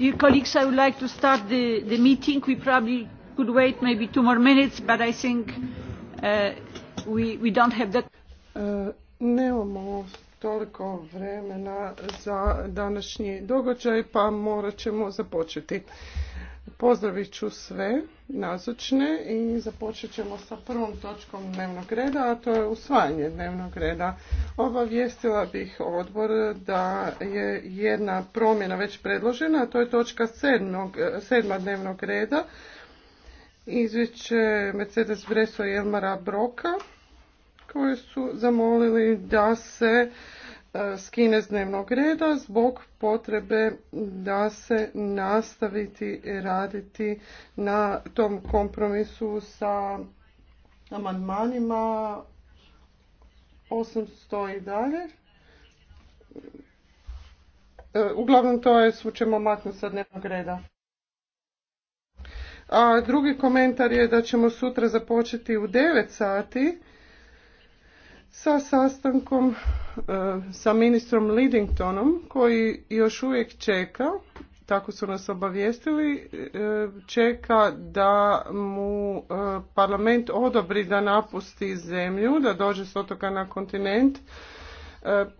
Dear colleagues, I would like to start the, the meeting. We probably could wait maybe two more minutes, but I think uh, we, we don't have that. Uh, nemamo toliko vremena za današnji događaj, pa morat ćemo započeti. Pozdravit ću sve nazočne i započet ćemo sa prvom točkom dnevnog reda, a to je usvajanje dnevnog reda. Obavijestila bih odbor da je jedna promjena već predložena, a to je točka sedmog, sedma dnevnog reda. Izvješće Mercedes Breso i Elmara Broka koji su zamolili da se skine s dnevnog reda zbog potrebe da se nastaviti raditi na tom kompromisu sa amandmanima 800 i dalje. E, uglavnom to je ćemo maknuti sa dnevnog reda. A drugi komentar je da ćemo sutra započeti u 9 sati sa sastankom e, sa ministrom Lidingtonom koji još uvijek čeka, tako su nas obavijestili, e, čeka da mu e, parlament odobri da napusti zemlju, da dođe s otoka na kontinent.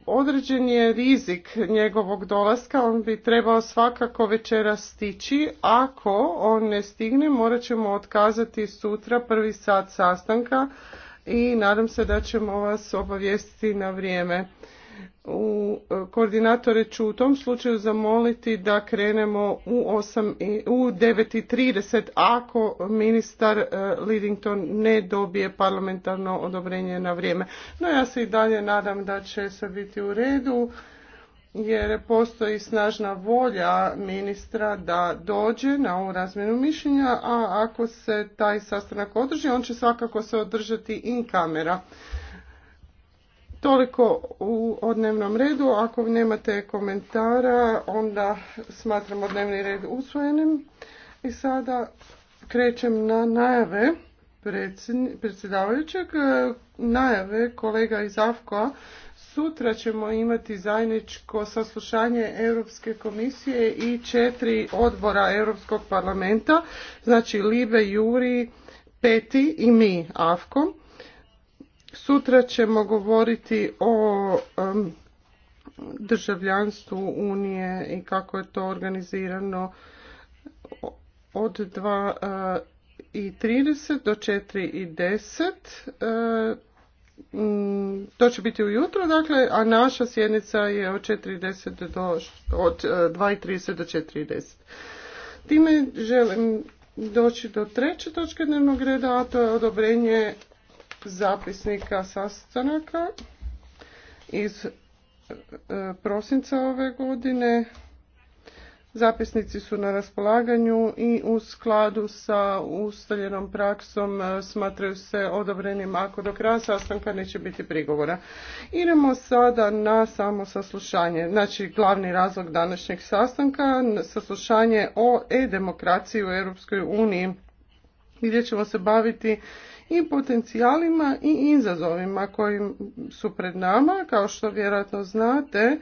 Određen je rizik njegovog dolaska, on bi trebao svakako večera stići, ako on ne stigne morat ćemo otkazati sutra prvi sat sastanka i nadam se da ćemo vas obavijestiti na vrijeme. U e, koordinatore ću u tom slučaju zamoliti da krenemo u, 8, u 9.30 ako ministar e, Lidington ne dobije parlamentarno odobrenje na vrijeme. No ja se i dalje nadam da će se biti u redu jer postoji snažna volja ministra da dođe na ovu razmjenu mišljenja, a ako se taj sastanak održi, on će svakako se održati in kamera. Toliko u, dnevnom redu. Ako nemate komentara, onda smatramo dnevni red usvojenim. I sada krećem na najave predsjedavajućeg. Najave kolega iz afko Sutra ćemo imati zajedničko saslušanje Europske komisije i četiri odbora Europskog parlamenta, znači Libe, Juri, Peti i mi, AFKOM. Sutra ćemo govoriti o državljanstvu Unije i kako je to organizirano od 2.30 e, i do 4.10 i e, Mm, to će biti ujutro, dakle, a naša sjednica je od, 4.10 do, od 2.30 e, do 4.10. Time želim doći do treće točke dnevnog reda, a to je odobrenje zapisnika sastanaka iz e, prosinca ove godine, Zapisnici su na raspolaganju i u skladu sa ustaljenom praksom e, smatraju se odobrenim ako do kraja sastanka neće biti prigovora. Idemo sada na samo saslušanje, znači glavni razlog današnjeg sastanka, saslušanje o e-demokraciji u Europskoj uniji gdje ćemo se baviti i potencijalima i izazovima koji su pred nama, kao što vjerojatno znate,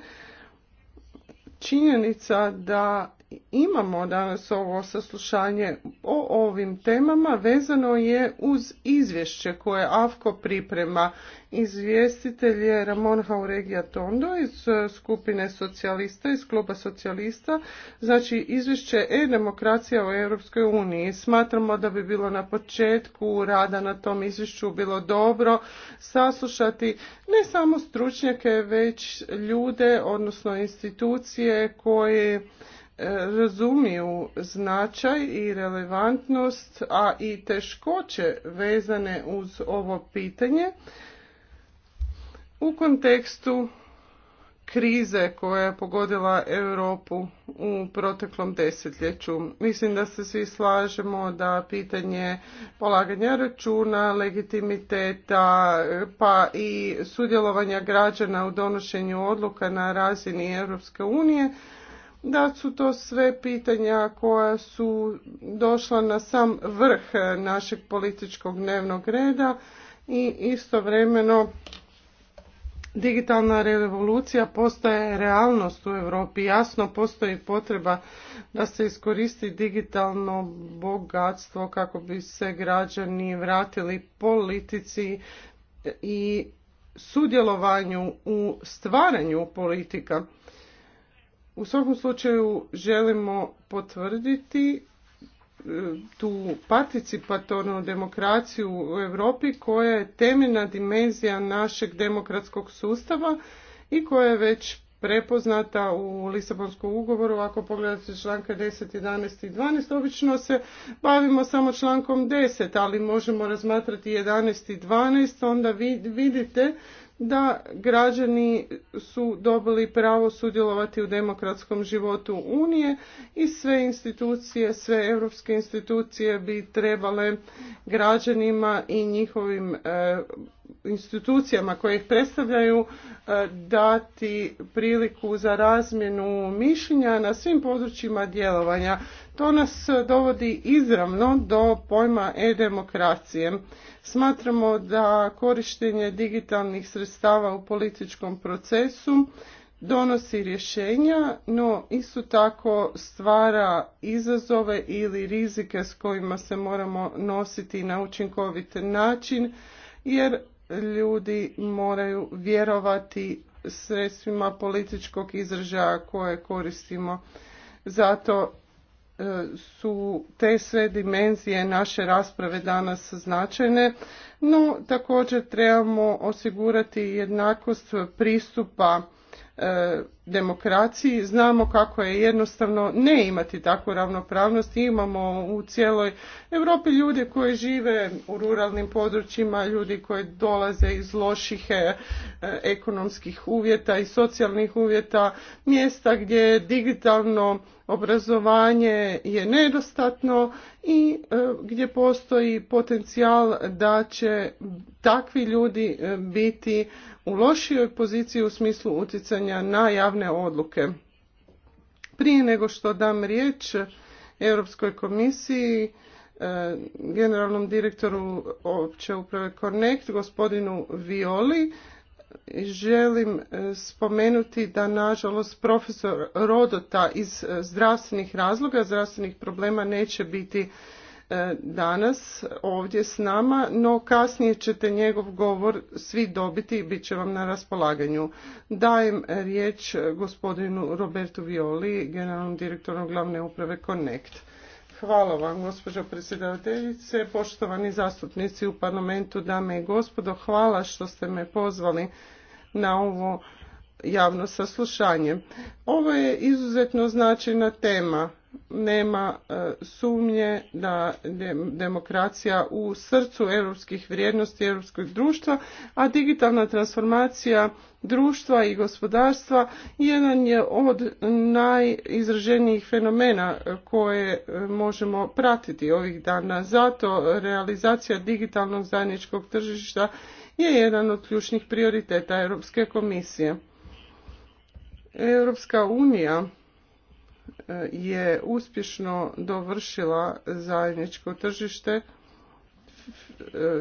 činjenica da imamo danas ovo saslušanje o ovim temama vezano je uz izvješće koje AFKO priprema. Izvjestitelj je Ramon Hauregija Tondo iz e, skupine socijalista, iz kluba socijalista, znači izvješće e-demokracija u Europskoj uniji. Smatramo da bi bilo na početku rada na tom izvješću bilo dobro saslušati ne samo stručnjake, već ljude, odnosno institucije koje razumiju značaj i relevantnost, a i teškoće vezane uz ovo pitanje u kontekstu krize koja je pogodila Europu u proteklom desetljeću. Mislim da se svi slažemo da pitanje polaganja računa, legitimiteta pa i sudjelovanja građana u donošenju odluka na razini Europske unije da su to sve pitanja koja su došla na sam vrh našeg političkog dnevnog reda i istovremeno digitalna revolucija postaje realnost u Europi. Jasno postoji potreba da se iskoristi digitalno bogatstvo kako bi se građani vratili politici i sudjelovanju u stvaranju politika. U svakom slučaju želimo potvrditi e, tu participatornu demokraciju u Europi koja je temeljna dimenzija našeg demokratskog sustava i koja je već prepoznata u Lisabonskom ugovoru. Ako pogledate članka 10, 11 i 12, obično se bavimo samo člankom 10, ali možemo razmatrati 11 i 12, onda vidite da građani su dobili pravo sudjelovati u demokratskom životu Unije i sve institucije, sve europske institucije bi trebale građanima i njihovim e, institucijama koje ih predstavljaju e, dati priliku za razmjenu mišljenja na svim područjima djelovanja. To nas e, dovodi izravno do pojma e-demokracije. Smatramo da korištenje digitalnih sredstava u političkom procesu donosi rješenja, no isto tako stvara izazove ili rizike s kojima se moramo nositi na učinkovit način, jer ljudi moraju vjerovati sredstvima političkog izražaja koje koristimo. Zato su te sve dimenzije naše rasprave danas značajne, no također trebamo osigurati jednakost pristupa E, demokraciji znamo kako je jednostavno ne imati takvu ravnopravnost imamo u cijeloj Europi ljude koji žive u ruralnim područjima, ljudi koji dolaze iz loših e, ekonomskih uvjeta i socijalnih uvjeta, mjesta gdje digitalno obrazovanje je nedostatno i e, gdje postoji potencijal da će takvi ljudi biti u lošijoj poziciji u smislu utjecanja na javne odluke. Prije nego što dam riječ Europskoj komisiji, e, generalnom direktoru opće uprave Connect, gospodinu Violi, želim e, spomenuti da nažalost profesor Rodota iz e, zdravstvenih razloga, zdravstvenih problema neće biti E, danas ovdje s nama, no kasnije ćete njegov govor svi dobiti i bit će vam na raspolaganju. Dajem riječ gospodinu Robertu Violi, generalnom direktorom glavne uprave Connect. Hvala vam, gospođo predsjedavateljice, poštovani zastupnici u parlamentu, dame i gospodo. Hvala što ste me pozvali na ovo javno saslušanje. Ovo je izuzetno značajna tema nema e, sumnje da demokracija u srcu europskih vrijednosti europskog društva, a digitalna transformacija društva i gospodarstva jedan je od najizraženijih fenomena koje e, možemo pratiti ovih dana. Zato realizacija digitalnog zajedničkog tržišta je jedan od ključnih prioriteta Europske komisije. Europska unija je uspješno dovršila zajedničko tržište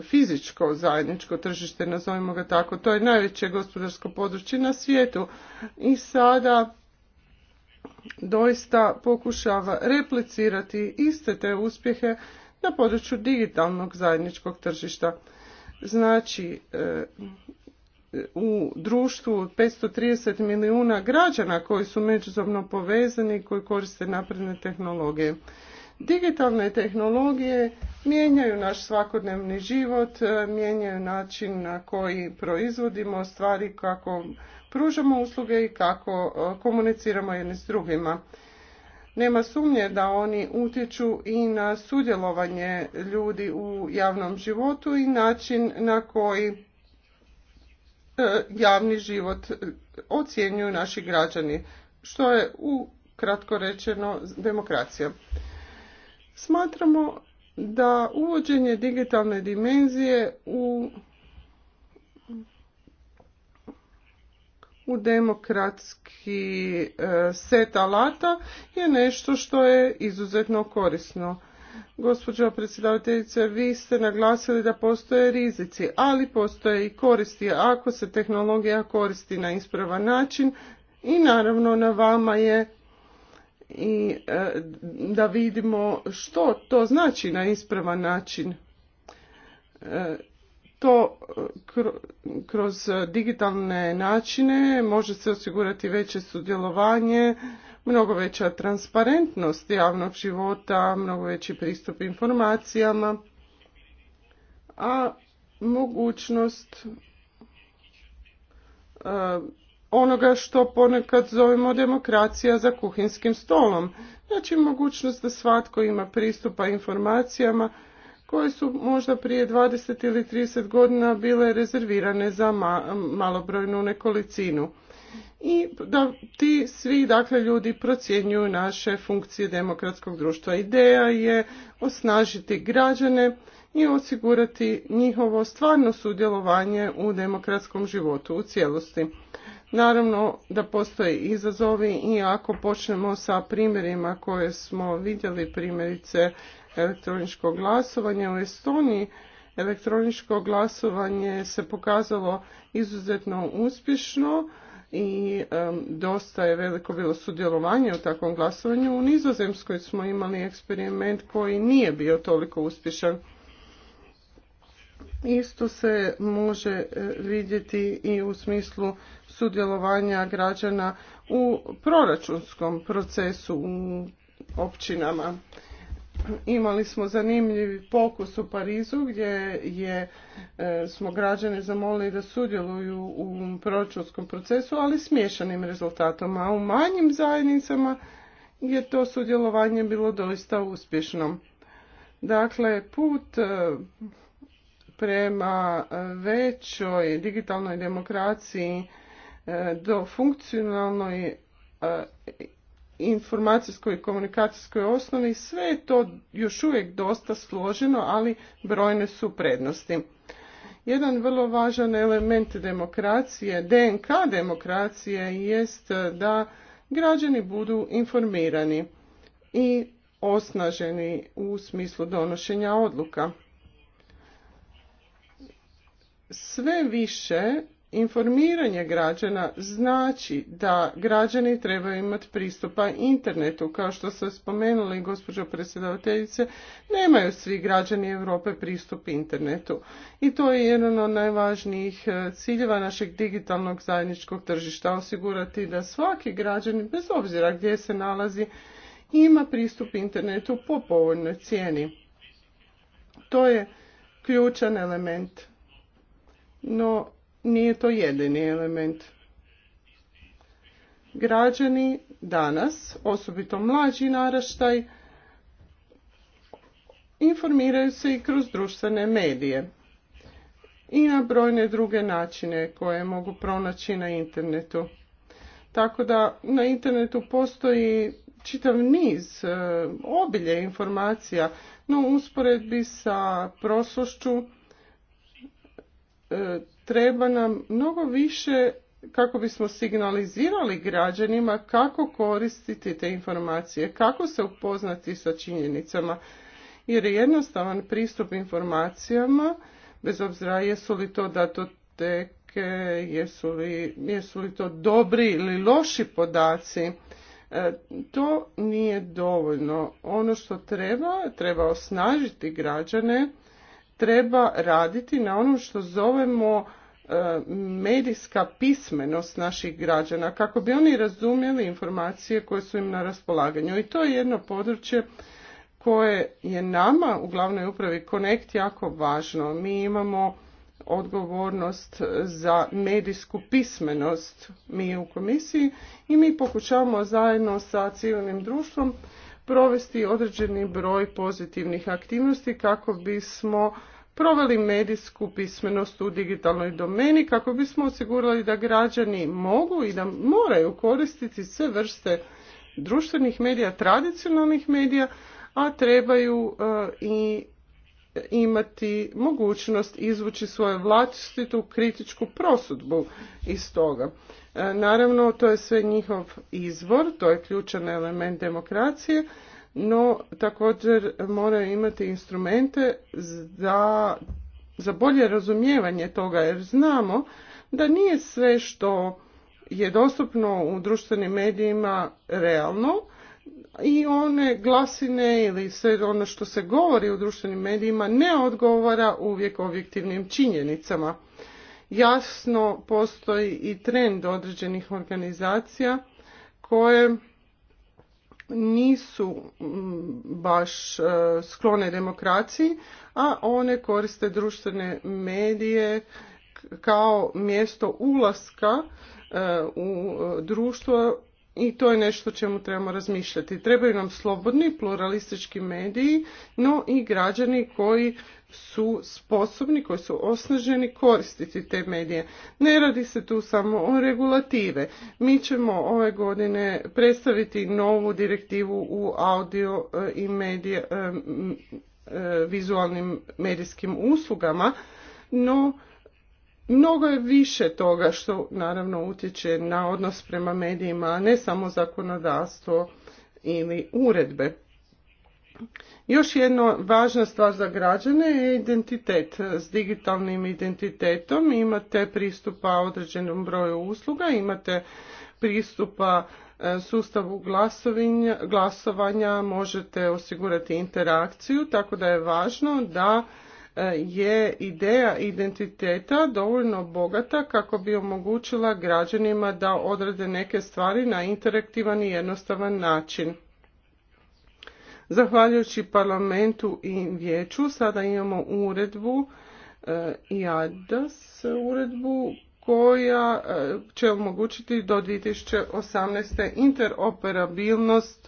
fizičko zajedničko tržište, nazovimo ga tako. To je najveće gospodarsko područje na svijetu i sada doista pokušava replicirati iste te uspjehe na području digitalnog zajedničkog tržišta. Znači, e, u društvu 530 milijuna građana koji su međusobno povezani koji koriste napredne tehnologije. Digitalne tehnologije mijenjaju naš svakodnevni život, e, mijenjaju način na koji proizvodimo stvari, kako pružamo usluge i kako e, komuniciramo jedni s drugima. Nema sumnje da oni utječu i na sudjelovanje ljudi u javnom životu i način na koji E, javni život e, ocjenjuju naši građani, što je u kratko rečeno demokracija. Smatramo da uvođenje digitalne dimenzije u u demokratski e, set alata je nešto što je izuzetno korisno. Gospođo predsjedavateljice, vi ste naglasili da postoje rizici, ali postoje i koristi ako se tehnologija koristi na ispravan način i naravno na vama je i e, da vidimo što to znači na ispravan način. E, to e, kroz digitalne načine može se osigurati veće sudjelovanje, mnogo veća transparentnost javnog života, mnogo veći pristup informacijama, a mogućnost e, onoga što ponekad zovemo demokracija za kuhinskim stolom. Znači mogućnost da svatko ima pristupa informacijama koje su možda prije 20 ili 30 godina bile rezervirane za malobrojnu nekolicinu i da ti svi dakle ljudi procjenjuju naše funkcije demokratskog društva. Ideja je osnažiti građane i osigurati njihovo stvarno sudjelovanje u demokratskom životu u cijelosti. Naravno da postoje izazovi i ako počnemo sa primjerima koje smo vidjeli, primjerice elektroničko glasovanje u Estoniji, elektroničko glasovanje se pokazalo izuzetno uspješno i dosta je veliko bilo sudjelovanje u takvom glasovanju. U Nizozemskoj smo imali eksperiment koji nije bio toliko uspješan. Isto se može e, vidjeti i u smislu sudjelovanja građana u proračunskom procesu u općinama. Imali smo zanimljivi pokus u Parizu gdje je, e, smo građane zamolili da sudjeluju u proračunskom procesu, ali s rezultatom, a u manjim zajednicama je to sudjelovanje bilo doista uspješno. Dakle, put e, prema e, većoj digitalnoj demokraciji do funkcionalnoj informacijskoj i komunikacijskoj osnovi, sve je to još uvijek dosta složeno, ali brojne su prednosti. Jedan vrlo važan element demokracije, DNK demokracije, jest da građani budu informirani i osnaženi u smislu donošenja odluka. Sve više informiranje građana znači da građani trebaju imati pristupa internetu. Kao što ste spomenuli, gospođo predsjedavateljice, nemaju svi građani Europe pristup internetu. I to je jedan od najvažnijih e, ciljeva našeg digitalnog zajedničkog tržišta, osigurati da svaki građanin, bez obzira gdje se nalazi, ima pristup internetu po povoljnoj cijeni. To je ključan element. No, nije to jedini element. Građani danas, osobito mlađi naraštaj, informiraju se i kroz društvene medije i na brojne druge načine koje mogu pronaći na internetu. Tako da na internetu postoji čitav niz e, obilje informacija, no usporedbi sa proslošću e, treba nam mnogo više kako bismo signalizirali građanima kako koristiti te informacije, kako se upoznati sa činjenicama. Jer je jednostavan pristup informacijama, bez obzira jesu li to datoteke, jesu li, jesu li to dobri ili loši podaci, e, to nije dovoljno. Ono što treba, treba osnažiti građane, treba raditi na onom što zovemo medijska pismenost naših građana kako bi oni razumjeli informacije koje su im na raspolaganju. I to je jedno područje koje je nama u glavnoj upravi Connect jako važno. Mi imamo odgovornost za medijsku pismenost mi u komisiji i mi pokušavamo zajedno sa civilnim društvom provesti određeni broj pozitivnih aktivnosti kako bismo proveli medijsku pismenost u digitalnoj domeni kako bismo osigurali da građani mogu i da moraju koristiti sve vrste društvenih medija, tradicionalnih medija, a trebaju e, i imati mogućnost izvući svoju vlastitu kritičku prosudbu iz toga. E, naravno, to je sve njihov izvor, to je ključan element demokracije, no također moraju imati instrumente za, za bolje razumijevanje toga jer znamo da nije sve što je dostupno u društvenim medijima realno i one glasine ili sve ono što se govori u društvenim medijima ne odgovara uvijek objektivnim činjenicama. Jasno postoji i trend određenih organizacija koje nisu mm, baš e, sklone demokraciji, a one koriste društvene medije kao mjesto ulaska e, u e, društvo i to je nešto čemu trebamo razmišljati. Trebaju nam slobodni, pluralistički mediji, no i građani koji su sposobni, koji su osnaženi koristiti te medije. Ne radi se tu samo o regulative. Mi ćemo ove godine predstaviti novu direktivu u audio eh, i medije, eh, eh, vizualnim medijskim uslugama, no Mnogo je više toga što naravno utječe na odnos prema medijima, a ne samo zakonodavstvo ili uredbe. Još jedna važna stvar za građane je identitet. S digitalnim identitetom imate pristupa određenom broju usluga, imate pristupa e, sustavu glasovanja, možete osigurati interakciju, tako da je važno da je ideja identiteta dovoljno bogata kako bi omogućila građanima da odrade neke stvari na interaktivan i jednostavan način. Zahvaljujući parlamentu i vijeću sada imamo uredbu eh, ads uredbu koja eh, će omogućiti do 2018. interoperabilnost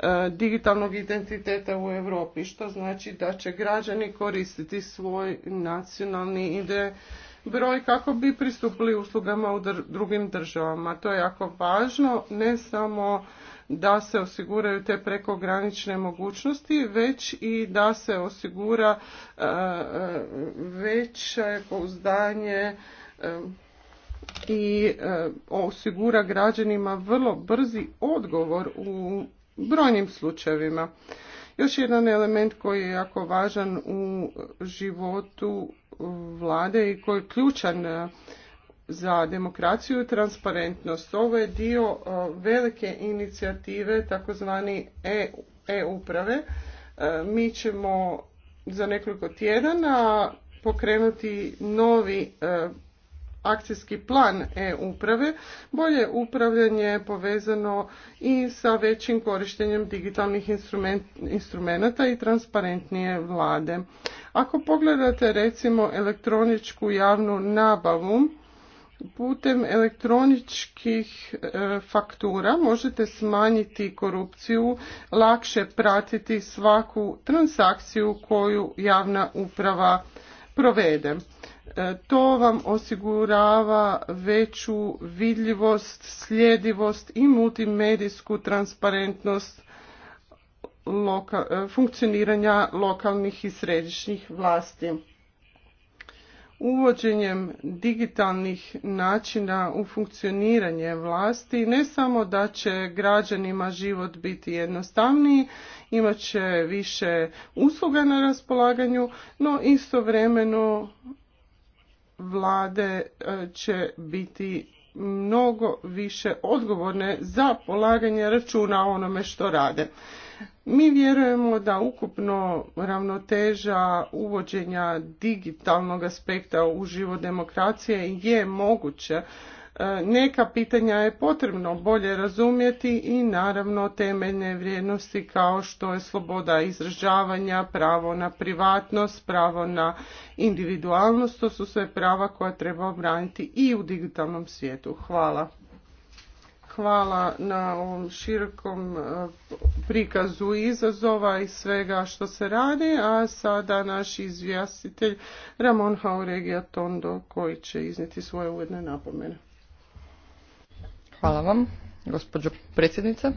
E, digitalnog identiteta u Europi, što znači da će građani koristiti svoj nacionalni ide broj kako bi pristupili uslugama u drugim državama. To je jako važno, ne samo da se osiguraju te prekogranične mogućnosti, već i da se osigura e, e, veće pouzdanje i osigura građanima vrlo brzi odgovor u brojnim slučajevima. Još jedan element koji je jako važan u životu vlade i koji je ključan e, za demokraciju i transparentnost. Ovo je dio e, velike inicijative takozvani e, e-uprave. Mi ćemo za nekoliko tjedana pokrenuti novi akcijski plan e-uprave, bolje upravljanje povezano i sa većim korištenjem digitalnih instrumenata i transparentnije vlade. Ako pogledate recimo elektroničku javnu nabavu, putem elektroničkih e, faktura možete smanjiti korupciju, lakše pratiti svaku transakciju koju javna uprava provede. E, to vam osigurava veću vidljivost, sljedivost i multimedijsku transparentnost e, funkcioniranja lokalnih i središnjih vlasti. Uvođenjem digitalnih načina u funkcioniranje vlasti ne samo da će građanima život biti jednostavniji, imat će više usluga na raspolaganju, no istovremeno vlade e, će biti mnogo više odgovorne za polaganje računa onome što rade. Mi vjerujemo da ukupno ravnoteža uvođenja digitalnog aspekta u život demokracije je moguće E, neka pitanja je potrebno bolje razumjeti i naravno temeljne vrijednosti kao što je sloboda izražavanja, pravo na privatnost, pravo na individualnost, to su sve prava koja treba obraniti i u digitalnom svijetu. Hvala. Hvala na ovom širokom e, prikazu izazova i svega što se radi, a sada naš izvjestitelj Ramon Hauregia Tondo koji će iznijeti svoje uvedne napomene. Hvala vam, gospođo predsjednice.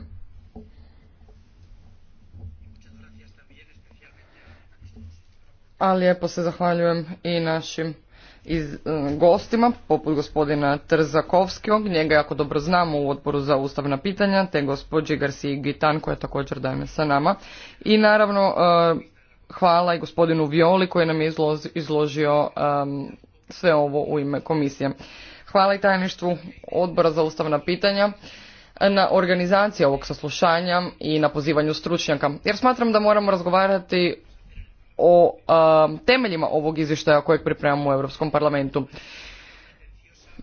A lijepo se zahvaljujem i našim e, gostima, poput gospodina Trzakovskog, njega jako dobro znamo u odboru za ustavna pitanja, te gospođi Garciji Gitan koja je također danas sa nama. I naravno e, hvala i gospodinu Violi koji nam je izložio sve ovo u ime komisije. Hvala i tajništvu odbora za ustavna pitanja na organizaciji ovog saslušanja i na pozivanju stručnjaka. Jer smatram da moramo razgovarati o temeljima ovog izvještaja kojeg pripremamo u Europskom parlamentu.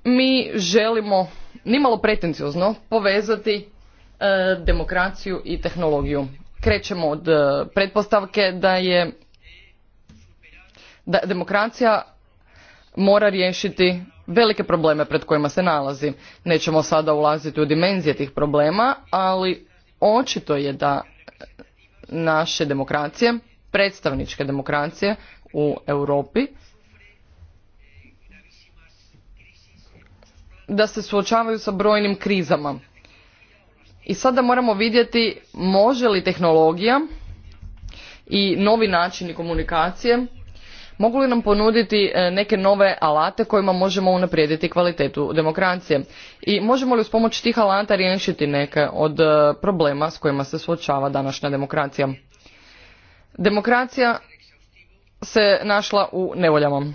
Mi želimo, nimalo pretenciozno, povezati e, demokraciju i tehnologiju. Krećemo od e, pretpostavke da je da demokracija mora riješiti velike probleme pred kojima se nalazi. Nećemo sada ulaziti u dimenzije tih problema, ali očito je da naše demokracije, predstavničke demokracije u Europi, da se suočavaju sa brojnim krizama. I sada moramo vidjeti može li tehnologija i novi načini komunikacije mogu li nam ponuditi e, neke nove alate kojima možemo unaprijediti kvalitetu demokracije i možemo li uz pomoć tih alata riješiti neke od e, problema s kojima se suočava današnja demokracija demokracija se našla u nevoljama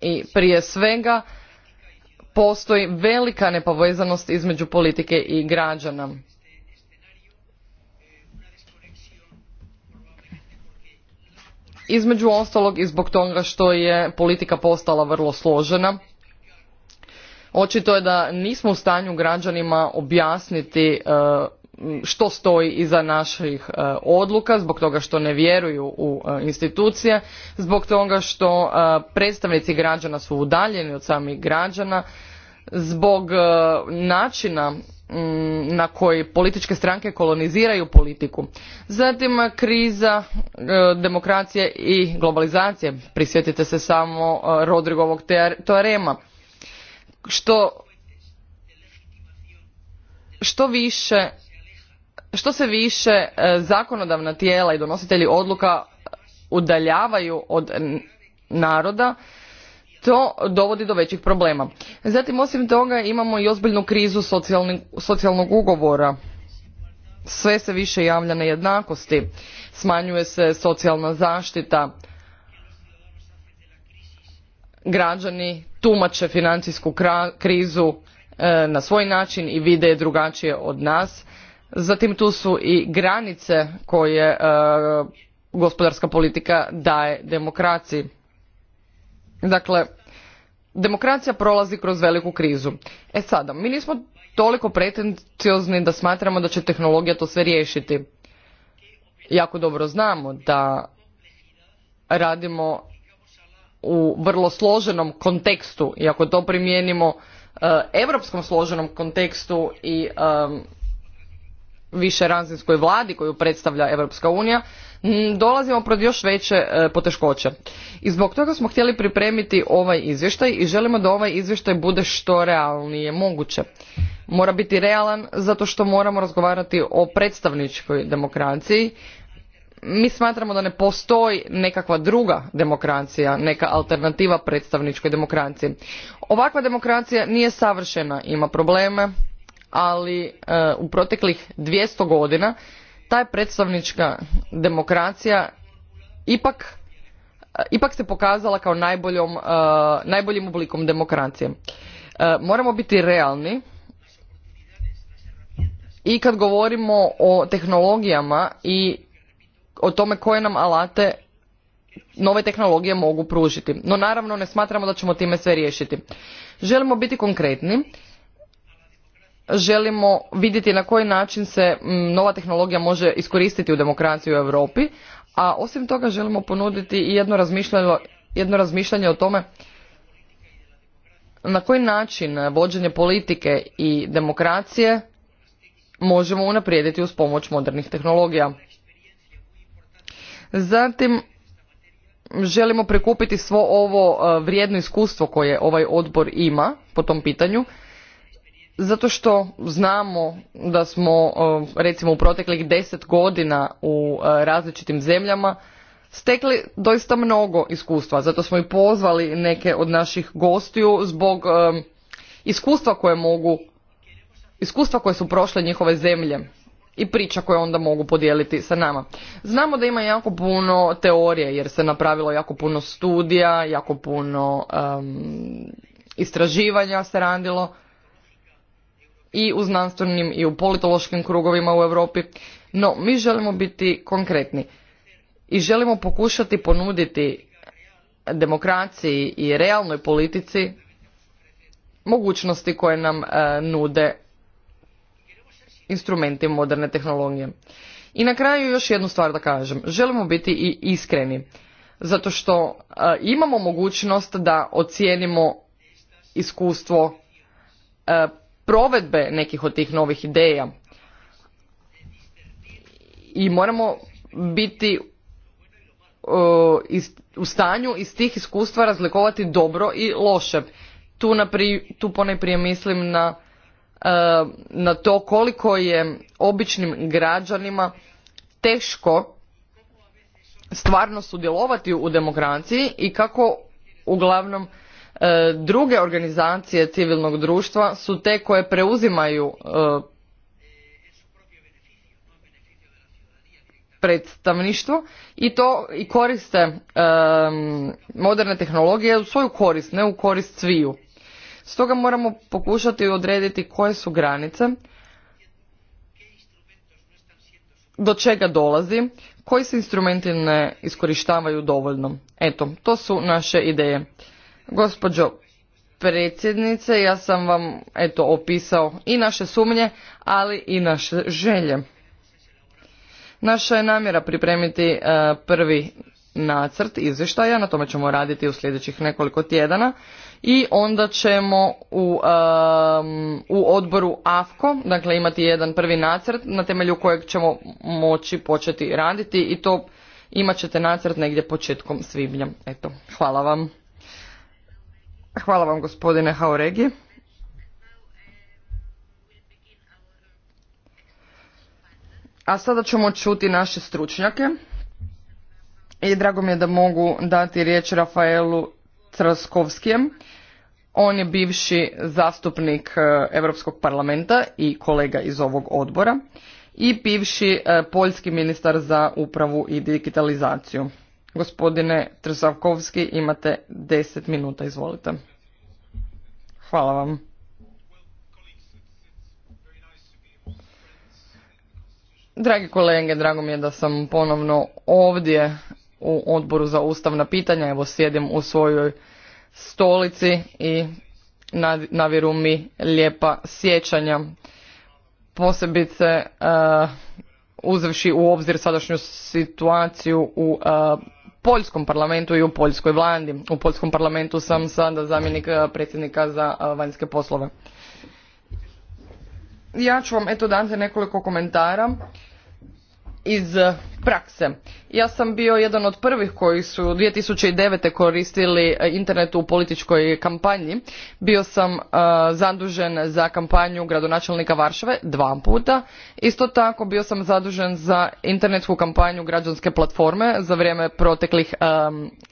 i prije svega postoji velika nepovezanost između politike i građana između ostalog i zbog toga što je politika postala vrlo složena očito je da nismo u stanju građanima objasniti e, što stoji iza naših e, odluka zbog toga što ne vjeruju u e, institucije zbog toga što predstavnici građana su udaljeni od samih građana zbog načina Mm, na koji političke stranke koloniziraju politiku. Zatim kriza e, demokracije i globalizacije. Prisjetite se samo e, Rodrigovog teorema. što više što se više e, zakonodavna tijela i donositelji odluka udaljavaju od naroda, to dovodi do većih problema. Zatim, osim toga, imamo i ozbiljnu krizu socijalnog ugovora. Sve se više javlja nejednakosti, smanjuje se socijalna zaštita, građani tumače financijsku krizu e, na svoj način i vide je drugačije od nas. Zatim tu su i granice koje e, gospodarska politika daje demokraciji. Dakle, demokracija prolazi kroz veliku krizu. E sada, mi nismo toliko pretenciozni da smatramo da će tehnologija to sve riješiti. Jako dobro znamo da radimo u vrlo složenom kontekstu i ako to primijenimo europskom eh, složenom kontekstu i um, eh, više razinskoj vladi koju predstavlja Europska unija, Mm, dolazimo pred još veće e, poteškoće. I zbog toga smo htjeli pripremiti ovaj izvještaj i želimo da ovaj izvještaj bude što realnije moguće. Mora biti realan zato što moramo razgovarati o predstavničkoj demokraciji. Mi smatramo da ne postoji nekakva druga demokracija, neka alternativa predstavničkoj demokraciji. Ovakva demokracija nije savršena, ima probleme, ali e, u proteklih 200 godina ta je predstavnička demokracija ipak, ipak se pokazala kao e, najboljim oblikom demokracije. E, moramo biti realni i kad govorimo o tehnologijama i o tome koje nam alate nove tehnologije mogu pružiti. No naravno ne smatramo da ćemo time sve riješiti. Želimo biti konkretni želimo vidjeti na koji način se nova tehnologija može iskoristiti u demokraciji u Europi, a osim toga želimo ponuditi i jedno razmišljanje, jedno razmišljanje o tome na koji način vođenje politike i demokracije možemo unaprijediti uz pomoć modernih tehnologija. Zatim, želimo prikupiti svo ovo e, vrijedno iskustvo koje ovaj odbor ima po tom pitanju zato što znamo da smo e, recimo u proteklih deset godina u e, različitim zemljama stekli doista mnogo iskustva zato smo i pozvali neke od naših gostiju zbog e, iskustva koje mogu iskustva koje su prošle njihove zemlje i priča koje onda mogu podijeliti sa nama. Znamo da ima jako puno teorije jer se napravilo jako puno studija, jako puno istraživanja se radilo i u znanstvenim i u politološkim krugovima u Europi, no mi želimo biti konkretni i želimo pokušati ponuditi demokraciji i realnoj politici mogućnosti koje nam e, nude instrumenti moderne tehnologije. I na kraju još jednu stvar da kažem. Želimo biti i iskreni. Zato što e, imamo mogućnost da ocijenimo iskustvo e, provedbe nekih od tih novih ideja i moramo biti e, u stanju iz tih iskustva razlikovati dobro i loše tu, napri, tu mislim na, e, na to koliko je običnim građanima teško stvarno sudjelovati u demokraciji i kako uglavnom E, druge organizacije civilnog društva su te koje preuzimaju e, predstavništvo i to i koriste e, moderne tehnologije u svoju korist, ne u korist sviju. Stoga moramo pokušati odrediti koje su granice, do čega dolazi, koji se instrumenti ne iskorištavaju dovoljno. Eto, to su naše ideje. Gospođo predsjednice, ja sam vam eto opisao i naše sumnje, ali i naše želje. Naša je namjera pripremiti e, prvi nacrt izvještaja, na tome ćemo raditi u sljedećih nekoliko tjedana i onda ćemo u, u odboru AFKO, dakle imati jedan prvi nacrt na temelju kojeg ćemo moći početi raditi i to imat ćete nacrt negdje početkom svibnja. Eto, hvala vam. Hvala vam gospodine Hauregi. A sada ćemo čuti naše stručnjake. I drago mi je da mogu dati riječ Rafaelu Traskovskijem. On je bivši zastupnik Europskog parlamenta i kolega iz ovog odbora i bivši e, poljski ministar za upravu i digitalizaciju. Gospodine Trzavkovski, imate 10 minuta, izvolite. Hvala vam. Dragi kolege, drago mi je da sam ponovno ovdje u odboru za ustavna pitanja. Evo sjedim u svojoj stolici i navjeru mi lijepa sjećanja. Posebice uh, uzevši u obzir sadašnju situaciju u eh, poljskom parlamentu i u poljskoj vladi. U poljskom parlamentu sam sada zamjenik e, predsjednika za e, vanjske poslove. Ja ću vam eto dati nekoliko komentara iz prakse. Ja sam bio jedan od prvih koji su 2009. koristili e, internet u političkoj kampanji. Bio sam e, zadužen za kampanju gradonačelnika Varšave dva puta. Isto tako bio sam zadužen za internetsku kampanju građanske platforme za vrijeme proteklih e,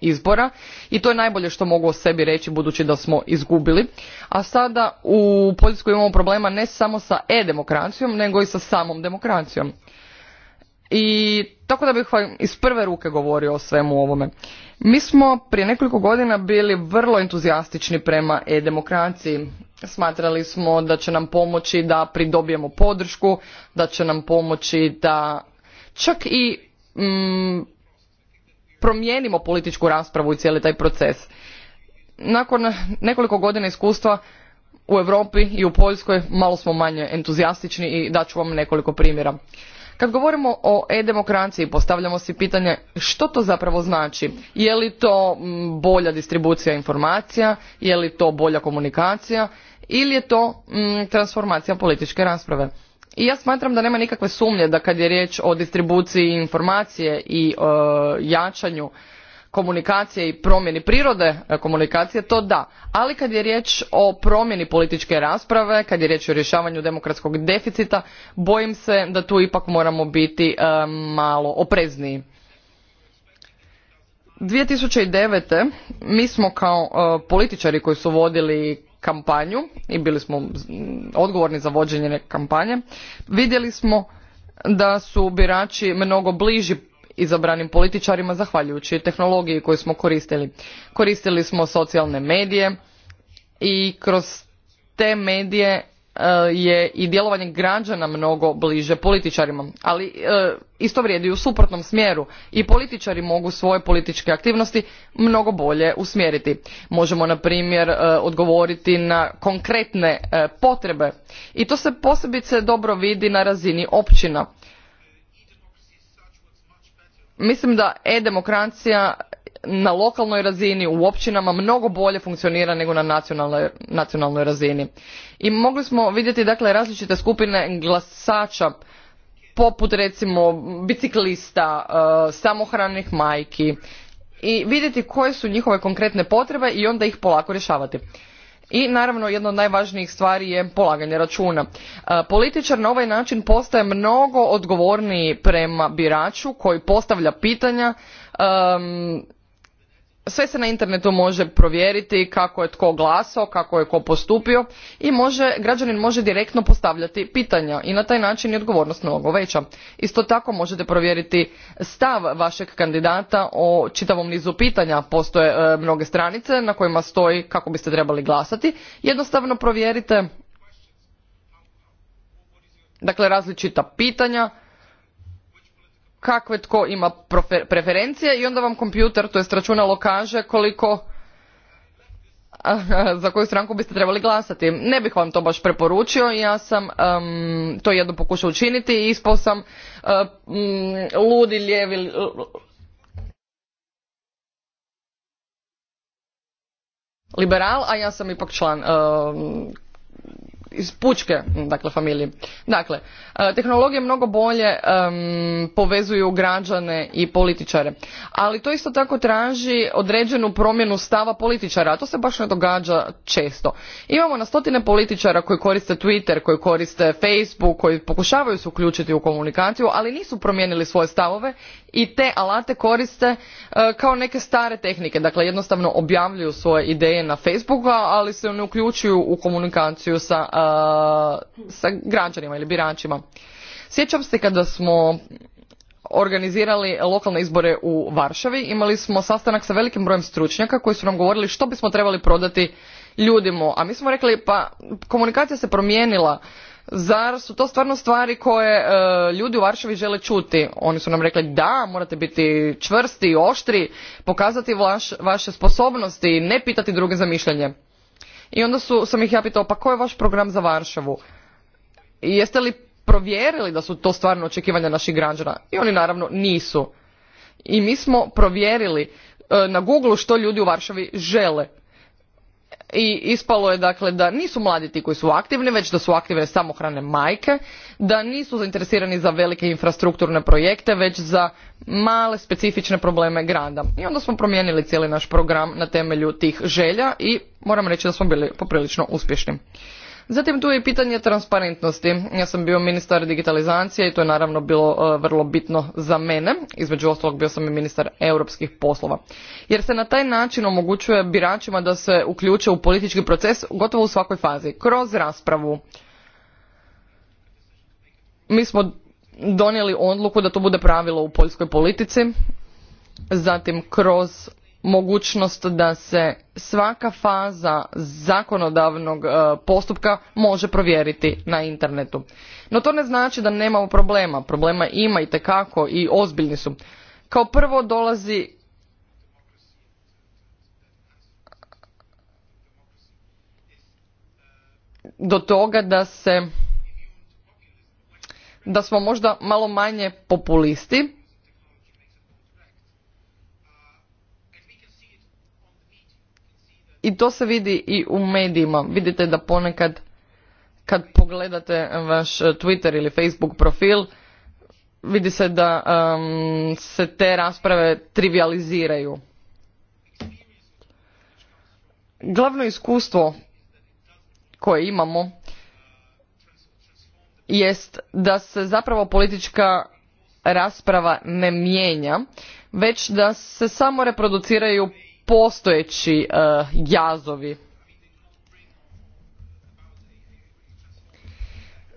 izbora i to je najbolje što mogu o sebi reći budući da smo izgubili. A sada u Poljskoj imamo problema ne samo sa e-demokracijom nego i sa samom demokracijom. I tako da bih vam iz prve ruke govorio o svemu ovome. Mi smo prije nekoliko godina bili vrlo entuzijastični prema e-demokraciji. Smatrali smo da će nam pomoći da pridobijemo podršku, da će nam pomoći da čak i mm, promijenimo političku raspravu i cijeli taj proces. Nakon nekoliko godina iskustva u Europi i u Poljskoj malo smo manje entuzijastični i daću vam nekoliko primjera. Kad govorimo o e-demokraciji, postavljamo si pitanje što to zapravo znači? Je li to bolja distribucija informacija? Je li to bolja komunikacija? Ili je to transformacija političke rasprave? I ja smatram da nema nikakve sumnje da kad je riječ o distribuciji informacije i e, jačanju komunikacije i promjeni prirode e, komunikacije to da ali kad je riječ o promjeni političke rasprave kad je riječ o rješavanju demokratskog deficita bojim se da tu ipak moramo biti e, malo oprezniji 2009. mi smo kao e, političari koji su vodili kampanju i bili smo odgovorni za vođenje kampanje vidjeli smo da su birači mnogo bliži izabranim političarima zahvaljujući tehnologiji koju smo koristili. Koristili smo socijalne medije i kroz te medije e, je i djelovanje građana mnogo bliže političarima ali e, isto vrijedi u suprotnom smjeru i političari mogu svoje političke aktivnosti mnogo bolje usmjeriti možemo na primjer e, odgovoriti na konkretne potrebe i to se posebice dobro vidi na razini općina mislim da e-demokracija na lokalnoj razini u općinama mnogo bolje funkcionira nego na nacionalnoj, razini. I mogli smo vidjeti dakle različite skupine glasača poput recimo biciklista, e, samohranih majki i vidjeti koje su njihove konkretne potrebe i onda ih polako rješavati. I naravno jedna od najvažnijih stvari je polaganje računa. E, političar na ovaj način postaje mnogo odgovorniji prema biraču koji postavlja pitanja sve se na internetu može provjeriti kako je tko glasao kako je tko postupio i može, građanin može direktno postavljati pitanja i na taj način je odgovornost mnogo veća isto tako možete provjeriti stav vašeg kandidata o čitavom nizu pitanja postoje e, mnoge stranice na kojima stoji kako biste trebali glasati jednostavno provjerite dakle različita pitanja kakve tko ima preferencije i onda vam kompjuter, to računalo kaže koliko za koju stranku biste trebali glasati. Ne bih vam to baš preporučio, ja sam to jedno pokušao učiniti i ispao sam ludi, lijevi, liberal, a ja sam ipak član iz pučke dakle, familije. Dakle, e, tehnologije mnogo bolje povezuju građane i političare, ali to isto tako traži određenu promjenu stava političara, a to se baš ne događa često. Imamo na stotine političara koji koriste Twitter, koji koriste Facebook, koji pokušavaju se uključiti u komunikaciju, ali nisu promijenili svoje stavove i te alate koriste e, kao neke stare tehnike. Dakle, jednostavno objavljuju svoje ideje na Facebooku, ali se ne uključuju u komunikaciju sa Uh, sa građanima ili biračima. Sjećam se kada smo organizirali lokalne izbore u Varšavi, imali smo sastanak sa velikim brojem stručnjaka koji su nam govorili što bismo trebali prodati ljudima, a mi smo rekli pa komunikacija se promijenila, zar su to stvarno stvari koje uh, ljudi u Varšavi žele čuti? Oni su nam rekli da, morate biti čvrsti i oštri, pokazati vaše sposobnosti, ne pitati druge za mišljenje i onda su, sam ih ja pitao pa koji je vaš program za Varšavu? I jeste li provjerili da su to stvarno očekivanja naših građana? I oni naravno nisu. I mi smo provjerili e, na Google što ljudi u Varšavi žele i ispalo je dakle da nisu mladi ti koji su aktivni već da su aktivne samohrane majke da nisu zainteresirani za velike infrastrukturne projekte već za male specifične probleme grada i onda smo promijenili cijeli naš program na temelju tih želja i moram reći da smo bili poprilično uspješni Zatim tu je i pitanje transparentnosti. Ja sam bio ministar digitalizacije i to je naravno bilo e, vrlo bitno za mene. Između ostalog bio sam i ministar europskih poslova. Jer se na taj način omogućuje biračima da se uključe u politički proces gotovo u svakoj fazi. Kroz raspravu. Mi smo donijeli odluku da to bude pravilo u poljskoj politici. Zatim kroz mogućnost da se svaka faza zakonodavnog e, postupka može provjeriti na internetu. No to ne znači da nemamo problema. Problema ima i tekako i ozbiljni su. Kao prvo dolazi do toga da se da smo možda malo manje populisti I to se vidi i u medijima. Vidite da ponekad kad pogledate vaš e, Twitter ili Facebook profil, vidi se da se te rasprave trivializiraju. Glavno iskustvo koje imamo jest da se zapravo politička rasprava ne mijenja, već da se samo reproduciraju postojeći e, jazovi.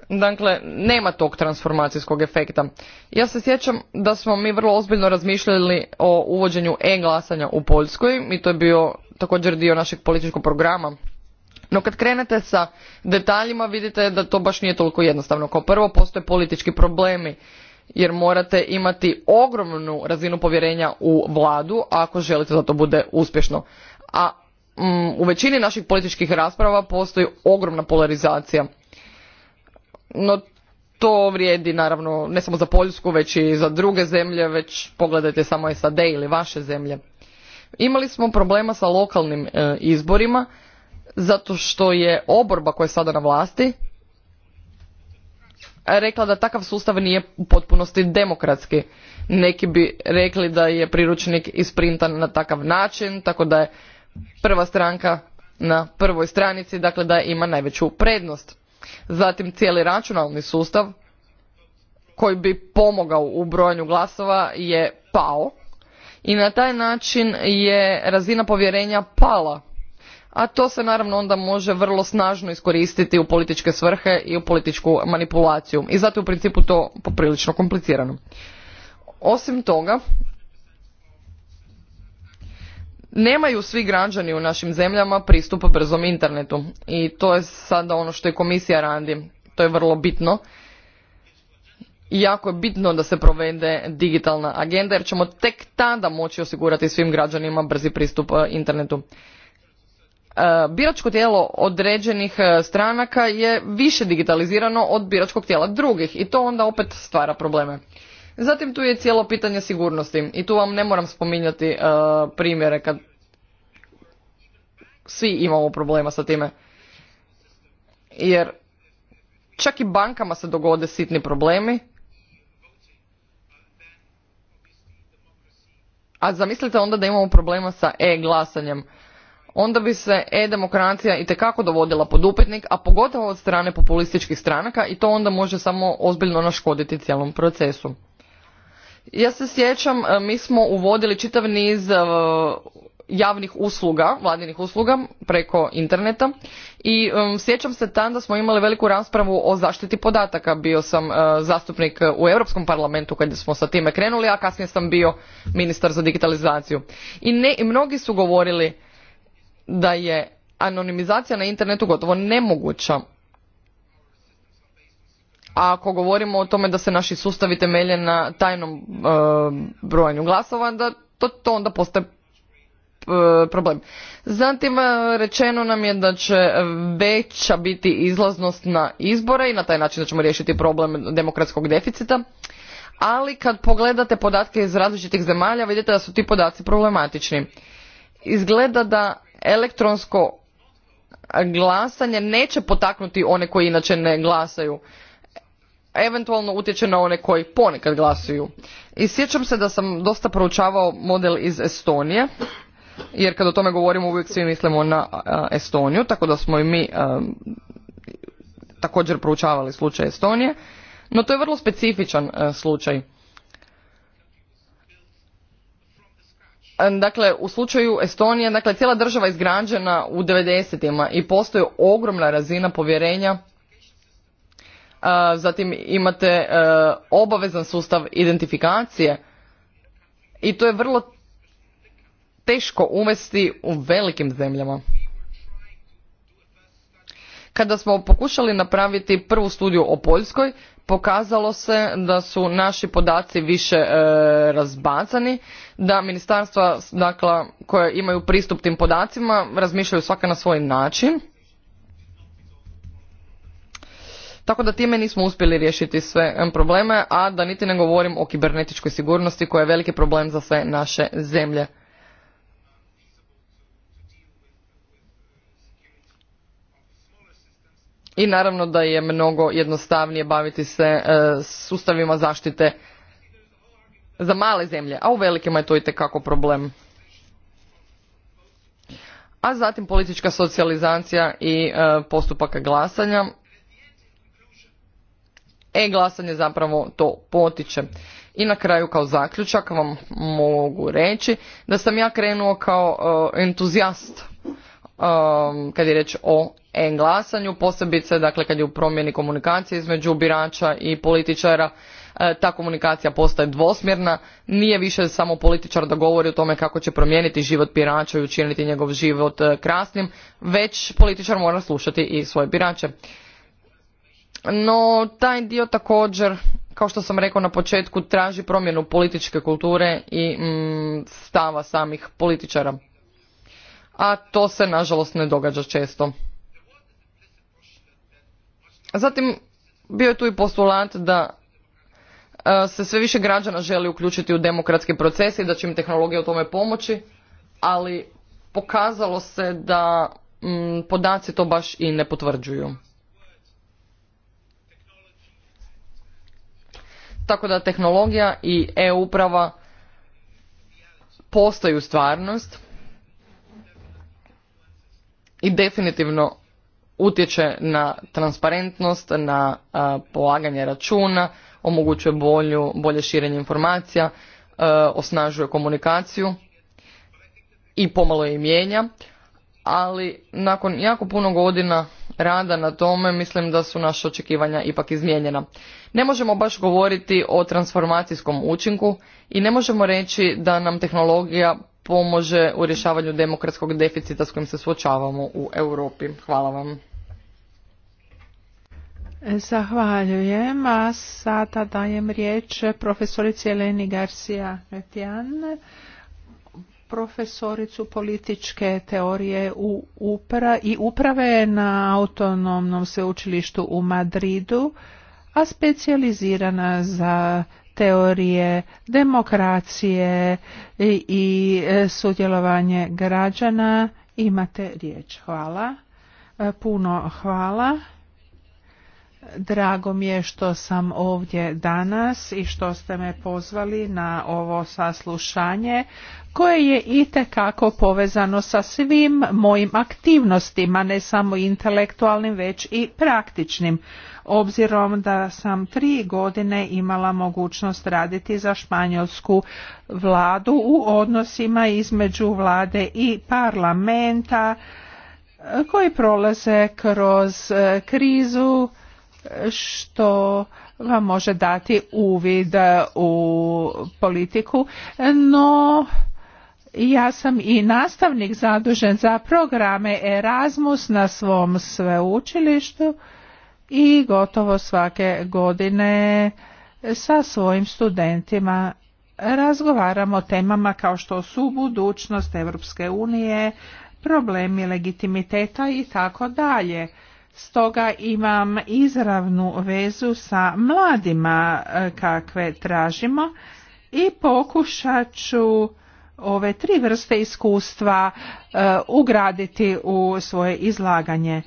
Dakle, nema tog transformacijskog efekta. Ja se sjećam da smo mi vrlo ozbiljno razmišljali o uvođenju e-glasanja u Poljskoj i to je bio također dio našeg političkog programa. No kad krenete sa detaljima vidite da to baš nije toliko jednostavno. Kao prvo postoje politički problemi jer morate imati ogromnu razinu povjerenja u vladu ako želite da to bude uspješno. A mm, u većini naših političkih rasprava postoji ogromna polarizacija. No to vrijedi naravno ne samo za Poljsku već i za druge zemlje, već pogledajte samo SAD ili vaše zemlje. Imali smo problema sa lokalnim e, izborima zato što je oborba koja je sada na vlasti rekla da takav sustav nije u potpunosti demokratski. Neki bi rekli da je priručnik isprintan na takav način, tako da je prva stranka na prvoj stranici, dakle da ima najveću prednost. Zatim cijeli računalni sustav koji bi pomogao u brojanju glasova je pao i na taj način je razina povjerenja pala a to se naravno onda može vrlo snažno iskoristiti u političke svrhe i u političku manipulaciju i zato je u principu to poprilično komplicirano. Osim toga, nemaju svi građani u našim zemljama pristup brzom internetu i to je sada ono što je komisija radi. To je vrlo bitno. I jako je bitno da se provede digitalna agenda jer ćemo tek tada moći osigurati svim građanima brzi pristup e, internetu. E, biračko tijelo određenih e, stranaka je više digitalizirano od biračkog tijela drugih i to onda opet stvara probleme. Zatim tu je cijelo pitanje sigurnosti i tu vam ne moram spominjati e, primjere kad svi imamo problema sa time. Jer čak i bankama se dogode sitni problemi. A zamislite onda da imamo problema sa e-glasanjem onda bi se e-demokracija i itekako dovodila pod upitnik, a pogotovo od strane populističkih stranaka i to onda može samo ozbiljno naškoditi cijelom procesu. Ja se sjećam, e, mi smo uvodili čitav niz e, javnih usluga, vladinih usluga preko interneta i e, sjećam se tada da smo imali veliku raspravu o zaštiti podataka. Bio sam zastupnik u Europskom parlamentu kad smo sa time krenuli, a kasnije sam bio ministar za digitalizaciju. I, ne, i mnogi su govorili da je anonimizacija na internetu gotovo nemoguća. A ako govorimo o tome da se naši sustavi temelje na tajnom e, brojanju glasova, da to, to onda postaje e, problem. Zatim e, rečeno nam je da će veća biti izlaznost na izbore i na taj način da ćemo riješiti problem demokratskog deficita. Ali kad pogledate podatke iz različitih zemalja vidite da su ti podaci problematični. Izgleda da elektronsko glasanje neće potaknuti one koji inače ne glasaju eventualno utječe na one koji ponekad glasuju i sjećam se da sam dosta proučavao model iz estonije jer kad o tome govorimo uvijek svi mislimo na estoniju tako da smo i mi također proučavali slučaj estonije no to je vrlo specifičan slučaj Dakle, u slučaju Estonije, dakle, cijela država je izgrađena u 90-ima i postoji ogromna razina povjerenja. Zatim imate obavezan sustav identifikacije i to je vrlo teško uvesti u velikim zemljama. Kada smo pokušali napraviti prvu studiju o Poljskoj, pokazalo se da su naši podaci više e, razbacani da ministarstva dakle koja imaju pristup tim podacima razmišljaju svaka na svoj način tako da time nismo uspjeli riješiti sve probleme a da niti ne govorim o kibernetičkoj sigurnosti koja je veliki problem za sve naše zemlje i naravno da je mnogo jednostavnije baviti se e, sustavima zaštite za male zemlje, a u velikima je to itekako problem. A zatim politička socijalizacija i e, postupaka glasanja. E-glasanje zapravo to potiče. I na kraju kao zaključak vam mogu reći da sam ja krenuo kao e, entuzijast kad je reč o e-glasanju, posebice dakle kad je u promjeni komunikacije između birača i političara, e, ta komunikacija postaje dvosmjerna, nije više samo političar da govori o tome kako će promijeniti život birača i učiniti njegov život e, krasnim, već političar mora slušati i svoje birače. No, taj dio također, kao što sam rekao na početku, traži promjenu političke kulture i mm, stava samih političara. A to se, nažalost, ne događa često. Zatim, bio je tu i postulat da e, se sve više građana želi uključiti u demokratske procese i da će im tehnologija u tome pomoći, ali pokazalo se da mm, podaci to baš i ne potvrđuju. Tako da tehnologija i e-uprava postaju stvarnost i definitivno utječe na transparentnost, na polaganje računa, omogućuje bolju, bolje širenje informacija, osnažuje komunikaciju i pomalo je mijenja, ali nakon jako puno godina rada na tome mislim da su naša očekivanja ipak izmijenjena. Ne možemo baš govoriti o transformacijskom učinku i ne možemo reći da nam tehnologija pomože u rješavanju demokratskog deficita s kojim se suočavamo u Europi. Hvala vam. Zahvaljujem, a sada dajem riječ profesorici Eleni Garcia Metjan, profesoricu političke teorije upra i uprave na autonomnom sveučilištu u Madridu, a specijalizirana za teorije demokracije i sudjelovanje građana. Imate riječ. Hvala. Puno hvala. Drago mi je što sam ovdje danas i što ste me pozvali na ovo saslušanje koje je itekako povezano sa svim mojim aktivnostima, ne samo intelektualnim već i praktičnim, obzirom da sam tri godine imala mogućnost raditi za španjolsku vladu u odnosima između vlade i parlamenta koji prolaze kroz eh, krizu što vam može dati uvid u politiku, no ja sam i nastavnik zadužen za programe Erasmus na svom sveučilištu i gotovo svake godine sa svojim studentima razgovaram o temama kao što su budućnost Europske unije, problemi legitimiteta i tako dalje. Stoga imam izravnu vezu sa mladima e, kakve tražimo i pokušat ću ove tri vrste iskustva e, ugraditi u svoje izlaganje.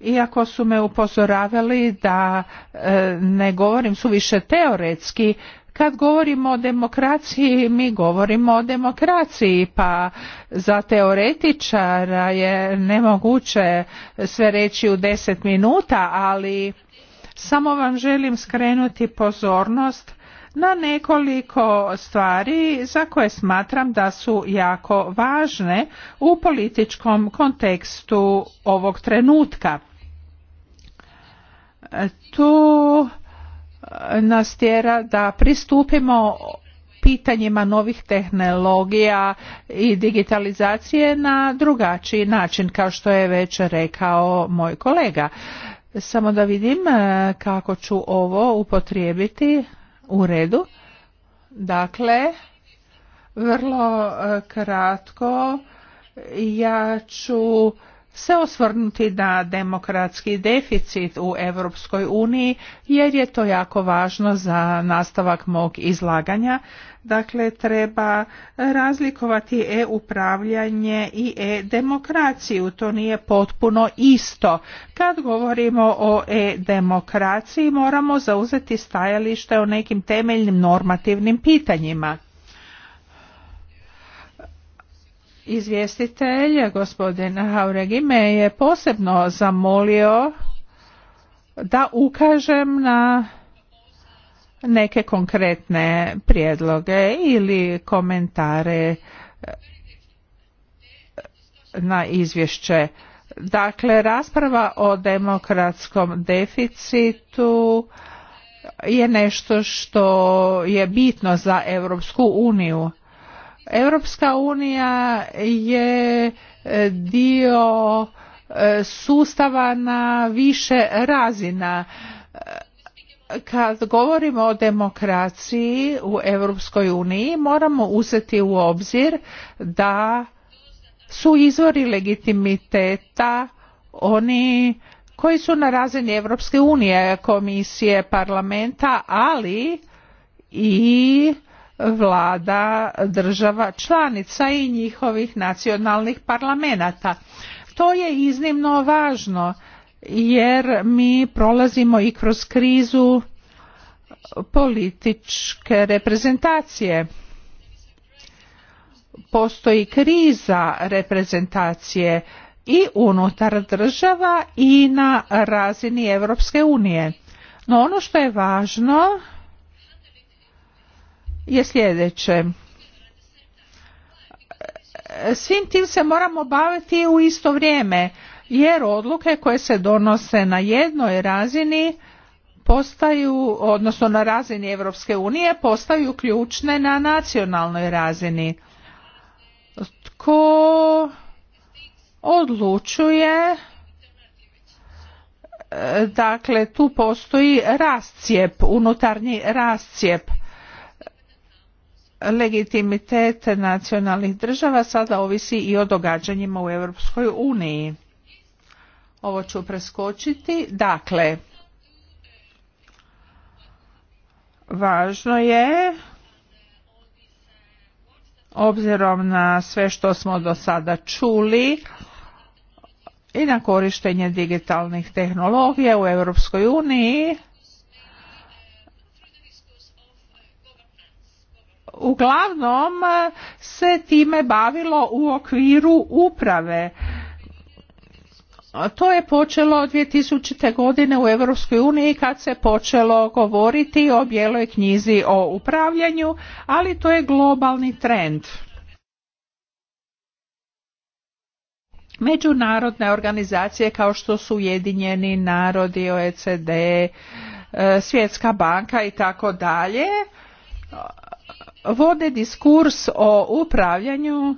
Iako su me upozoravali da e, ne govorim suviše teoretski, kad govorimo o demokraciji, mi govorimo o demokraciji, pa za teoretičara je nemoguće sve reći u deset minuta, ali samo vam želim skrenuti pozornost na nekoliko stvari za koje smatram da su jako važne u političkom kontekstu ovog trenutka. Tu nas tjera da pristupimo pitanjima novih tehnologija i digitalizacije na drugačiji način kao što je već rekao moj kolega. Samo da vidim e, kako ću ovo upotrijebiti u redu. Dakle, vrlo e, kratko ja ću se osvrnuti na demokratski deficit u Europskoj uniji jer je to jako važno za nastavak mog izlaganja. Dakle, treba razlikovati e-upravljanje i e-demokraciju. To nije potpuno isto. Kad govorimo o e-demokraciji moramo zauzeti stajalište o nekim temeljnim normativnim pitanjima. Izvjestitelj gospodin Hauregi me je posebno zamolio da ukažem na neke konkretne prijedloge ili komentare eh, na izvješće. Dakle, rasprava o demokratskom deficitu je nešto što je bitno za Europsku uniju Europska unija je e, dio e, sustava na više razina. Kad govorimo o demokraciji u Europskoj uniji moramo uzeti u obzir da su izvori legitimiteta oni koji su na razini Europske unije, komisije, parlamenta, ali i vlada država članica i njihovih nacionalnih parlamenata. To je iznimno važno jer mi prolazimo i kroz krizu političke reprezentacije. Postoji kriza reprezentacije i unutar država i na razini Europske unije. No ono što je važno je sljedeće. Svim tim se moramo baviti u isto vrijeme jer odluke koje se donose na jednoj razini postaju, odnosno na razini Europske unije, postaju ključne na nacionalnoj razini. Tko odlučuje dakle tu postoji rascijep unutarnji rascijep legitimitet nacionalnih država sada ovisi i o događanjima u Europskoj uniji. Ovo ću preskočiti. Dakle, važno je obzirom na sve što smo do sada čuli i na korištenje digitalnih tehnologija u Europskoj uniji uglavnom eh, se time bavilo u okviru uprave. To je počelo 2000. godine u Europskoj uniji kad se počelo govoriti o bijeloj knjizi o upravljanju, ali to je globalni trend. Međunarodne organizacije kao što su Ujedinjeni narodi, OECD, eh, Svjetska banka i tako dalje vode diskurs o upravljanju e,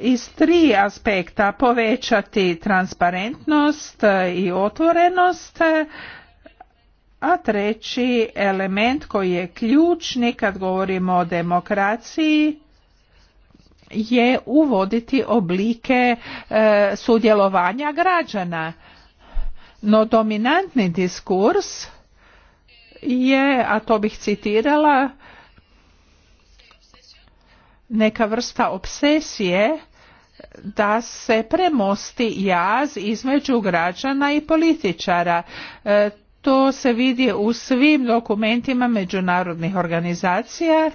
iz tri aspekta povećati transparentnost e, i otvorenost e, a treći element koji je ključni kad govorimo o demokraciji je uvoditi oblike sudjelovanja građana no dominantni diskurs je a to bih citirala neka vrsta obsesije da se premosti jaz između građana i političara. E, to se vidi u svim dokumentima međunarodnih organizacija,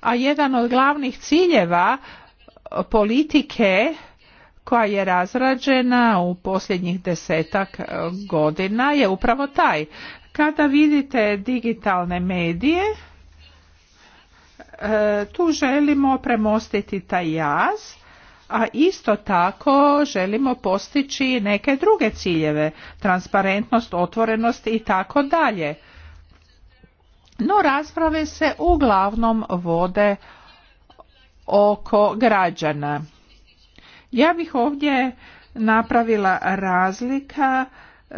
a jedan od glavnih ciljeva politike koja je razrađena u posljednjih desetak godina je upravo taj. Kada vidite digitalne medije, E, tu želimo premostiti taj jaz a isto tako želimo postići neke druge ciljeve transparentnost otvorenost i tako dalje no rasprave se uglavnom vode oko građana ja bih ovdje napravila razlika e,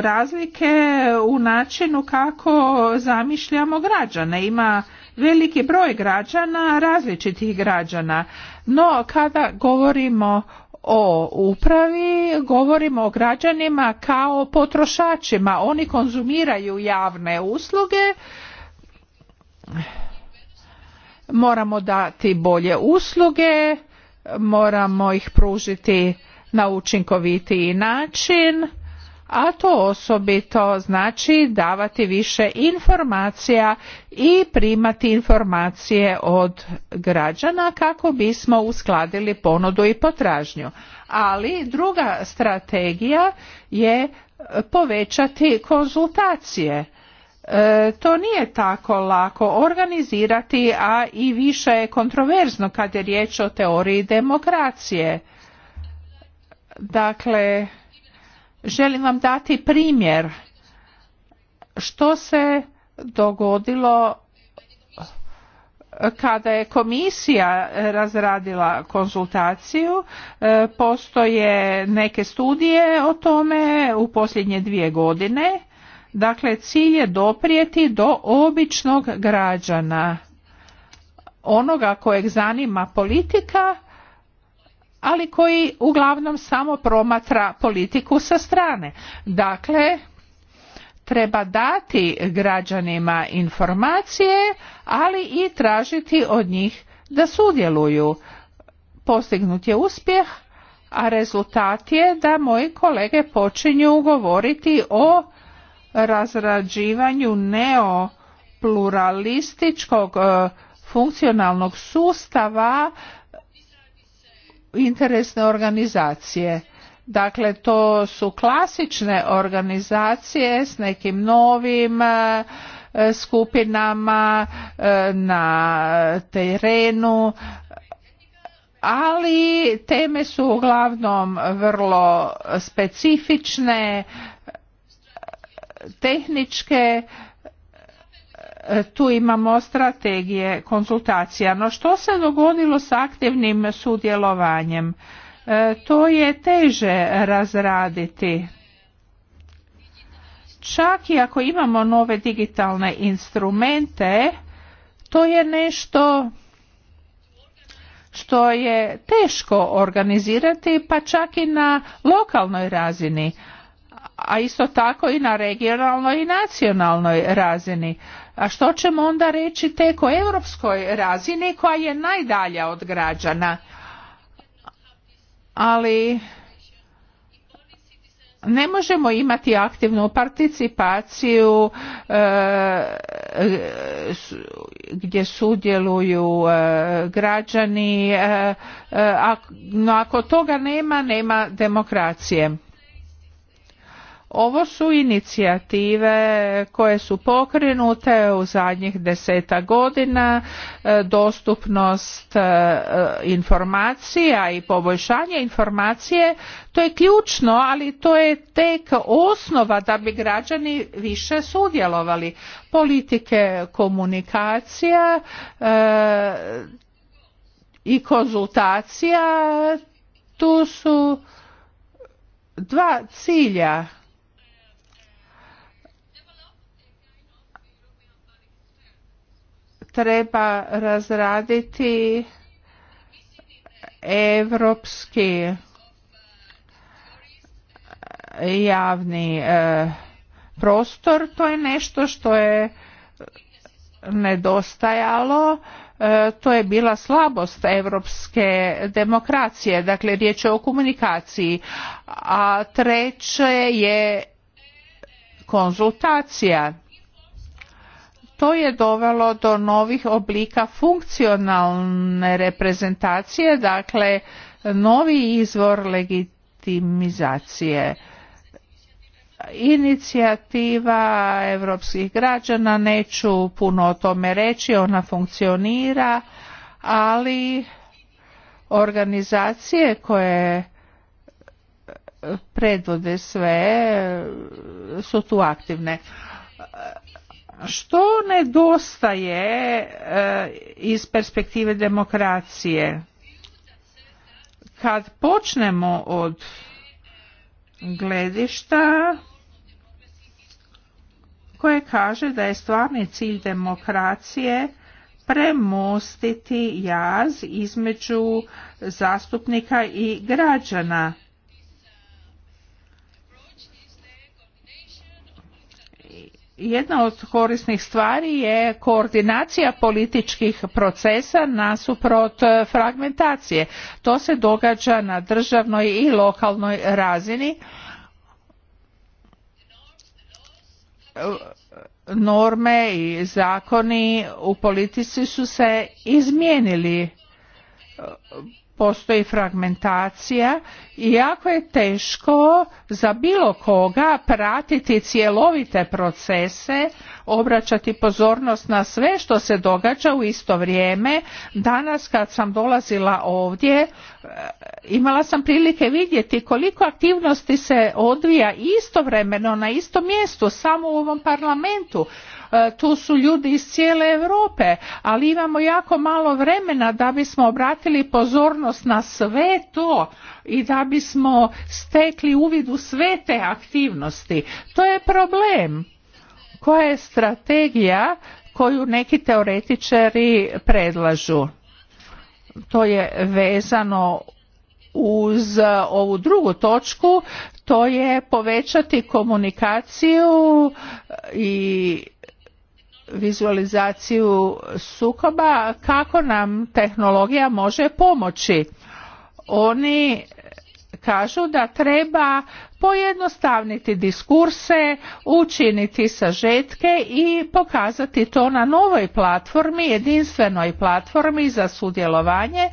razlike u načinu kako zamišljamo građane ima veliki broj građana, različitih građana. No kada govorimo o upravi govorimo o građanima kao potrošačima oni konzumiraju javne usluge moramo dati bolje usluge moramo ih pružiti na učinkovitiji način a to osobito znači davati više informacija i primati informacije od građana kako bismo uskladili ponudu i potražnju. Ali druga strategija je povećati konzultacije. E, to nije tako lako organizirati, a i više je kontroverzno kad je riječ o teoriji demokracije. Dakle, Želim vam dati primjer što se dogodilo kada je komisija razradila konzultaciju e, postoje neke studije o tome u posljednje dvije godine dakle cilj je doprijeti do običnog građana onoga kojeg zanima politika ali koji uglavnom samo promatra politiku sa strane. Dakle, treba dati građanima informacije, ali i tražiti od njih da sudjeluju. Postignut je uspjeh, a rezultat je da moji kolege počinju govoriti o razrađivanju neopluralističkog e, funkcionalnog sustava interesne organizacije. Dakle, to su klasične organizacije s nekim novim e, skupinama e, na terenu, ali teme su uglavnom vrlo specifične, tehničke, tu imamo strategije konzultacija. No što se dogodilo s aktivnim sudjelovanjem? E, to je teže razraditi. Čak i ako imamo nove digitalne instrumente, to je nešto što je teško organizirati pa čak i na lokalnoj razini a isto tako i na regionalnoj i nacionalnoj razini a što ćemo onda reći tek o europskoj razini koja je najdalja od građana? Ali ne možemo imati aktivnu participaciju e, gdje sudjeluju e, građani e, no ako toga nema nema demokracije ovo su inicijative koje su pokrenute u zadnjih deseta godina, e, dostupnost e, informacija i poboljšanje informacije, to je ključno, ali to je tek osnova da bi građani više sudjelovali. Politike komunikacija e, i konzultacija, tu su dva cilja treba razraditi europski eh, javni eh, prostor to je nešto što je nedostajalo eh, to je bila slabost europske demokracije dakle riječ je o komunikaciji a treće je konzultacija to je dovelo do novih oblika funkcionalne reprezentacije, dakle novi izvor legitimizacije. Inicijativa europskih građana, neću puno o tome reći, ona funkcionira, ali organizacije koje predvode sve su tu aktivne što nedostaje e, iz perspektive demokracije kad počnemo od gledišta koje kaže da je stvarni cilj demokracije premostiti jaz između zastupnika i građana jedna od korisnih stvari je koordinacija političkih procesa nasuprot e, fragmentacije. To se događa na državnoj i lokalnoj razini. Norme i zakoni u politici su se izmijenili postoji fragmentacija i jako je teško za bilo koga pratiti cjelovite procese, obraćati pozornost na sve što se događa u isto vrijeme. Danas kad sam dolazila ovdje, e, imala sam prilike vidjeti koliko aktivnosti se odvija istovremeno na istom mjestu, samo u ovom parlamentu E, tu su ljudi iz cijele Europe, ali imamo jako malo vremena da bismo obratili pozornost na sve to i da bismo stekli uvid u sve te aktivnosti. To je problem. Koja je strategija koju neki teoretičari predlažu? To je vezano uz ovu drugu točku, to je povećati komunikaciju i vizualizaciju sukoba kako nam tehnologija može pomoći. Oni kažu da treba pojednostavniti diskurse, učiniti sažetke i pokazati to na novoj platformi, jedinstvenoj platformi za sudjelovanje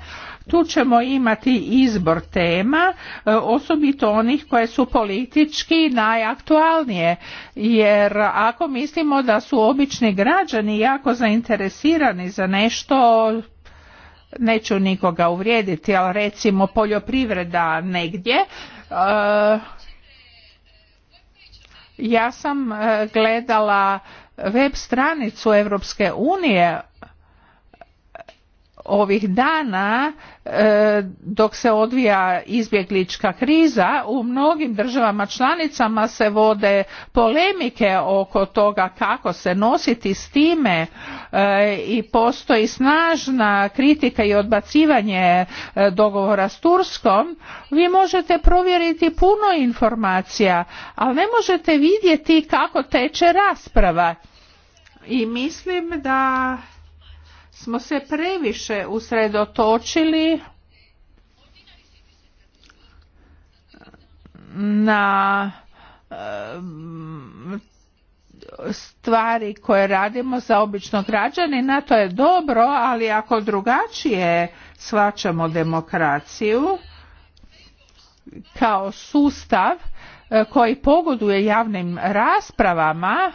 tu ćemo imati izbor tema, e, osobito onih koje su politički najaktualnije, jer ako mislimo da su obični građani jako zainteresirani za nešto, neću nikoga uvrijediti, ali recimo poljoprivreda negdje, e, ja sam e, gledala web stranicu Europske unije ovih dana e, dok se odvija izbjeglička kriza u mnogim državama članicama se vode polemike oko toga kako se nositi s time e, i postoji snažna kritika i odbacivanje e, dogovora s Turskom vi možete provjeriti puno informacija ali ne možete vidjeti kako teče rasprava i mislim da smo se previše usredotočili na ehm, stvari koje radimo za običnog građanina, to je dobro, ali ako drugačije shvaćamo demokraciju kao sustav e, koji pogoduje javnim raspravama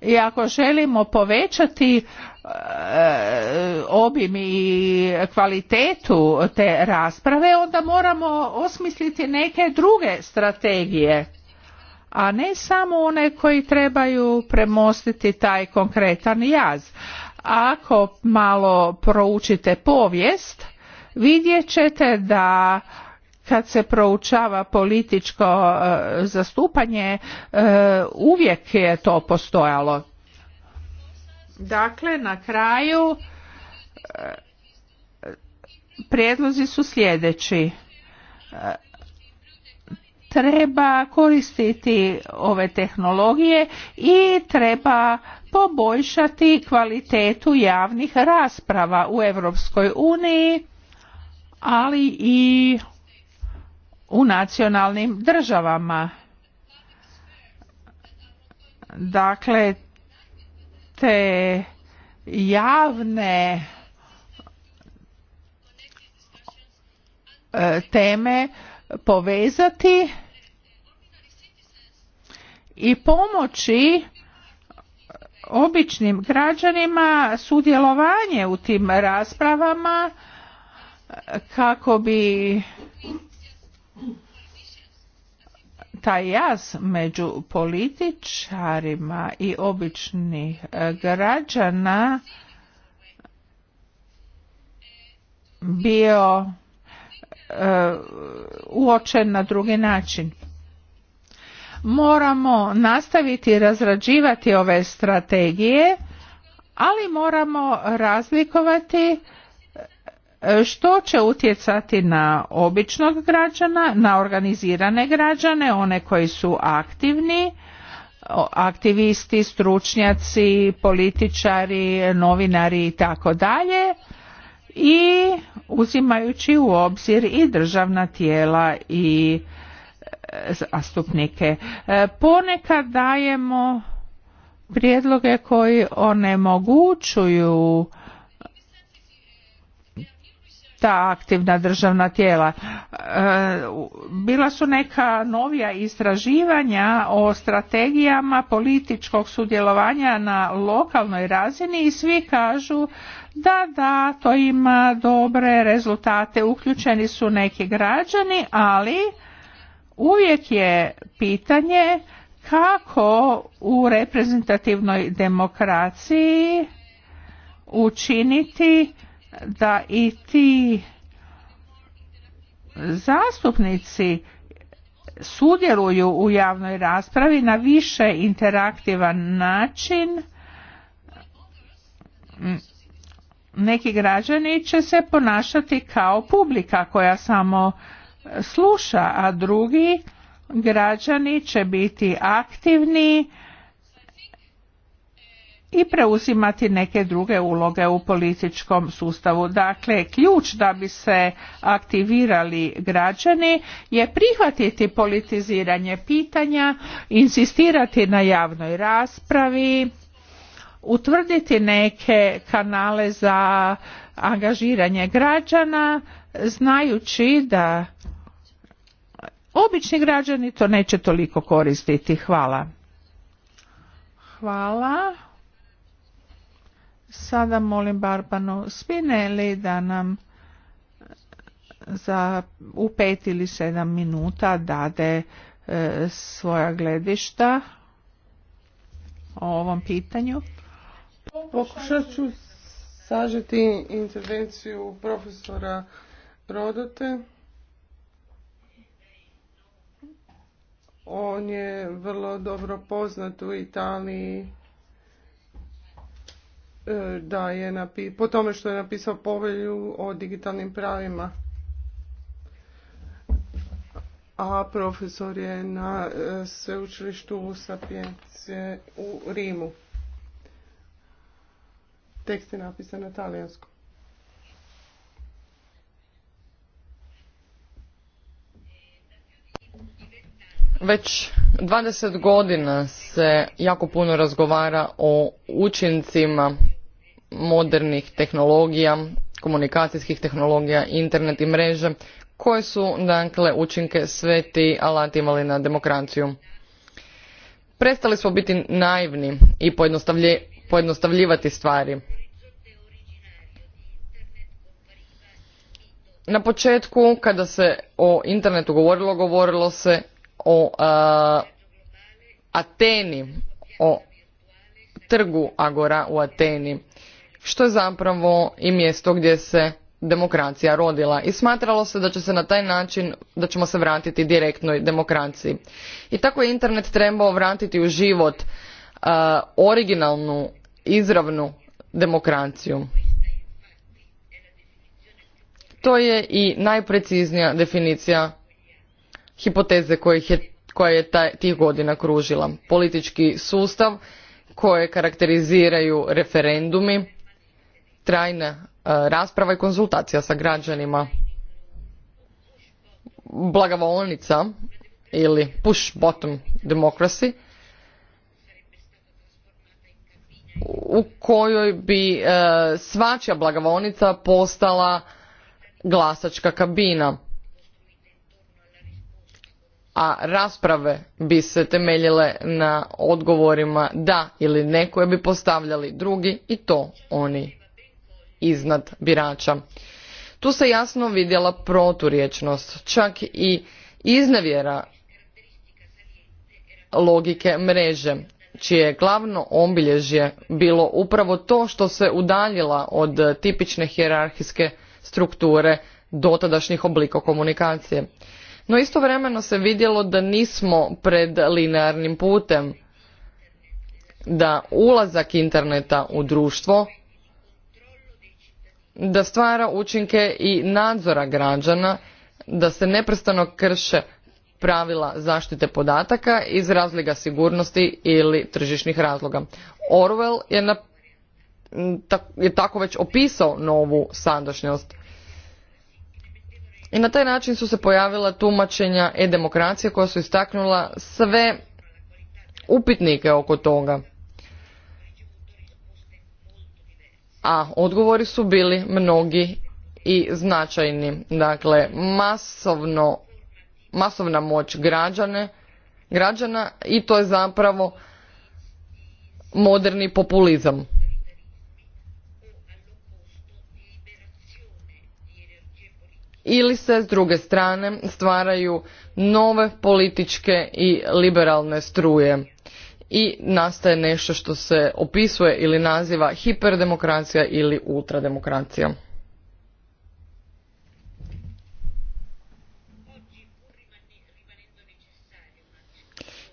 i ako želimo povećati E, obim i kvalitetu te rasprave onda moramo osmisliti neke druge strategije a ne samo one koji trebaju premostiti taj konkretan jaz ako malo proučite povijest vidjet ćete da kad se proučava političko e, zastupanje e, uvijek je to postojalo Dakle, na kraju e, prijedlozi su sljedeći. E, treba koristiti ove tehnologije i treba poboljšati kvalitetu javnih rasprava u Europskoj uniji, ali i u nacionalnim državama. Dakle, te javne e, teme povezati i pomoći običnim građanima sudjelovanje u tim raspravama kako bi taj jaz među političarima i običnih e, građana bio e, uočen na drugi način. Moramo nastaviti razrađivati ove strategije, ali moramo razlikovati što će utjecati na običnog građana, na organizirane građane, one koji su aktivni, aktivisti, stručnjaci, političari, novinari i tako dalje i uzimajući u obzir i državna tijela i e, zastupnike. E, ponekad dajemo prijedloge koji onemogućuju ta aktivna državna tijela. E, bila su neka novija istraživanja o strategijama političkog sudjelovanja na lokalnoj razini i svi kažu da, da, to ima dobre rezultate, uključeni su neki građani, ali uvijek je pitanje kako u reprezentativnoj demokraciji učiniti da i ti zastupnici sudjeluju u javnoj raspravi na više interaktivan način neki građani će se ponašati kao publika koja samo sluša a drugi građani će biti aktivni i preuzimati neke druge uloge u političkom sustavu. Dakle, ključ da bi se aktivirali građani je prihvatiti politiziranje pitanja, insistirati na javnoj raspravi, utvrditi neke kanale za angažiranje građana, znajući da obični građani to neće toliko koristiti. Hvala. Hvala. Sada molim Barbanu Spinelli da nam za u pet ili sedam minuta dade e, svoja gledišta o ovom pitanju. Pokušat ću sažeti intervenciju profesora Rodote. On je vrlo dobro poznat u Italiji E, da je napi, po tome što je napisao povelju o digitalnim pravima. A profesor je na e, sveučilištu u u Rimu. Tekst je napisan na talijanskom. Već 20 godina se jako puno razgovara o učincima modernih tehnologija, komunikacijskih tehnologija, internet i mreže, koje su dakle učinke sve ti alati imali na demokraciju. Prestali smo biti naivni i pojednostavljivati stvari. Na početku, kada se o internetu govorilo, govorilo se o Ateni, o trgu Agora u Ateni što je zapravo i mjesto gdje se demokracija rodila i smatralo se da će se na taj način da ćemo se vratiti direktnoj demokraciji i tako je internet trebao vratiti u život uh, originalnu izravnu demokraciju to je i najpreciznija definicija hipoteze je, koja je taj, tih godina kružila politički sustav koje karakteriziraju referendumi Trajna e, rasprava i konzultacija sa građanima. Blagavolnica ili push bottom democracy u kojoj bi e, svačija blagavolnica postala glasačka kabina a rasprave bi se temeljile na odgovorima da ili ne koje bi postavljali drugi i to oni iznad birača. Tu se jasno vidjela proturječnost, čak i iznevjera logike mreže, čije je glavno obilježje bilo upravo to što se udaljila od tipične hijerarhijske strukture dotadašnjih oblika komunikacije. No istovremeno se vidjelo da nismo pred linearnim putem, da ulazak interneta u društvo da stvara učinke i nadzora građana, da se neprestano krše pravila zaštite podataka iz razloga sigurnosti ili tržišnih razloga. Orwell je, na, je tako već opisao novu sadašnjost. I na taj način su se pojavila tumačenja e-demokracije koja su istaknula sve upitnike oko toga. a odgovori su bili mnogi i značajni. Dakle, masovno, masovna moć građane, građana i to je zapravo moderni populizam. Ili se s druge strane stvaraju nove političke i liberalne struje i nastaje nešto što se opisuje ili naziva hiperdemokracija ili ultrademokracija.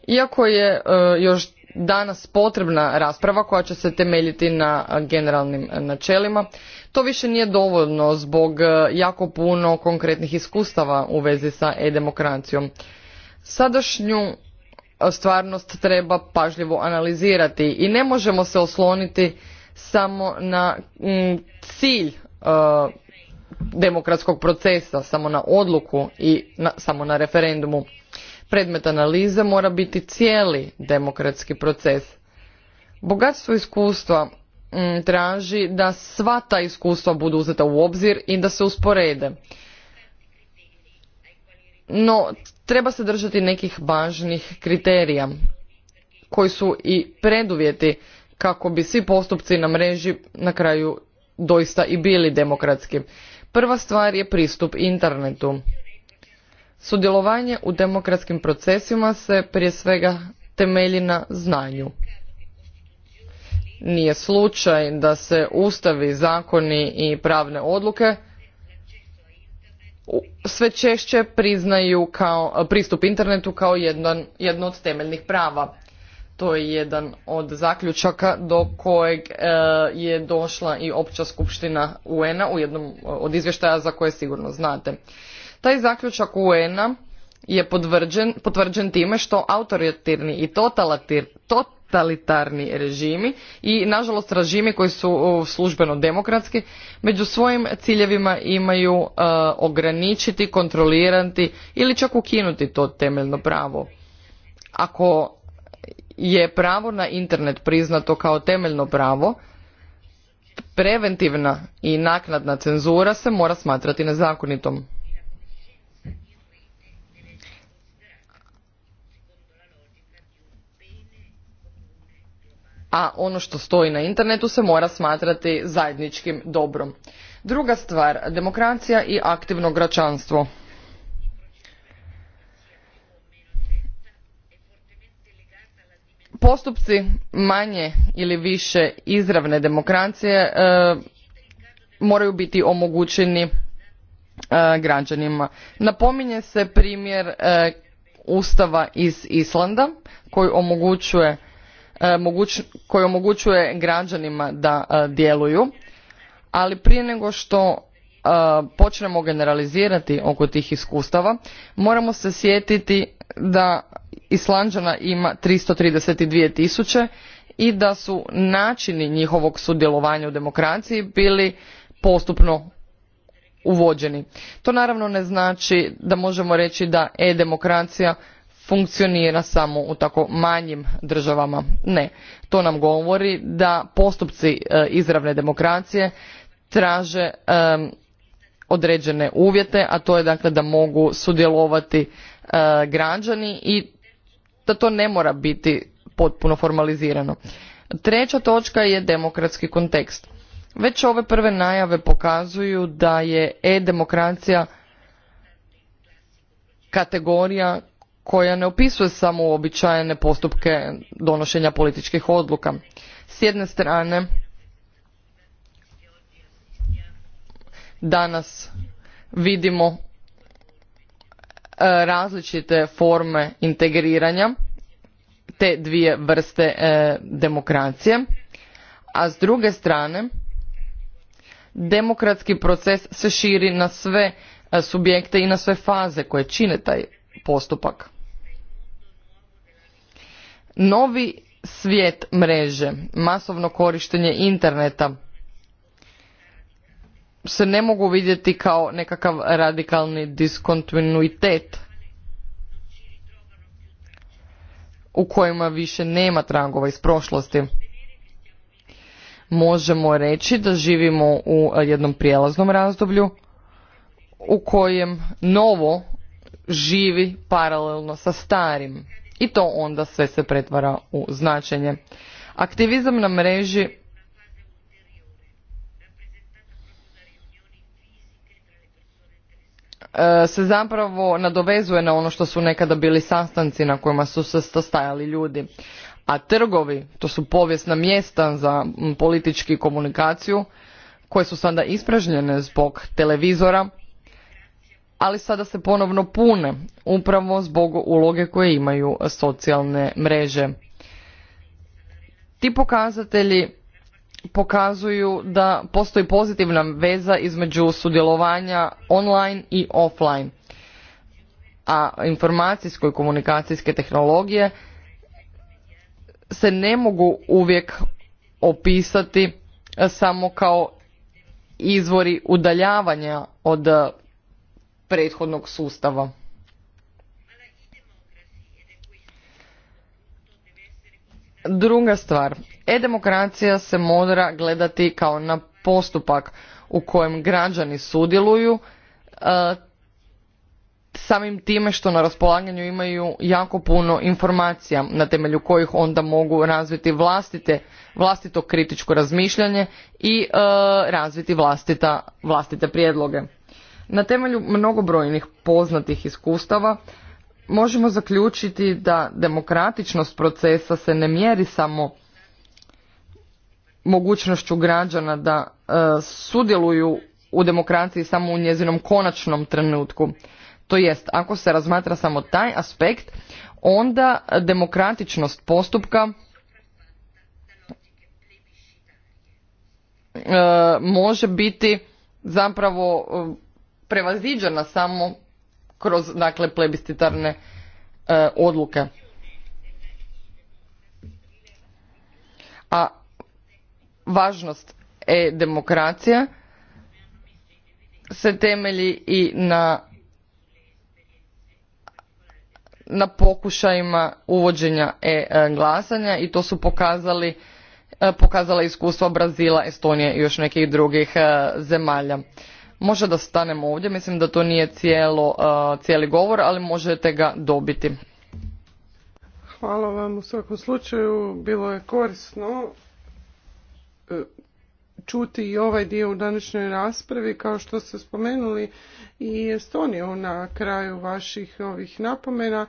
Iako je e, još danas potrebna rasprava koja će se temeljiti na generalnim načelima, to više nije dovoljno zbog e, jako puno konkretnih iskustava u vezi sa e-demokracijom. Sadašnju stvarnost treba pažljivo analizirati i ne možemo se osloniti samo na mm, cilj e, demokratskog procesa, samo na odluku i samo na referendumu. Predmet analize mora biti cijeli demokratski proces. Bogatstvo iskustva mm, traži da sva ta iskustva budu uzeta u obzir i da se usporede. No, treba se držati nekih važnih kriterija koji su i preduvjeti kako bi svi postupci na mreži na kraju doista i bili demokratski. Prva stvar je pristup internetu. Sudjelovanje u demokratskim procesima se prije svega temelji na znanju. Nije slučaj da se ustavi, zakoni i pravne odluke sve češće priznaju kao pristup internetu kao jedan, jedno od temeljnih prava. To je jedan od zaključaka do kojeg e, je došla i opća skupština UN-a u jednom e, od izvještaja za koje sigurno znate. Taj zaključak UN-a je potvrđen, potvrđen time što autoritarni i totalitarni totalitarni režimi i nažalost režimi koji su službeno demokratski među svojim ciljevima imaju e, ograničiti, kontrolirati ili čak ukinuti to temeljno pravo. Ako je pravo na internet priznato kao temeljno pravo, preventivna i naknadna cenzura se mora smatrati nezakonitom. a ono što stoji na internetu se mora smatrati zajedničkim dobrom. Druga stvar, demokracija i aktivno građanstvo. Postupci manje ili više izravne demokracije e, moraju biti omogućeni e, građanima. Napominje se primjer e, Ustava iz Islanda koji omogućuje E, koji omogućuje građanima da e, djeluju ali prije nego što e, počnemo generalizirati oko tih iskustava moramo se sjetiti da islanđana ima two tisuće i da su načini njihovog sudjelovanja u demokraciji bili postupno uvođeni. To naravno ne znači da možemo reći da e-demokracija funkcionira samo u tako manjim državama ne to nam govori da postupci e, izravne demokracije traže određene uvjete a to je dakle da mogu sudjelovati e, građani i da to ne mora biti potpuno formalizirano treća točka je demokratski kontekst već ove prve najave pokazuju da je e demokracija kategorija koja ne opisuje samo uobičajene postupke donošenja političkih odluka. S jedne strane, danas vidimo e, različite forme integriranja te dvije vrste e, demokracije, a s druge strane, demokratski proces se širi na sve e, subjekte i na sve faze koje čine taj postupak novi svijet mreže, masovno korištenje interneta se ne mogu vidjeti kao nekakav radikalni diskontinuitet u kojima više nema tragova iz prošlosti. Možemo reći da živimo u jednom prijelaznom razdoblju u kojem novo živi paralelno sa starim i to onda sve se pretvara u značenje. Aktivizam na mreži e, se zapravo nadovezuje na ono što su nekada bili sastanci na kojima su se stajali ljudi. A trgovi, to su povijesna mjesta za politički komunikaciju, koje su sada ispražnjene zbog televizora, ali sada se ponovno pune upravo zbog uloge koje imaju socijalne mreže. Ti pokazatelji pokazuju da postoji pozitivna veza između sudjelovanja online i offline. A informacijsko i komunikacijske tehnologije se ne mogu uvijek opisati samo kao izvori udaljavanja od prethodnog sustava. Druga stvar, e-demokracija se mora gledati kao na postupak u kojem građani sudjeluju e, samim time što na raspolaganju imaju jako puno informacija na temelju kojih onda mogu razviti vlastite, vlastito kritičko razmišljanje i e, razviti vlastita, vlastite prijedloge. Na temelju mnogobrojnih poznatih iskustava možemo zaključiti da demokratičnost procesa se ne mjeri samo mogućnošću građana da e, sudjeluju u demokraciji samo u njezinom konačnom trenutku. To jest, ako se razmatra samo taj aspekt, onda demokratičnost postupka e, može biti zapravo prevaziđena samo kroz dakle plebiscitarne e, odluke. A važnost e demokracija se temelji i na na pokušajima uvođenja e-glasanja i to su pokazali e, pokazala iskustva Brazila, Estonije i još nekih drugih e, zemalja. Možda da stanemo ovdje, mislim da to nije cijelo, cijeli govor, ali možete ga dobiti. Hvala vam u svakom slučaju, bilo je korisno e, čuti i ovaj dio u današnjoj raspravi kao što ste spomenuli i Estoniju na kraju vaših ovih napomena.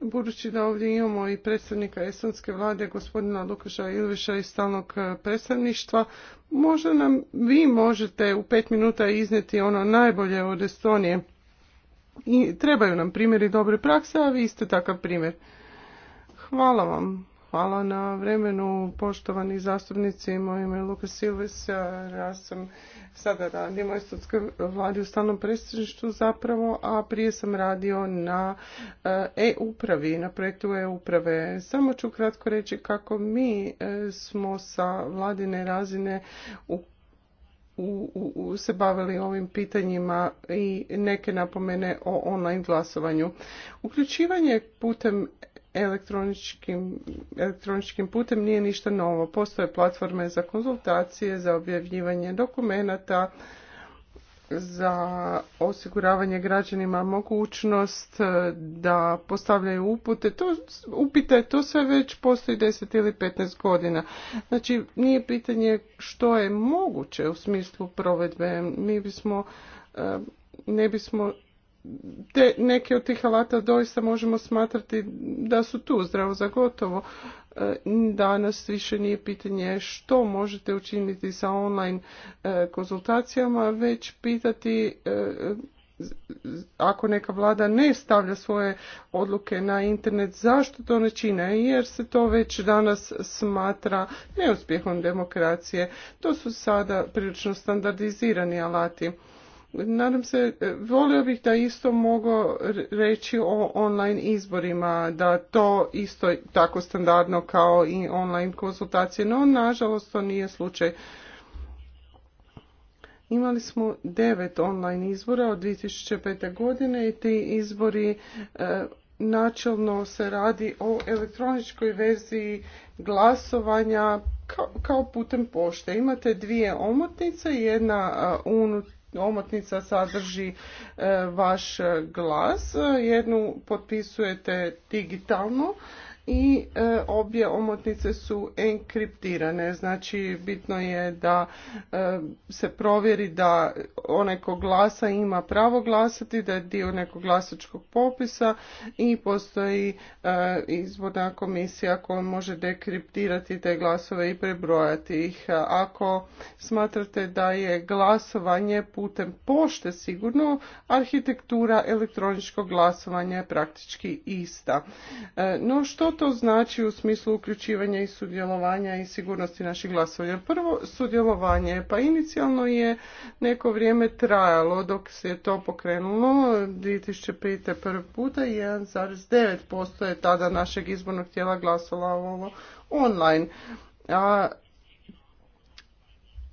Budući da ovdje imamo i predstavnika estonske vlade gospodina Lukaša Ilviša iz stalnog e, predstavništva, možda nam vi možete u pet minuta iznijeti ono najbolje od Estonije. I trebaju nam primjeri dobre prakse, a vi ste takav primjer. Hvala vam. Hvala na vremenu, poštovani zastupnici. Moje ime je Luka Silves, ja sam sada radim u Estotskoj vladi u stanom predstavništu zapravo, a prije sam radio na eh, e-upravi, na projektu e-uprave. Samo ću kratko reći kako mi eh, smo sa vladine razine u u, se bavili ovim pitanjima i neke napomene o online glasovanju. Uključivanje putem elektroničkim, elektroničkim putem nije ništa novo. Postoje platforme za konzultacije, za objavljivanje dokumenata, za osiguravanje građanima mogućnost eh, da postavljaju upute, to, upite, to sve već postoji 10 ili 15 godina. Znači, nije pitanje što je moguće u smislu provedbe. Mi bismo, eh, ne bismo te, neke od tih alata doista možemo smatrati da su tu zdravo za gotovo. E, danas više nije pitanje što možete učiniti sa online e, konzultacijama, već pitati e, ako neka vlada ne stavlja svoje odluke na internet, zašto to ne čine? Jer se to već danas smatra neuspjehom demokracije. To su sada prilično standardizirani alati. Nadam se, e, volio bih da isto mogu reći o online izborima, da to isto tako standardno kao i online konsultacije, no nažalost to nije slučaj. Imali smo devet online izbora od 2005. godine i ti izbori e, načelno se radi o elektroničkoj verziji glasovanja kao putem pošte. Imate dvije omotnice, jedna unutar omotnica sadrži e, vaš glas. Jednu potpisujete digitalno, i e, obje omotnice su enkriptirane. Znači bitno je da e, se provjeri da onaj ko glasa ima pravo glasati, da je dio nekog glasačkog popisa i postoji e, izvodna komisija koja može dekriptirati te glasove i prebrojati ih. Ako smatrate da je glasovanje putem pošte sigurno, arhitektura elektroničkog glasovanja je praktički ista. No što to znači u smislu uključivanja i sudjelovanja i sigurnosti naših glasova? prvo sudjelovanje, pa inicijalno je neko vrijeme trajalo dok se je to pokrenulo, 2005. prvi puta 1,9% je tada našeg izbornog tijela glasovalo online. A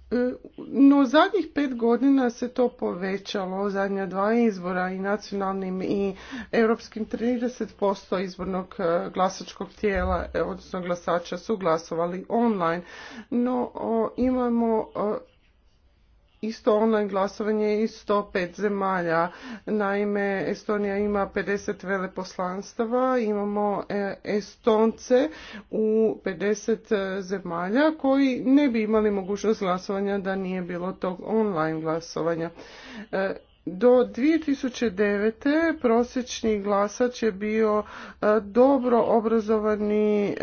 no, zadnjih pet godina se to povećalo, zadnja dva izbora i nacionalnim i europskim 30% izbornog e, glasačkog tijela, e, odnosno glasača su glasovali online. No, imamo isto online glasovanje iz 105 zemalja. Naime, Estonija ima 50 veleposlanstava, imamo e, Estonce u 50 zemalja koji ne bi imali mogućnost glasovanja da nije bilo tog online glasovanja. E, do 2009. prosječni glasač je bio e, dobro obrazovani e,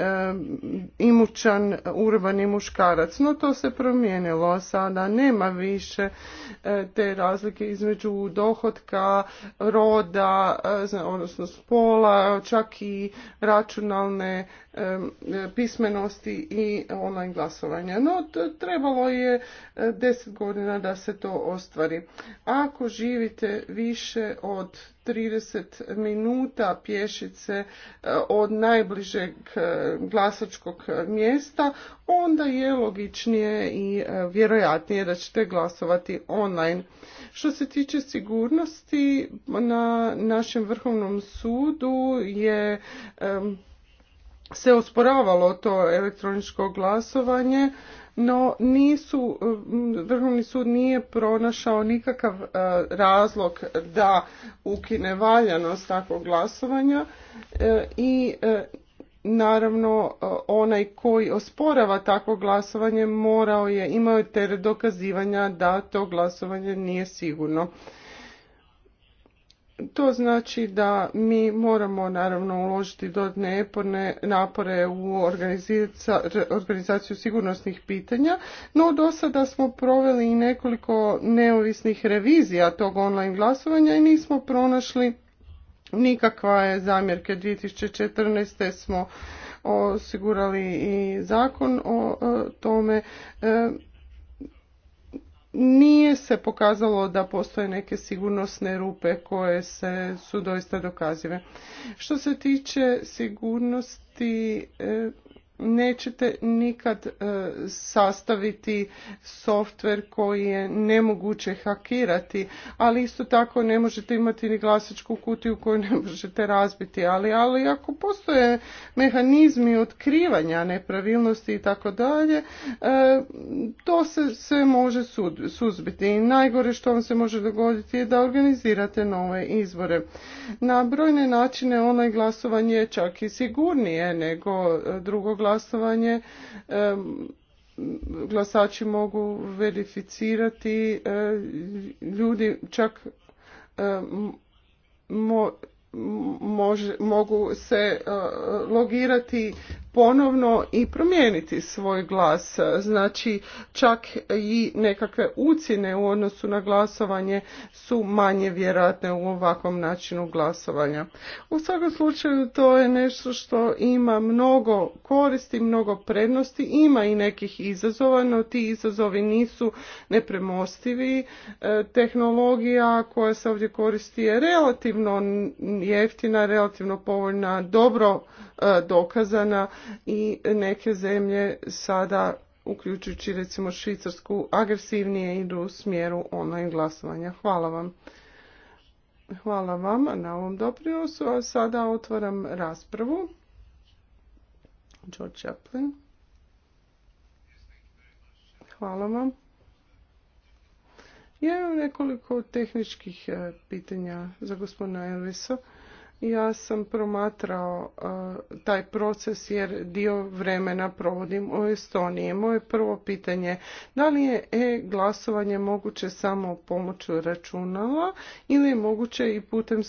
imućan urbani muškarac, no to se promijenilo sada, nema više e, te razlike između dohotka, roda, odnosno spola, čak i računalne pismenosti i online glasovanja. No, trebalo je e, deset godina da se to ostvari. Ako živite više od 30 minuta pješice e, od najbližeg e, glasačkog mjesta, onda je logičnije i vjerojatnije da ćete glasovati online. Što se tiče sigurnosti, na našem Vrhovnom sudu je se osporavalo to elektroničko glasovanje, no nisu, mm, Vrhovni sud nije pronašao nikakav e, razlog da ukine valjanost takvog glasovanja e, i e, naravno onaj koji osporava takvo glasovanje morao je, imao je teret dokazivanja da to glasovanje nije sigurno. To znači da mi moramo naravno uložiti dodatne napore u organizaciju sigurnosnih pitanja, no do sada smo proveli i nekoliko neovisnih revizija tog online glasovanja i nismo pronašli nikakva je zamjerke. 2014. smo osigurali i zakon o tome. E, nije se pokazalo da postoje neke sigurnosne rupe koje se su doista dokazive. Što se tiče sigurnosti, e, nećete nikad e, sastaviti softver koji je nemoguće hakirati, ali isto tako ne možete imati ni glasačku kutiju koju ne možete razbiti, ali, ali ako postoje mehanizmi otkrivanja nepravilnosti i tako dalje, e, to se sve može suzbiti i najgore što vam se može dogoditi je da organizirate nove izbore. Na brojne načine onaj glasovanje je čak i sigurnije nego e, drugog glasovanje glasači mogu verificirati e, ljudi čak e, mogu se e, logirati ponovno i promijeniti svoj glas. Znači čak i nekakve ucjene u odnosu na glasovanje su manje vjerojatne u ovakvom načinu glasovanja. U svakom slučaju to je nešto što ima mnogo koristi, mnogo prednosti, ima i nekih izazova, no ti izazovi nisu nepremostivi. E, tehnologija koja se ovdje koristi je relativno jeftina, relativno povoljna, dobro E, dokazana i neke zemlje sada uključujući recimo Švicarsku, agresivnije idu u smjeru online glasovanja. Hvala vam. Hvala vam na ovom doprinosu, a sada otvaram raspravu. George Chaplin. Hvala vam. Ja imam nekoliko tehničkih e, pitanja za gospodina Elvisa. Ja sam promatrao taj proces jer dio vremena provodim u Estoniji. Moje prvo pitanje, da li je e-glasovanje moguće samo pomoću računala ili je moguće i putem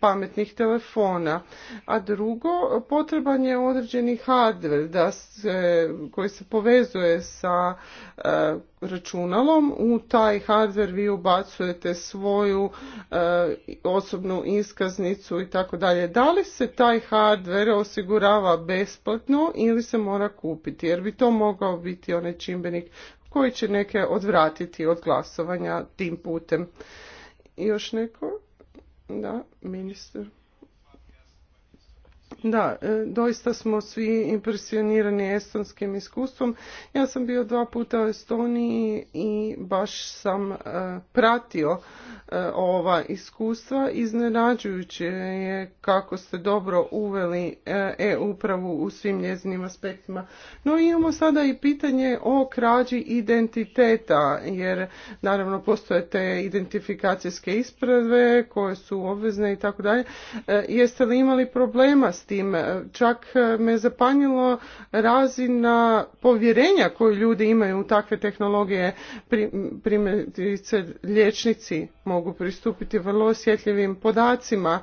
pametnih telefona? A drugo, potreban je određeni hardware da se, koji se povezuje sa računalom. U taj hardware vi ubacujete svoju e, osobnu iskaznicu i tako dalje. Da li se taj hardware osigurava besplatno ili se mora kupiti? Jer bi to mogao biti onaj čimbenik koji će neke odvratiti od glasovanja tim putem. Još neko? Da, ministar. Da, e, doista smo svi impresionirani estonskim iskustvom. Ja sam bio dva puta u Estoniji i baš sam e, pratio E, ova iskustva. Iznenađujuće je kako ste dobro uveli e, e-upravu u svim njezinim aspektima. No imamo sada i pitanje o krađi identiteta, jer naravno postoje te identifikacijske isprave koje su obvezne i tako dalje. E, jeste li imali problema s tim? Čak me zapanjilo razina povjerenja koju ljudi imaju u takve tehnologije, primjerice liječnici mogu mogu pristupiti vrlo osjetljivim podacima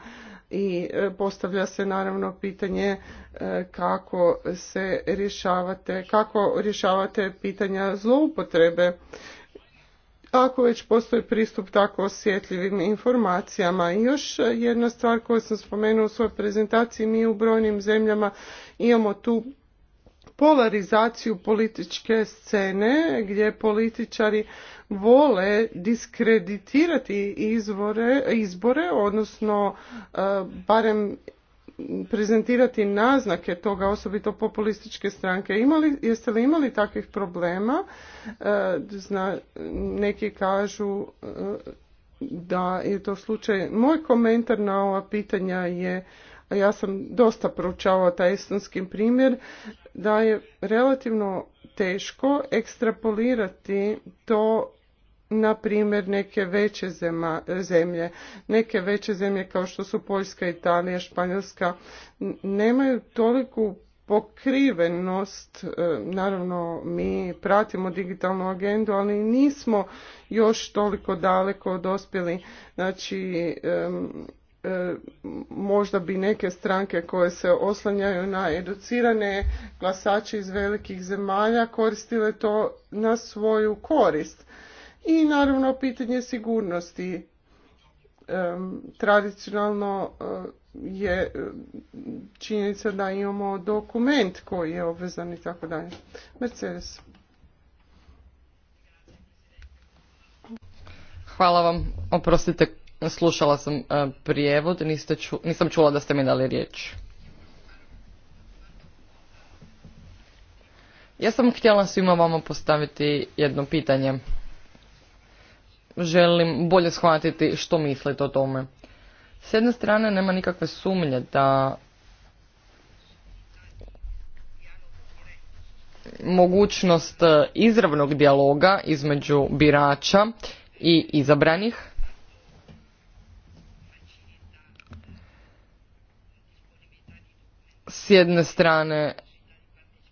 i e, postavlja se naravno pitanje e, kako se rješavate, kako rješavate pitanja zloupotrebe ako već postoji pristup tako osjetljivim informacijama. I još jedna stvar koju sam spomenula u svojoj prezentaciji, mi u brojnim zemljama imamo tu polarizaciju političke scene gdje političari vole diskreditirati izvore, izbore, odnosno e, barem prezentirati naznake toga, osobito populističke stranke. Imali, jeste li imali takvih problema? E, neki kažu e, da je to slučaj. Moj komentar na ova pitanja je, ja sam dosta proučavao taj estonski primjer, da je relativno teško ekstrapolirati to na primjer neke veće zemlje. Neke veće zemlje kao što su Poljska, Italija, Španjolska nemaju toliku pokrivenost, e, naravno mi pratimo digitalnu agendu, ali nismo još toliko daleko dospjeli. Znači, E, možda bi neke stranke koje se oslanjaju na educirane glasače iz velikih zemalja koristile to na svoju korist. I naravno pitanje sigurnosti. E, tradicionalno e, je činjenica da imamo dokument koji je obvezan i tako dalje. Mercedes. Hvala vam. Oprostite Slušala sam e, prijevod, nisam čula da ste mi dali riječ. Ja sam htjela svima vama postaviti jedno pitanje. Želim bolje shvatiti što mislite o tome. S jedne strane nema nikakve sumnje da mogućnost e, izravnog dijaloga između birača i izabranih s jedne strane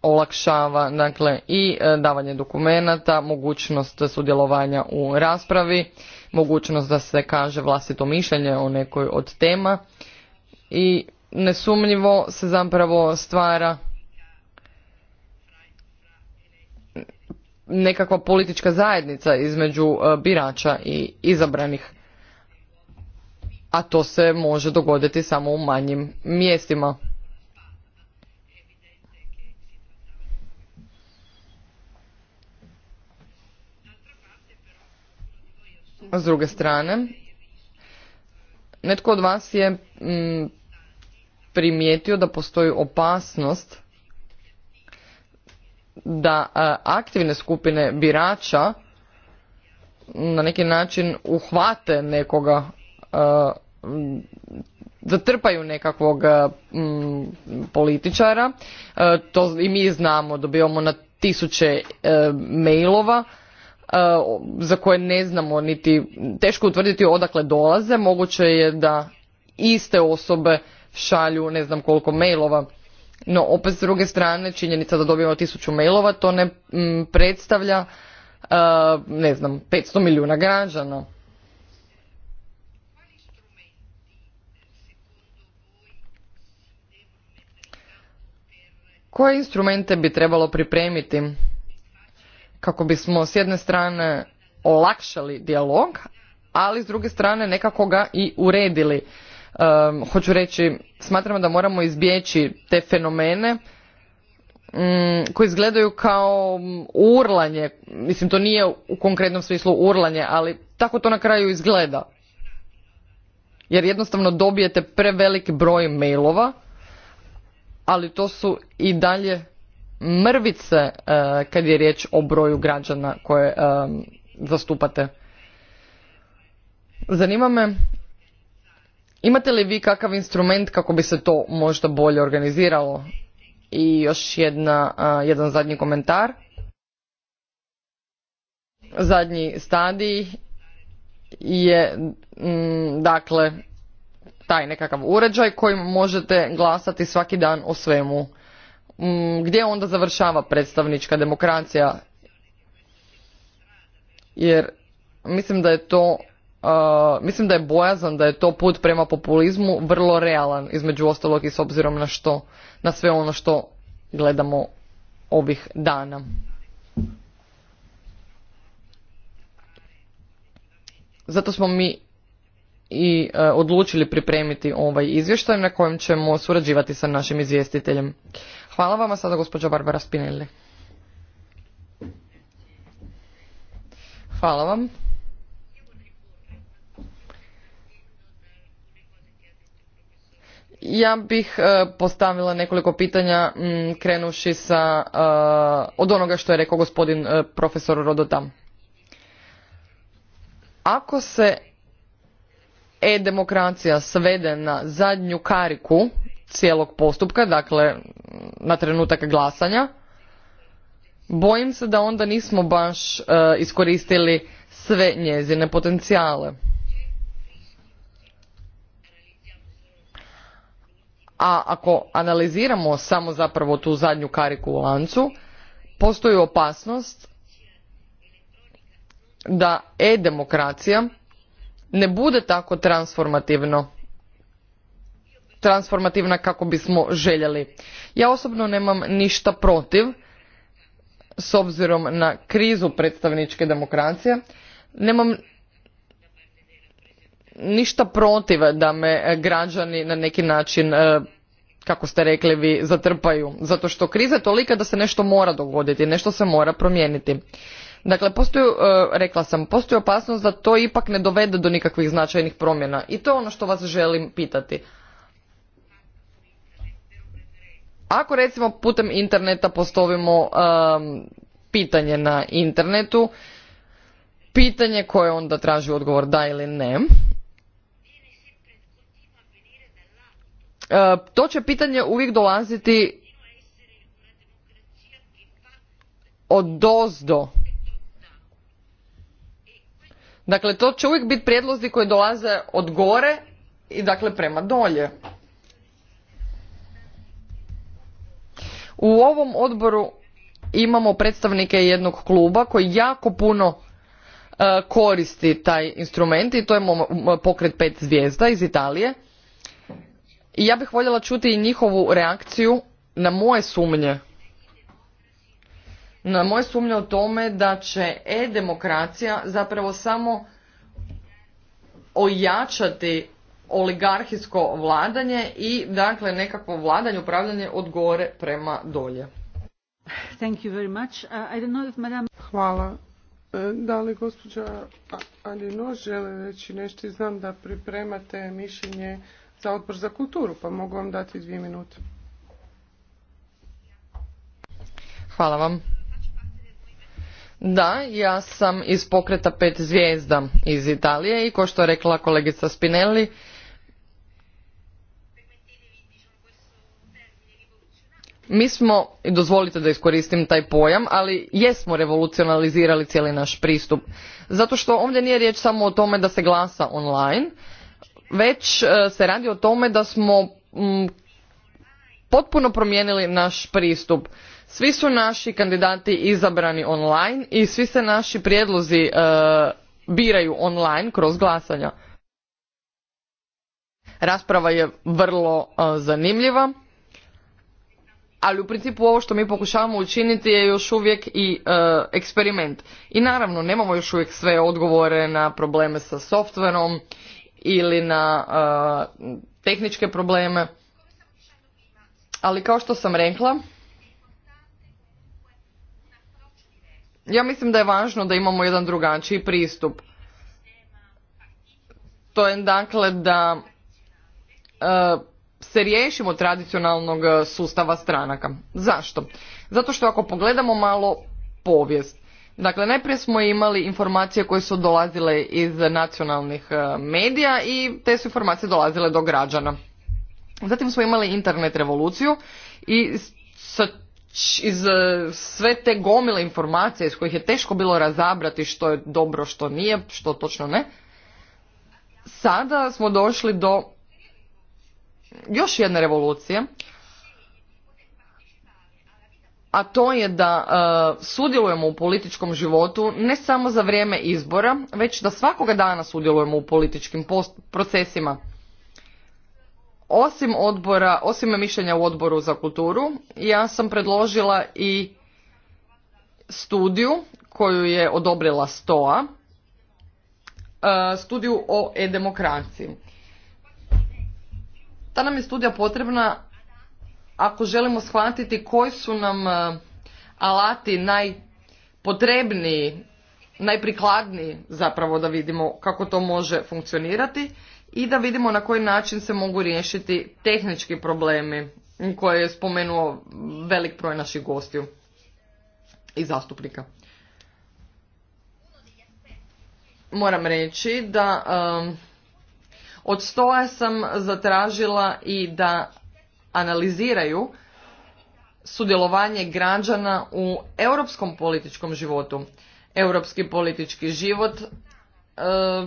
olakšava dakle i e, davanje dokumenata, mogućnost sudjelovanja u raspravi, mogućnost da se kaže vlastito mišljenje o nekoj od tema i nesumnjivo se zapravo stvara nekakva politička zajednica između e, birača i izabranih. A to se može dogoditi samo u manjim mjestima. s druge strane, netko od vas je mm, primijetio da postoji opasnost da e, aktivne skupine birača na neki način uhvate nekoga, e, zatrpaju nekakvog e, političara. to i mi znamo, dobivamo na tisuće mailova E, za koje ne znamo niti teško utvrditi odakle dolaze moguće je da iste osobe šalju ne znam koliko mailova no opet s druge strane činjenica da dobivamo tisuću mailova to ne predstavlja e, ne znam 500 milijuna građana koje instrumente bi trebalo pripremiti kako bismo s jedne strane olakšali dijalog, ali s druge strane nekako ga i uredili. hoću reći, smatramo da moramo izbjeći te fenomene mm, koji izgledaju kao urlanje, mislim to nije u konkretnom smislu urlanje, ali tako to na kraju izgleda. Jer jednostavno dobijete preveliki broj mailova, ali to su i dalje mrvice e, kad je riječ o broju građana koje e, zastupate. Zanima me, imate li vi kakav instrument kako bi se to možda bolje organiziralo? I još jedna, e, jedan zadnji komentar. Zadnji stadij je, mm, dakle, taj nekakav uređaj kojim možete glasati svaki dan o svemu Mm, gdje onda završava predstavnička demokracija jer mislim da je to mislim da je bojazan da je to put prema populizmu vrlo realan između ostalog i s obzirom na što na sve ono što gledamo ovih dana zato smo mi i e, odlučili pripremiti ovaj izvještaj na kojem ćemo surađivati sa našim izvjestiteljem Hvala vama sada gospođa Barbara Spinelli. Hvala vam. Ja bih e, postavila nekoliko pitanja mm, krenuši sa e, od onoga što je rekao gospodin e, profesor Rodotam. Ako se e-demokracija svede na zadnju kariku cijelog postupka, dakle na trenutak glasanja, bojim se da onda nismo baš e, iskoristili sve njezine potencijale. A ako analiziramo samo zapravo tu zadnju kariku u lancu, postoji opasnost da e-demokracija ne bude tako transformativno transformativna kako bismo željeli. Ja osobno nemam ništa protiv, s obzirom na krizu predstavničke demokracije, nemam ništa protiv da me građani na neki način e, kako ste rekli vi zatrpaju zato što kriza je tolika da se nešto mora dogoditi nešto se mora promijeniti dakle postoju, e, rekla sam postoji opasnost da to ipak ne dovede do nikakvih značajnih promjena i to je ono što vas želim pitati Ako recimo putem interneta postavimo um, pitanje na internetu, pitanje koje onda traži odgovor da ili ne, uh, to će pitanje uvijek dolaziti od dozdo. Dakle, to će uvijek biti prijedlozi koji dolaze od gore i dakle prema dolje. U ovom odboru imamo predstavnike jednog kluba koji jako puno e, koristi taj instrument i to je pokret pet zvijezda iz Italije. I ja bih voljela čuti i njihovu reakciju na moje sumnje. Na moje sumnje o tome da će e-demokracija zapravo samo ojačati oligarhijsko vladanje i dakle nekakvo vladanje, upravljanje od gore prema dolje. Thank you very much. Uh, I don't know if Hvala. E, da li gospođa Alino žele reći nešto? Znam da pripremate mišljenje za odbor za kulturu, pa mogu vam dati dvije minute. Hvala vam. Da, ja sam iz pokreta pet zvijezda iz Italije i ko što je rekla kolegica Spinelli, mi smo i dozvolite da iskoristim taj pojam ali jesmo revolucionalizirali cijeli naš pristup zato što ovdje nije riječ samo o tome da se glasa online već e, se radi o tome da smo mm, potpuno promijenili naš pristup svi su naši kandidati izabrani online i svi se naši prijedlozi e, biraju online kroz glasanja rasprava je vrlo e, zanimljiva ali u principu ovo što mi pokušavamo učiniti je još uvijek i e, eksperiment. I naravno, nemamo još uvijek sve odgovore na probleme sa softverom ili na e, tehničke probleme. Ali kao što sam rekla, ja mislim da je važno da imamo jedan drugačiji pristup. To je dakle da e, se riješimo tradicionalnog e, sustava stranaka. Zašto? Zato što ako pogledamo malo povijest, Dakle, najprije smo imali informacije koje su dolazile iz nacionalnih e, medija i te su informacije dolazile do građana. Zatim smo imali internet revoluciju i sa iz e, sve te gomile informacije iz kojih je teško bilo razabrati što je dobro, što nije, što točno ne. Sada smo došli do još jedne revolucije, a to je da e, sudjelujemo u političkom životu ne samo za vrijeme izbora, već da svakoga dana sudjelujemo u političkim procesima. Osim odbora, osim mišljenja u odboru za kulturu, ja sam predložila i studiju koju je odobrila STOA, e, studiju o e-demokraciji. Ta nam je studija potrebna ako želimo shvatiti koji su nam e, alati najpotrebniji, najprikladniji zapravo da vidimo kako to može funkcionirati i da vidimo na koji način se mogu riješiti tehnički problemi koje je spomenuo velik broj naših gostiju i zastupnika. Moram reći da e, od stoja sam zatražila i da analiziraju sudjelovanje građana u europskom političkom životu. Europski politički život eh,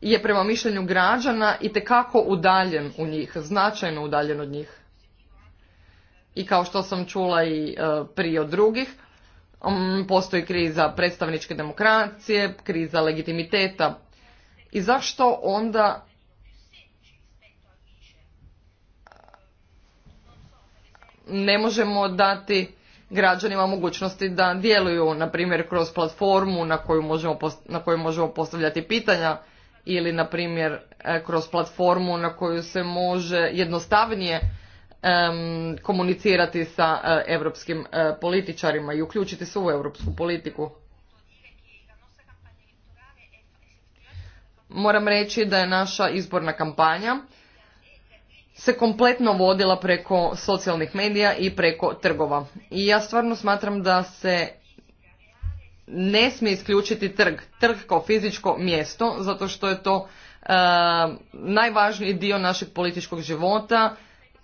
je prema mišljenju građana i tekako udaljen u njih, značajno udaljen od njih. I kao što sam čula i e, prije od drugih, mm, postoji kriza predstavničke demokracije, kriza legitimiteta i zašto onda ne možemo dati građanima mogućnosti da djeluju, na primjer kroz platformu na koju možemo, na možemo postavljati pitanja ili na primjer e, kroz platformu na koju se može jednostavnije komunicirati sa uh, e, europskim e, političarima i uključiti se u europsku politiku. moram reći da je naša izborna kampanja se kompletno vodila preko socijalnih medija i preko trgova. I ja stvarno smatram da se ne smije isključiti trg. Trg kao fizičko mjesto, zato što je to e, najvažniji dio našeg političkog života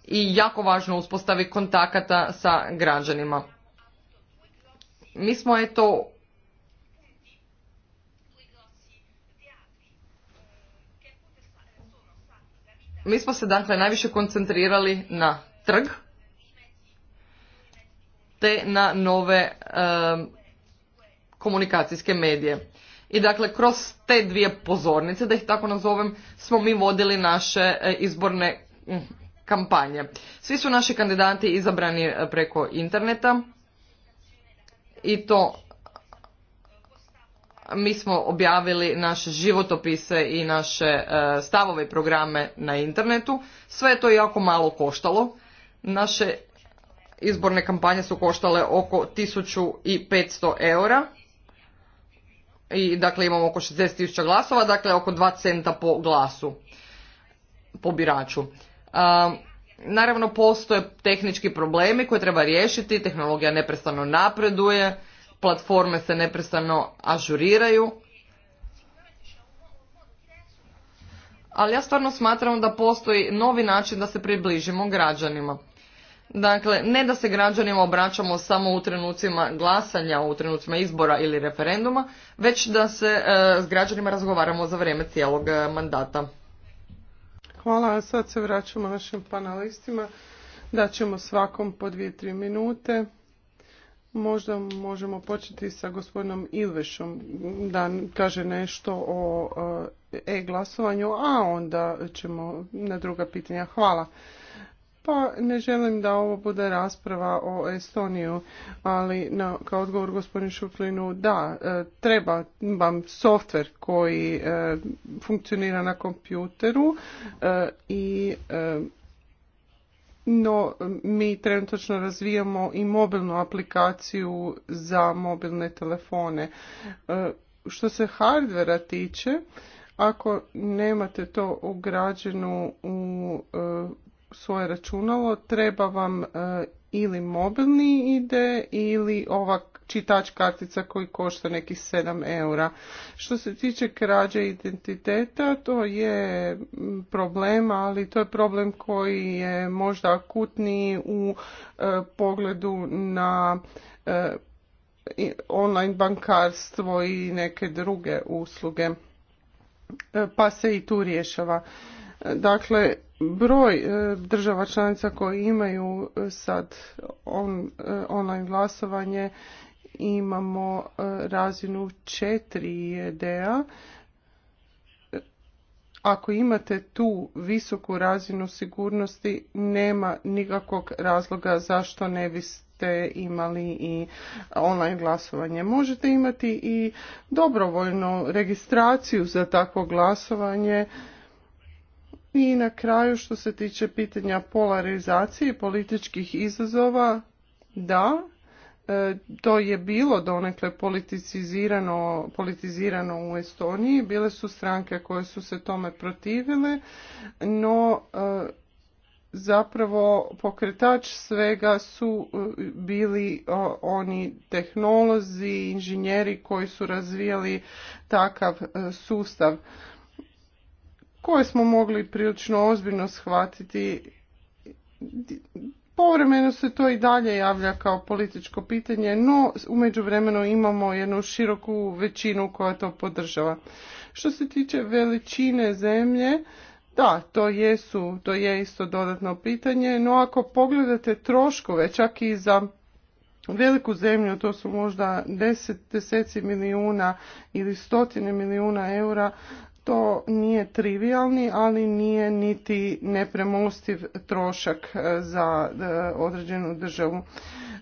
i jako važno uspostavi kontakata sa građanima. Mi smo eto Mi smo se dakle najviše koncentrirali na trg te na nove komunikacijske medije. I dakle, kroz te dvije pozornice, da ih tako nazovem, smo mi vodili naše e, izborne kampanje. Svi su naši kandidati izabrani e, preko interneta i to mi smo objavili naše životopise i naše e, stavove i programe na internetu. Sve je to jako malo koštalo. Naše izborne kampanje su koštale oko 1500 eura. I dakle imamo oko 60.000 glasova, dakle oko 2 centa po glasu, po biraču. E, naravno postoje tehnički problemi koje treba riješiti, tehnologija neprestano napreduje platforme se neprestano ažuriraju. Ali ja stvarno smatram da postoji novi način da se približimo građanima. Dakle, ne da se građanima obraćamo samo u trenucima glasanja, u trenucima izbora ili referenduma, već da se e, s građanima razgovaramo za vrijeme cijelog e, mandata. Hvala, sad se vraćamo našim panelistima. Daćemo svakom po dvije, tri minute. Možda možemo početi sa gospodinom Ilvešom da kaže nešto o e, e-glasovanju, a onda ćemo na druga pitanja. Hvala. Pa ne želim da ovo bude rasprava o Estoniju, ali na, kao odgovor gospodinu Šuklinu, da, e, treba vam softver koji e, funkcionira na kompjuteru i no mi trenutno razvijamo i mobilnu aplikaciju za mobilne telefone. E, što se hardvera tiče, ako nemate to ugrađeno u e, svoje računalo, treba vam e, ili mobilni ide ili ova čitač kartica koji košta nekih 7 eura. Što se tiče krađe identiteta, to je problem, ali to je problem koji je možda akutniji u e, pogledu na e, online bankarstvo i neke druge usluge. E, pa se i tu rješava. Dakle, broj država članica koji imaju sad on, online glasovanje imamo e, razinu 4 IED-a. Ako imate tu visoku razinu sigurnosti, nema nikakvog razloga zašto ne biste imali i online glasovanje. Možete imati i dobrovoljnu registraciju za takvo glasovanje. I na kraju što se tiče pitanja polarizacije političkih izazova, da, E, to je bilo donekle politizirano, politizirano u Estoniji. Bile su stranke koje su se tome protivile, no e, zapravo pokretač svega su e, bili oni tehnolozi, inženjeri koji su razvijali takav sustav koje smo mogli prilično ozbiljno shvatiti Povremeno se to i dalje javlja kao političko pitanje, no u vremenu imamo jednu široku većinu koja to podržava. Što se tiče veličine zemlje, da, to jesu, to je isto dodatno pitanje, no ako pogledate troškove, čak i za veliku zemlju, to su možda deset, deseci milijuna ili stotine milijuna eura, to nije trivialni, ali nije niti nepremostiv trošak e, za e, određenu državu.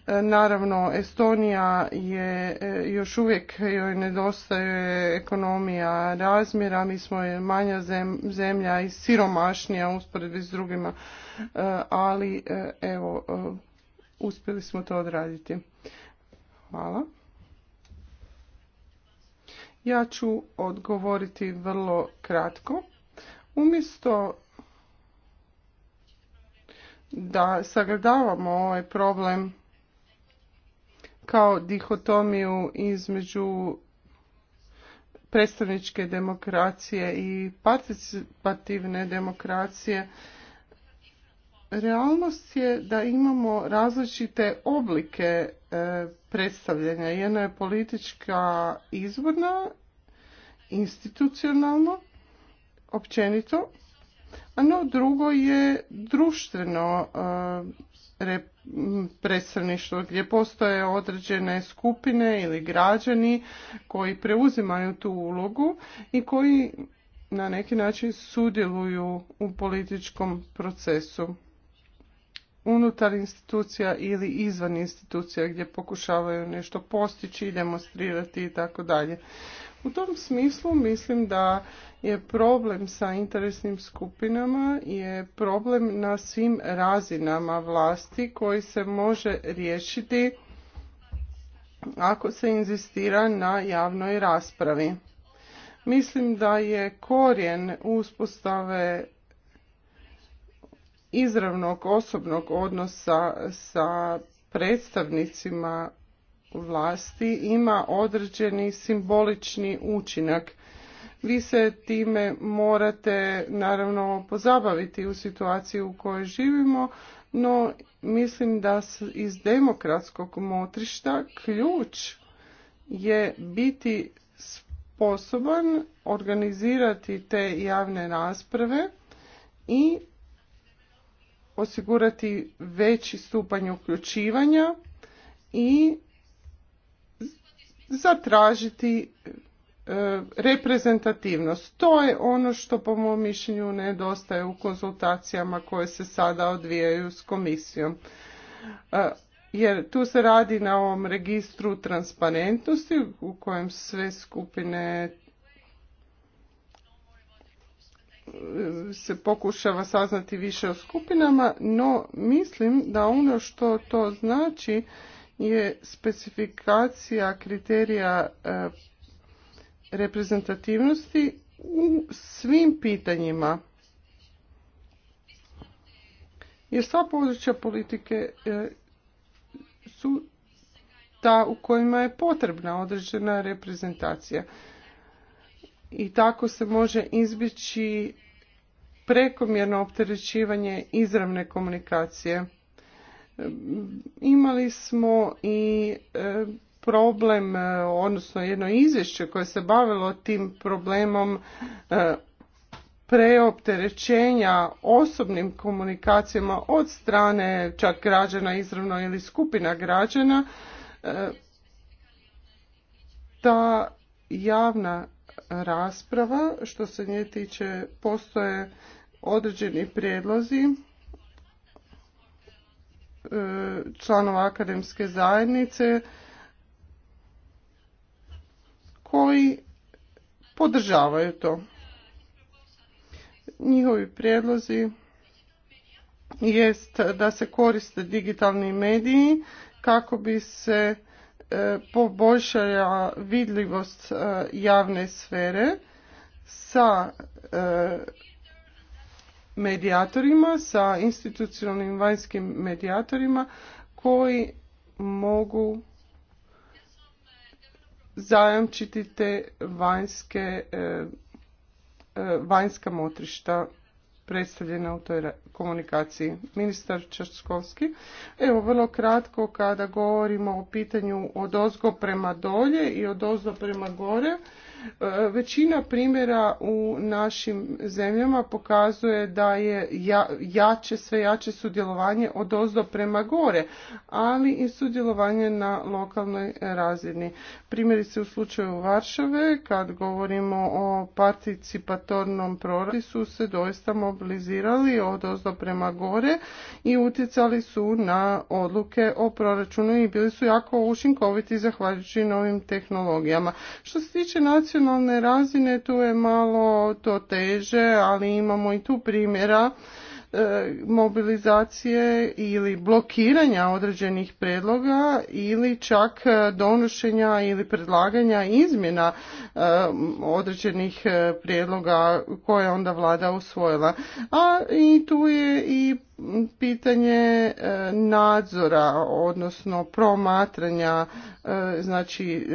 E, naravno, Estonija je još uvijek joj nedostaje ekonomija razmjera, mi smo je manja zemlja i siromašnija usporedbi s drugima, ali evo, uspjeli smo to odraditi. Hvala. Ja ću odgovoriti vrlo kratko. Umjesto da sagledavamo ovaj problem kao dihotomiju između predstavničke demokracije i participativne demokracije realnost je da imamo različite oblike e, predstavljanja. Jedno je politička izvodna, institucionalno, općenito, a no drugo je društveno e, predstavništvo gdje postoje određene skupine ili građani koji preuzimaju tu ulogu i koji na neki način sudjeluju u političkom procesu unutar institucija ili izvan institucija gdje pokušavaju nešto postići i demonstrirati i tako dalje. U tom smislu mislim da je problem sa interesnim skupinama je problem na svim razinama vlasti koji se može riješiti ako se inzistira na javnoj raspravi. Mislim da je korijen uspostave izravnog osobnog odnosa sa predstavnicima vlasti ima određeni simbolični učinak. Vi se time morate naravno pozabaviti u situaciji u kojoj živimo, no mislim da iz demokratskog motrišta ključ je biti sposoban organizirati te javne rasprave i osigurati veći stupanj uključivanja i zatražiti e, reprezentativnost. To je ono što po mom mišljenju nedostaje u konzultacijama koje se sada odvijaju s komisijom. E, jer tu se radi na ovom registru transparentnosti u kojem sve skupine se pokušava saznati više o skupinama, no mislim da ono što to znači je specifikacija kriterija e, reprezentativnosti u svim pitanjima. Jer sva područja politike e, su ta u kojima je potrebna određena reprezentacija i tako se može izbjeći prekomjerno opterećivanje izravne komunikacije. E, imali smo i e, problem, e, odnosno jedno izvješće koje se bavilo tim problemom preopterećenja osobnim komunikacijama od strane čak građana izravno ili skupina građana. Ta javna rasprava. Što se nje tiče, postoje određeni prijedlozi e, članova akademske zajednice koji podržavaju to. Njihovi prijedlozi jest da se koriste digitalni mediji kako bi se E, poboljšala vidljivost e, javne sfere sa e, medijatorima, sa institucionalnim vanjskim medijatorima koji mogu zajamčiti te vanjske, vanjska motrišta predstavljena u toj komunikaciji. Ministar Črčkovski, evo vrlo kratko kada govorimo o pitanju od ozgo prema dolje i od ozgo prema gore, E, većina primjera u našim zemljama pokazuje da je jače, sve jače sudjelovanje od ozdo prema gore, ali i sudjelovanje na lokalnoj razini. Primjerice u slučaju Varšave, kad govorimo o participatornom proradi, su se doista mobilizirali od ozdo prema gore i utjecali su na odluke o proračunu i bili su jako učinkoviti zahvaljujući novim tehnologijama. Što se tiče nacionalnih nacionalne razine tu je malo to teže, ali imamo i tu primjera E, mobilizacije ili blokiranja određenih predloga ili čak e, donošenja ili predlaganja izmjena e, određenih predloga koje onda vlada usvojila. A i tu je i pitanje nadzora, odnosno promatranja, znači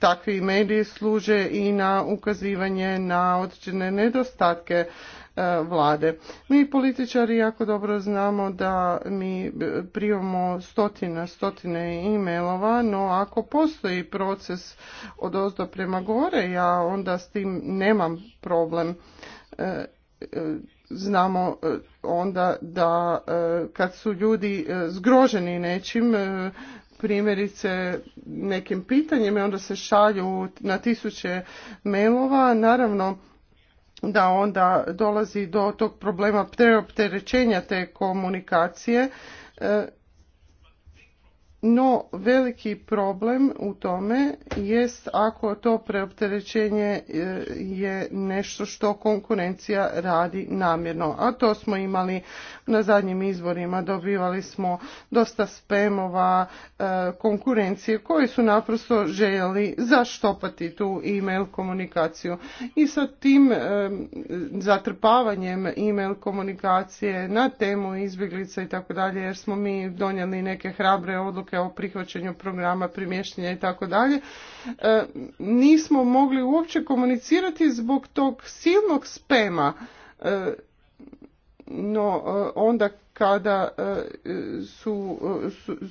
takvi mediji služe i na ukazivanje na određene nedostatke E, vlade. Mi političari jako dobro znamo da mi primamo stotina, stotine e-mailova, no ako postoji proces od ozdo prema gore, ja onda s tim nemam problem e, e, znamo onda da kad su ljudi zgroženi nečim primjerice nekim pitanjima onda se šalju na tisuće mailova naravno da onda dolazi do tog problema preopterećenja te komunikacije. E, no, veliki problem u tome jest ako to preopterećenje e, je nešto što konkurencija radi namjerno, a to smo imali na zadnjim izborima dobivali smo dosta spemova, e, konkurencije koji su naprosto željeli zaštopati tu e komunikaciju. I sa tim e, zatrpavanjem e-mail komunikacije na temu izbjeglica i tako dalje, jer smo mi donijeli neke hrabre odluke o prihvaćanju programa primještenja i tako dalje, e, nismo mogli uopće komunicirati zbog tog silnog spema no e, onda kada e, su,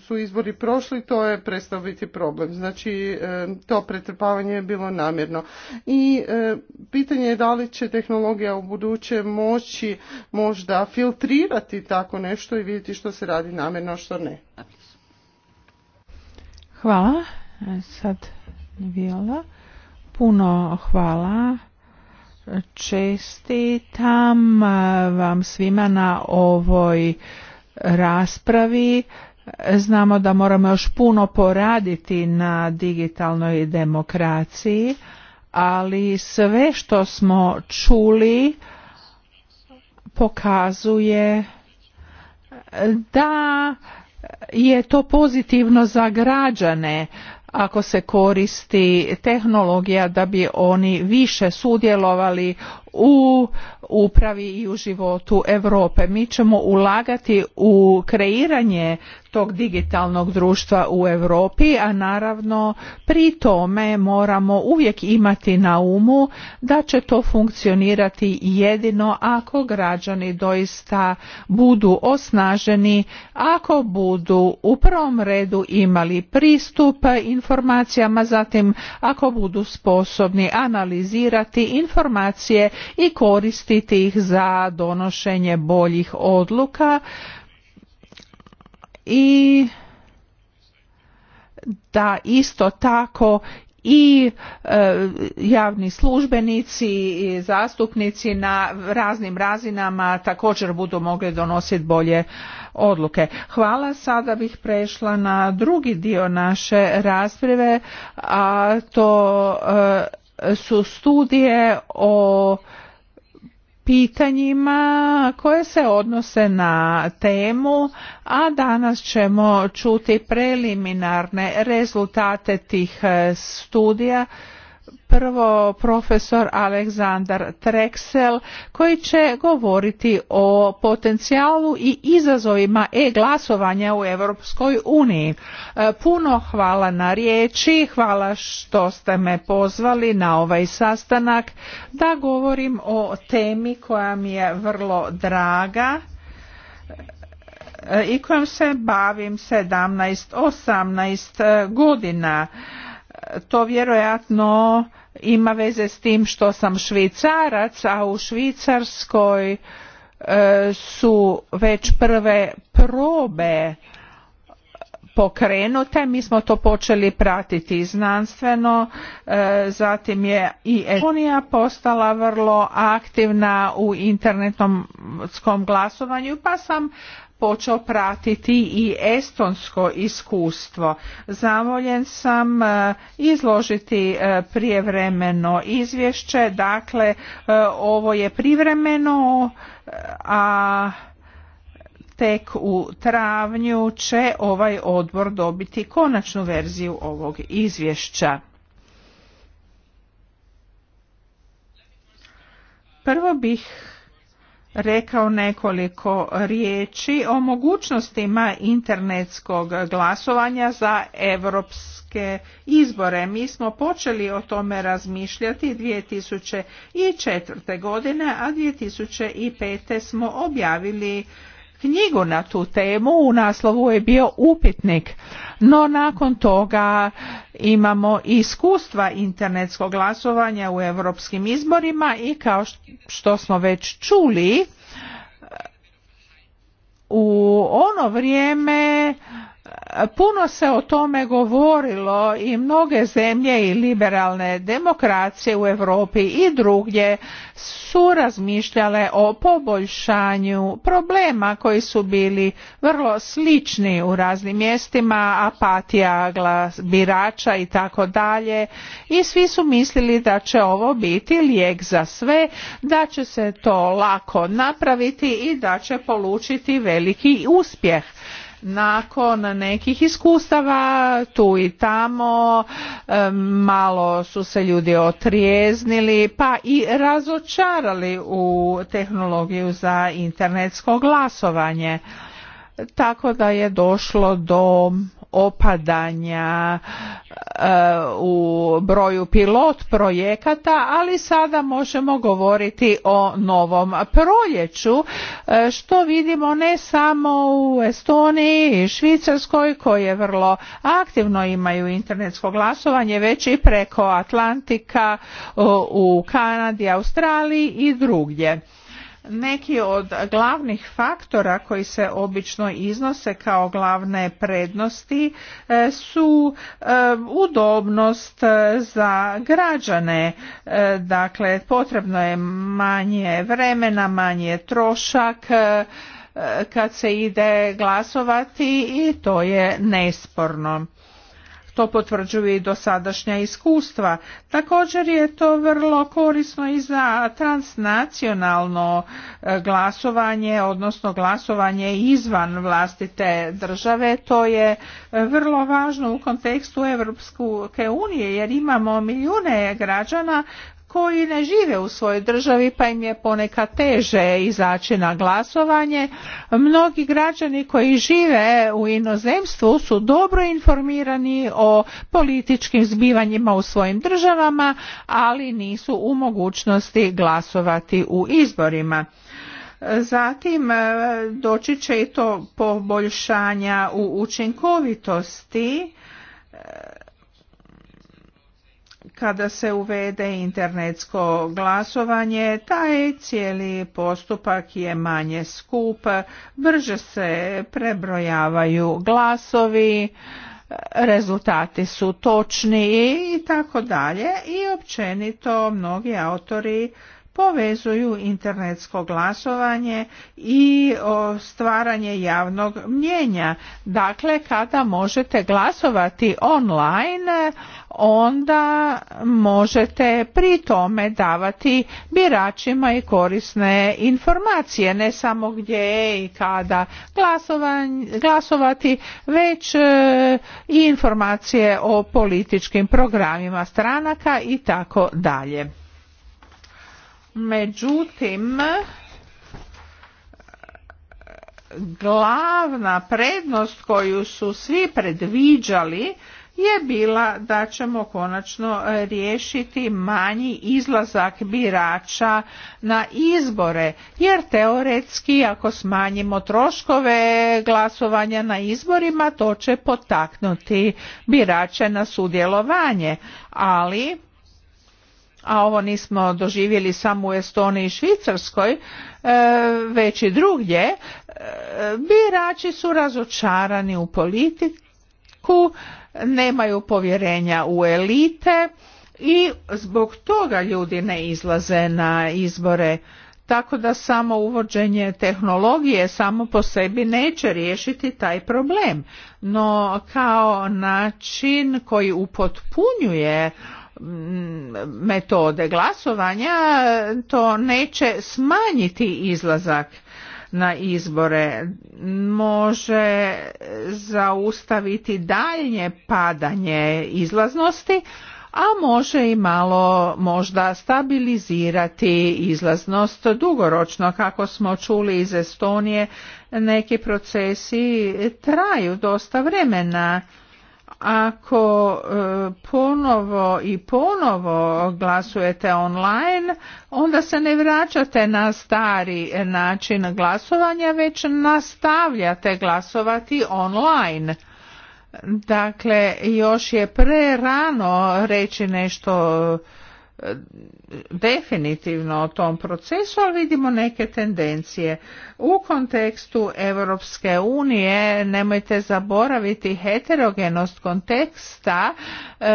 su, izbori prošli, to je prestao biti problem. Znači, e, to pretrpavanje je bilo namjerno. I pitanje je da li će tehnologija u buduće moći možda filtrirati tako nešto i vidjeti što se radi namjerno, što ne. Hvala. Sad Viola. Puno hvala Čestitam e, vam svima na ovoj raspravi. Znamo da moramo još puno poraditi na digitalnoj demokraciji, ali sve što smo čuli pokazuje da je to pozitivno za građane ako se koristi tehnologija da bi oni više sudjelovali u upravi i u životu Europe. Mi ćemo ulagati u kreiranje tog digitalnog društva u Europi, a naravno pri tome moramo uvijek imati na umu da će to funkcionirati jedino ako građani doista budu osnaženi, ako budu u prvom redu imali pristup informacijama, zatim ako budu sposobni analizirati informacije i koristiti ih za donošenje boljih odluka i da isto tako i e, javni službenici i zastupnici na raznim razinama također budu mogli donositi bolje odluke. Hvala, sada bih prešla na drugi dio naše rasprave, a to e, su studije o pitanjima koje se odnose na temu, a danas ćemo čuti preliminarne rezultate tih studija Prvo profesor Aleksandar Treksel koji će govoriti o potencijalu i izazovima e-glasovanja u Europskoj uniji. E, puno hvala na riječi, hvala što ste me pozvali na ovaj sastanak da govorim o temi koja mi je vrlo draga e, i kojom se bavim 17-18 godina. E, to vjerojatno ima veze s tim što sam švicarac a u švicarskoj e, su već prve probe pokrenute mi smo to počeli pratiti znanstveno e, zatim je i estonija postala vrlo aktivna u internetskom glasovanju pa sam počeo pratiti i estonsko iskustvo. Zavoljen sam e, izložiti e, prijevremeno izvješće, dakle e, ovo je privremeno, a tek u travnju će ovaj odbor dobiti konačnu verziju ovog izvješća. Prvo bih rekao nekoliko riječi o mogućnostima internetskog glasovanja za europske izbore. Mi smo počeli o tome razmišljati 2004. godine, a 2005. smo objavili knjigu na tu temu, u naslovu je bio upitnik, no nakon toga imamo iskustva internetskog glasovanja u europskim izborima i kao što smo već čuli, u ono vrijeme Puno se o tome govorilo i mnoge zemlje i liberalne demokracije u Europi i drugdje su razmišljale o poboljšanju problema koji su bili vrlo slični u raznim mjestima, apatija glas birača i tako dalje i svi su mislili da će ovo biti lijek za sve, da će se to lako napraviti i da će polučiti veliki uspjeh nakon nekih iskustava tu i tamo e, malo su se ljudi otrijeznili pa i razočarali u tehnologiju za internetsko glasovanje tako da je došlo do opadanja eh, u broju pilot projekata, ali sada možemo govoriti o novom proljeću, eh, što vidimo ne samo u Estoniji i Švicarskoj koje vrlo aktivno imaju internetsko glasovanje, već i preko Atlantika eh, u Kanadi, Australiji i drugdje neki od glavnih faktora koji se obično iznose kao glavne prednosti e, su e, udobnost e, za građane dakle potrebno je manje vremena manje trošak kad se ide glasovati i to je nesporno to potvrđuje i dosadašnja iskustva. Također je to vrlo korisno i za transnacionalno e, glasovanje, odnosno glasovanje izvan vlastite države. To je e, vrlo važno u kontekstu EU unije jer imamo milijune građana koji ne žive u svojoj državi pa im je ponekad teže izaći na glasovanje. Mnogi građani koji žive u inozemstvu su dobro informirani o političkim zbivanjima u svojim državama, ali nisu u mogućnosti glasovati u izborima. Zatim e, doći će i to poboljšanja u učinkovitosti e, kada se uvede internetsko glasovanje, taj cijeli postupak je manje skup, brže se prebrojavaju glasovi, rezultati su točni i tako dalje i općenito mnogi autori povezuju internetsko glasovanje i stvaranje javnog mnjenja. Dakle, kada možete glasovati online, onda možete pri tome davati biračima i korisne informacije, ne samo gdje i kada glasovati, već e, i informacije o političkim programima stranaka i tako dalje. Međutim, glavna prednost koju su svi predviđali je bila da ćemo konačno riješiti manji izlazak birača na izbore jer teoretski ako smanjimo troškove glasovanja na izborima to će potaknuti birače na sudjelovanje ali a ovo nismo doživjeli samo u Estoniji i Švicarskoj, e, već i drugdje, e, birači su razočarani u politiku, nemaju povjerenja u elite i zbog toga ljudi ne izlaze na izbore. Tako da samo uvođenje tehnologije samo po sebi neće riješiti taj problem. No kao način koji upotpunjuje Mm, metode glasovanja to neće smanjiti izlazak na izbore može zaustaviti daljnje padanje izlaznosti a može i malo možda stabilizirati izlaznost dugoročno kako smo čuli iz Estonije neki procesi traju dosta vremena ako e, ponovo i ponovo glasujete online, onda se ne vraćate na stari način glasovanja, već nastavljate glasovati online. Dakle, još je prerano reći nešto definitivno o tom procesu, ali vidimo neke tendencije. U kontekstu Europske unije nemojte zaboraviti heterogenost konteksta, e,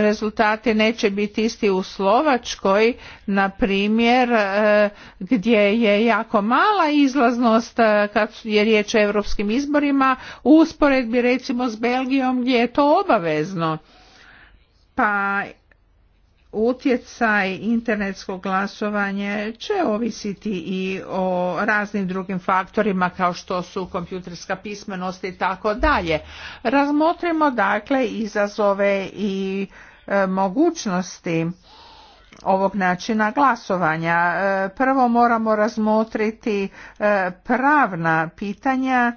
rezultati neće biti isti u Slovačkoj, na primjer, e, gdje je jako mala izlaznost e, kad je riječ o europskim izborima, u usporedbi recimo s Belgijom gdje je to obavezno. Pa utjecaj internetsko glasovanje će ovisiti i o raznim drugim faktorima kao što su kompjuterska pismenost i tako dalje. Razmotrimo dakle izazove i e, mogućnosti ovog načina glasovanja. E, prvo moramo razmotriti e, pravna pitanja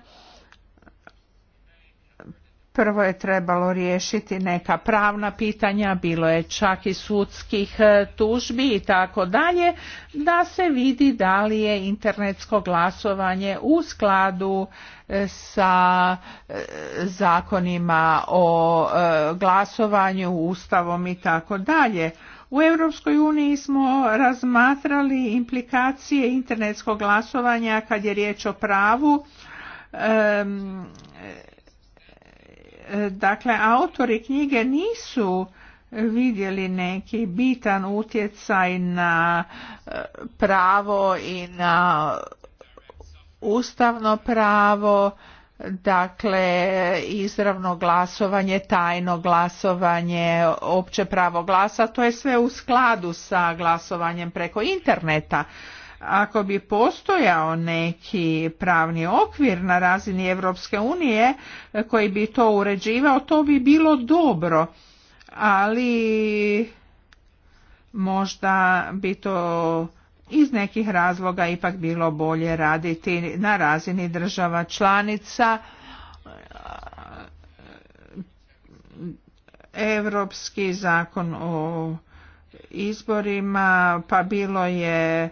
Prvo je trebalo riješiti neka pravna pitanja, bilo je čak i sudskih e, tužbi i tako dalje, da se vidi da li je internetsko glasovanje u skladu e, sa e, zakonima o glasovanju, ustavom i tako dalje. U Europskoj uniji smo razmatrali implikacije internetskog glasovanja kad je riječ o pravu Dakle, autori knjige nisu vidjeli neki bitan utjecaj na e, pravo i na ustavno pravo, dakle izravno glasovanje, tajno glasovanje, opće pravo glasa, to je sve u skladu sa glasovanjem preko interneta. Ako bi postojao neki pravni okvir na razini Europske unije koji bi to uređivao, to bi bilo dobro. Ali možda bi to iz nekih razloga ipak bilo bolje raditi na razini država članica europski zakon o izborima pa bilo je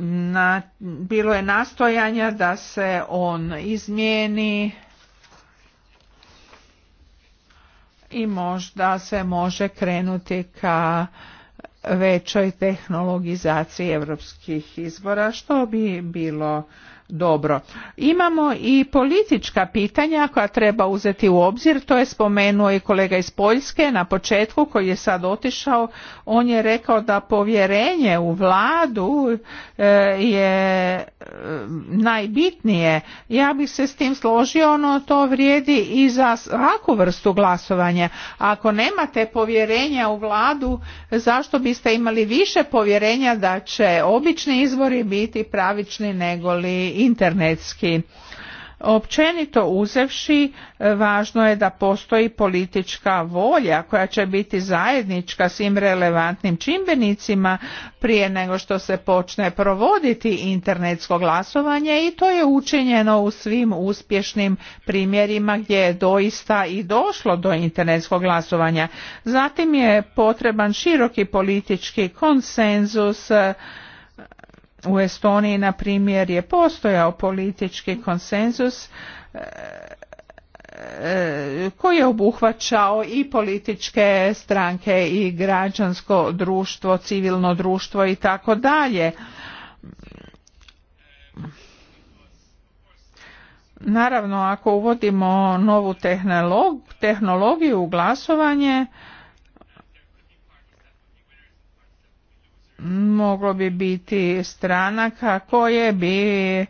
na, bilo je nastojanja da se on izmijeni i možda se može krenuti ka većoj tehnologizaciji europskih izbora što bi bilo dobro. Imamo i politička pitanja koja treba uzeti u obzir, to je spomenuo i kolega iz Poljske na početku koji je sad otišao, on je rekao da povjerenje u vladu e, je e, najbitnije. Ja bih se s tim složio, ono to vrijedi i za svaku vrstu glasovanja. Ako nemate povjerenja u vladu, zašto biste imali više povjerenja da će obični izvori biti pravični negoli internetski. Općenito uzevši, e, važno je da postoji politička volja koja će biti zajednička svim relevantnim čimbenicima prije nego što se počne provoditi internetsko glasovanje i to je učinjeno u svim uspješnim primjerima gdje je doista i došlo do internetskog glasovanja. Zatim je potreban široki politički konsenzus u Estoniji, na primjer, je postojao politički konsenzus e, e, koji je obuhvaćao i političke stranke i građansko društvo, civilno društvo i tako dalje. Naravno, ako uvodimo novu tehnologiju u glasovanje, moglo bi biti stranaka koje bi eh,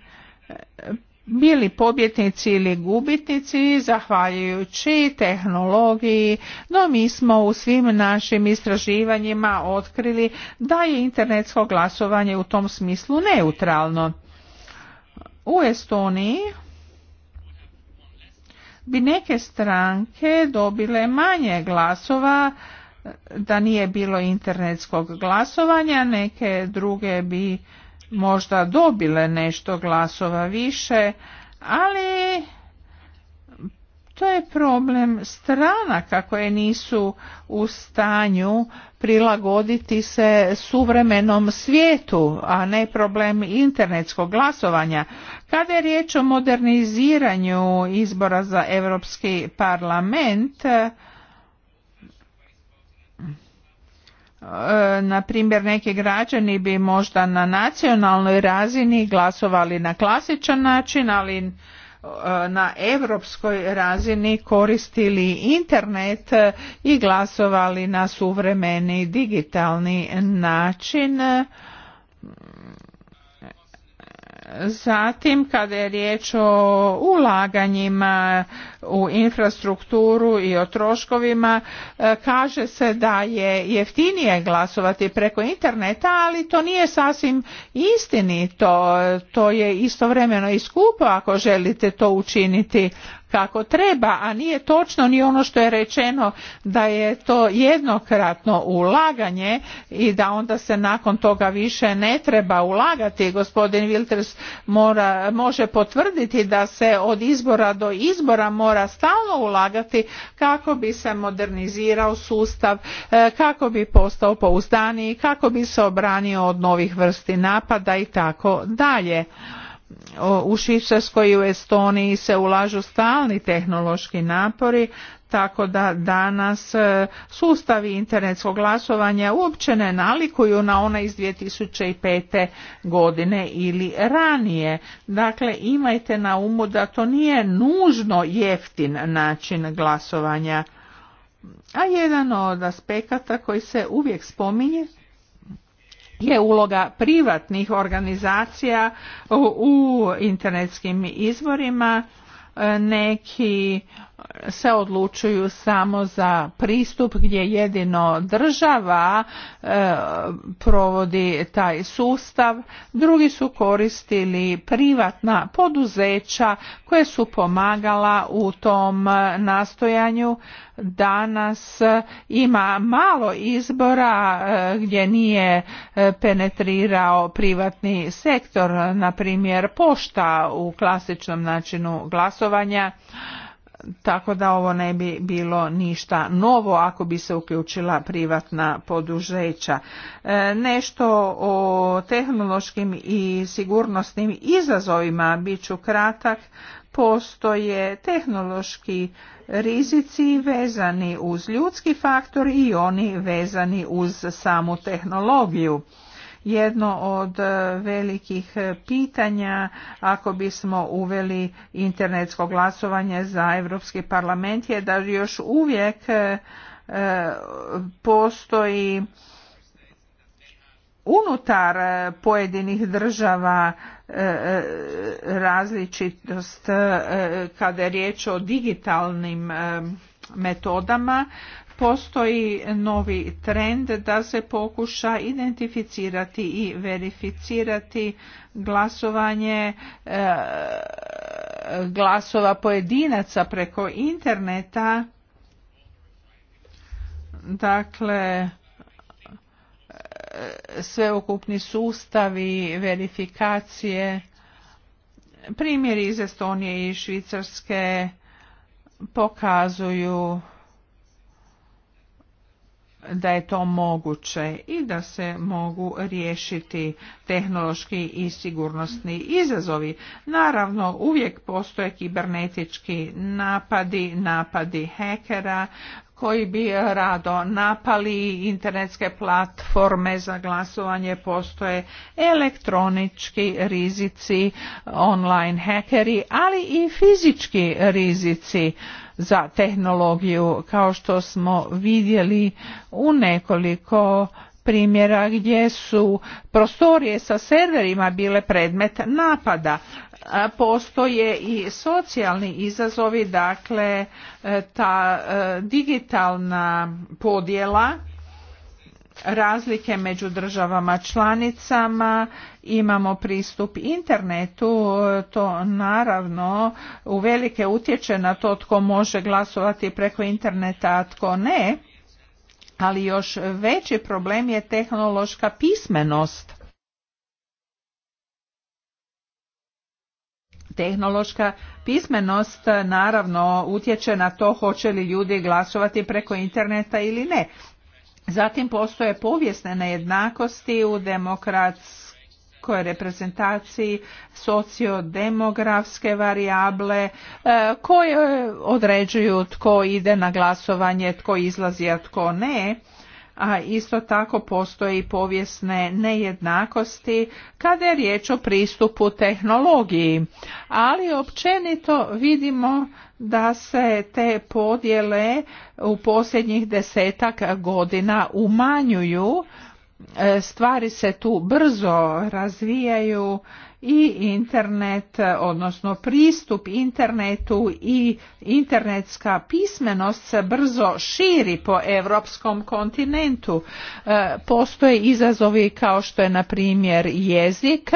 bili pobjetnici ili gubitnici zahvaljujući tehnologiji, no mi smo u svim našim istraživanjima otkrili da je internetsko glasovanje u tom smislu neutralno. U Estoniji bi neke stranke dobile manje glasova da nije bilo internetskog glasovanja, neke druge bi možda dobile nešto glasova više, ali to je problem strana kako je nisu u stanju prilagoditi se suvremenom svijetu, a ne problem internetskog glasovanja. Kada je riječ o moderniziranju izbora za Europski parlament, E, na primjer neki građani bi možda na nacionalnoj razini glasovali na klasičan način ali e, na europskoj razini koristili internet i glasovali na suvremeni digitalni način Zatim kada je riječ o ulaganjima u infrastrukturu i o troškovima e, kaže se da je jeftinije glasovati preko interneta, ali to nije sasvim istinito. To je istovremeno i skupo ako želite to učiniti, kako treba a nije točno ni ono što je rečeno da je to jednokratno ulaganje i da onda se nakon toga više ne treba ulagati gospodin Wilters mora, može potvrditi da se od izbora do izbora mora stalno ulagati kako bi se modernizirao sustav e, kako bi postao pouzdaniji kako bi se obranio od novih vrsti napada i tako dalje u Švicarskoj i u Estoniji se ulažu stalni tehnološki napori, tako da danas e, sustavi internetskog glasovanja uopće ne nalikuju na one iz 2005. godine ili ranije. Dakle, imajte na umu da to nije nužno jeftin način glasovanja. A jedan od aspekata koji se uvijek spominje je uloga privatnih organizacija u internetskim izvorima e, neki se odlučuju samo za pristup gdje jedino država e, provodi taj sustav drugi su koristili privatna poduzeća koje su pomagala u tom nastojanju danas ima malo izbora e, gdje nije e, penetrirao privatni sektor, na primjer pošta u klasičnom načinu glasovanja tako da ovo ne bi bilo ništa novo ako bi se uključila privatna poduzeća. E, nešto o tehnološkim i sigurnosnim izazovima bit ću kratak, postoje tehnološki rizici vezani uz ljudski faktor i oni vezani uz samu tehnologiju jedno od e, velikih e, pitanja ako bismo uveli internetsko glasovanje za europski parlament je da još uvijek e, postoji unutar pojedinih država E, e, različitost e, kada je riječ o digitalnim metodama postoji novi trend da se pokuša identificirati i verificirati glasovanje glasova pojedinaca preko interneta dakle sveukupni sustavi verifikacije primjeri iz Estonije i Švicarske pokazuju da je to moguće i da se mogu riješiti tehnološki i sigurnosni izazovi. Naravno, uvijek postoje kibernetički napadi, napadi hekera, koji bi rado napali internetske platforme za glasovanje postoje elektronički rizici online hackeri, ali i fizički rizici za tehnologiju kao što smo vidjeli u nekoliko primjera gdje su prostorije sa serverima bile predmet napada. E, postoje i socijalni izazovi, dakle e, ta e, digitalna podjela razlike među državama članicama, imamo pristup internetu, to naravno uvelike utječe na to tko može glasovati preko interneta, a tko ne ali još veći problem je tehnološka pismenost. Tehnološka pismenost naravno utječe na to hoće li ljudi glasovati preko interneta ili ne. Zatim postoje povijesne nejednakosti u demokraciji kratkoj reprezentaciji sociodemografske varijable e, koje određuju tko ide na glasovanje, tko izlazi, a tko ne a isto tako postoje i povijesne nejednakosti kada je riječ o pristupu tehnologiji. Ali općenito vidimo da se te podjele u posljednjih desetak godina umanjuju E, stvari se tu brzo razvijaju i internet, odnosno pristup internetu i internetska pismenost se brzo širi po europskom kontinentu. E, postoje izazovi kao što je na primjer jezik,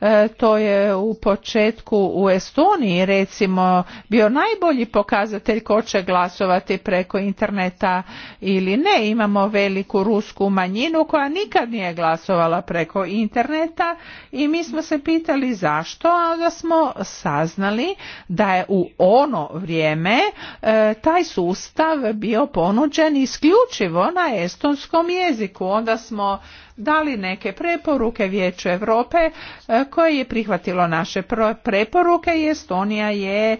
e, to je u početku u Estoniji recimo bio najbolji pokazatelj ko će glasovati preko interneta ili ne. Imamo veliku rusku manjinu koja nikad nije glasovala preko interneta i mi smo se pitali zašto, a onda smo saznali da je u ono vrijeme e, taj sustav bio ponuđen isključivo na estonskom jeziku. Onda smo dali neke preporuke Vijeću Europe e, koje je prihvatilo naše preporuke i Estonija je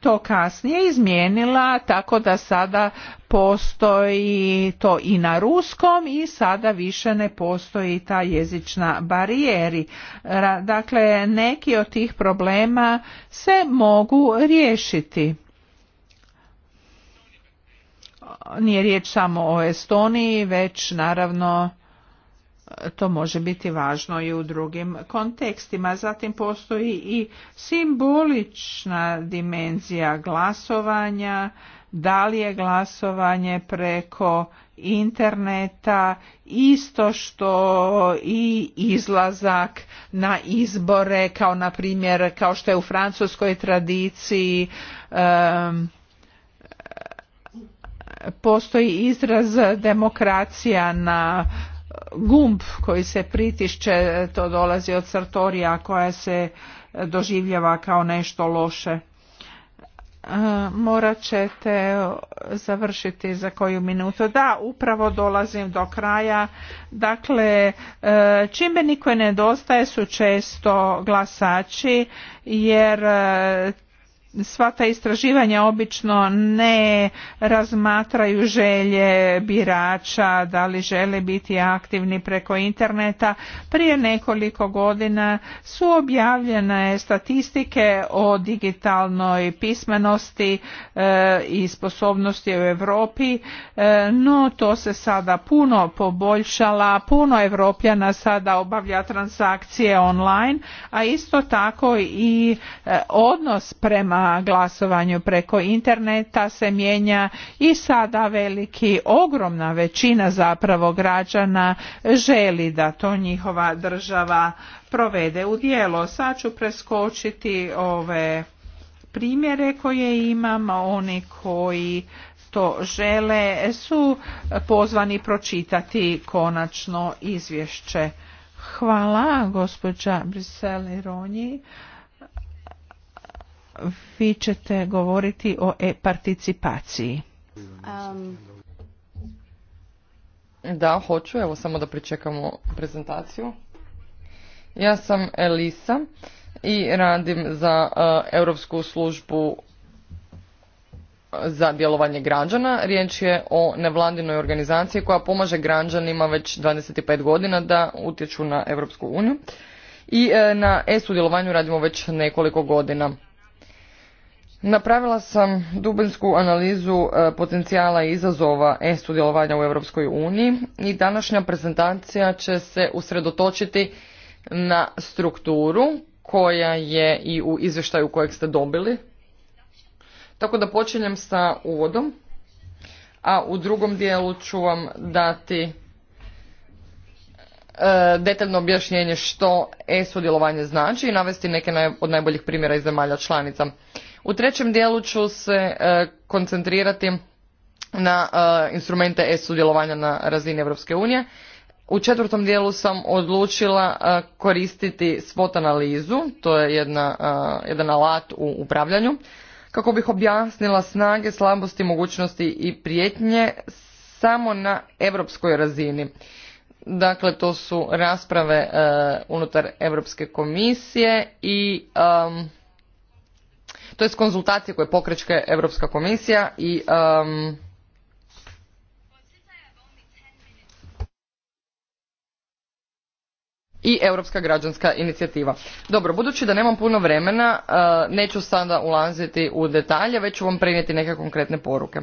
to kasnije izmijenila tako da sada postoji to i na ruskom i sada više ne postoji ta jezična barijeri. Dakle, neki od tih problema se mogu riješiti. Nije riječ samo o Estoniji, već naravno to može biti važno i u drugim kontekstima. Zatim postoji i simbolična dimenzija glasovanja, da li je glasovanje preko interneta isto što i izlazak na izbore kao na primjer kao što je u francuskoj tradiciji postoji izraz demokracija na gumb koji se pritišće, to dolazi od Sartorija koja se doživljava kao nešto loše. E, morat ćete završiti za koju minutu. Da, upravo dolazim do kraja. Dakle, e, čimbenik koji nedostaje su često glasači jer e, sva ta istraživanja obično ne razmatraju želje birača da li žele biti aktivni preko interneta prije nekoliko godina su objavljene statistike o digitalnoj pismenosti e, i sposobnosti u Europi e, no to se sada puno poboljšala puno Evropljana sada obavlja transakcije online a isto tako i e, odnos prema glasovanju preko interneta se mijenja i sada veliki ogromna većina zapravo građana želi da to njihova država provede u djelo. Sad ću preskočiti ove primjere koje imam, oni koji to žele su pozvani pročitati konačno izvješće. Hvala gospođa Brisel Ronji vi ćete govoriti o e-participaciji. Um, da, hoću, evo samo da pričekamo prezentaciju. Ja sam Elisa i radim za uh, Europsku službu za djelovanje građana. Riječ je o nevladinoj organizaciji koja pomaže građanima već 25 godina da utječu na Europsku uniju. I uh, na e-sudjelovanju radimo već nekoliko godina. Napravila sam dubinsku analizu e, potencijala i izazova e-sudjelovanja u Europskoj uniji i današnja prezentacija će se usredotočiti na strukturu koja je i u izvještaju kojeg ste dobili. Tako da počinjem sa uvodom, a u drugom dijelu ću vam dati e, detaljno objašnjenje što e-sudjelovanje znači i navesti neke od najboljih primjera iz zemalja članica. U trećem dijelu ću se e, koncentrirati na e, instrumente e-sudjelovanja na razini Europske unije. U četvrtom dijelu sam odlučila e, koristiti SWOT analizu, to je jedna, jedan alat u upravljanju, kako bih objasnila snage, slabosti, mogućnosti i prijetnje samo na europskoj razini. Dakle, to su rasprave unutar Europske komisije i to jest konzultacije koje pokreće europska komisija i i europska građanska inicijativa. Dobro, budući da nemam puno vremena, e, neću sada ulaziti u detalje, već ću vam prenijeti neke konkretne poruke.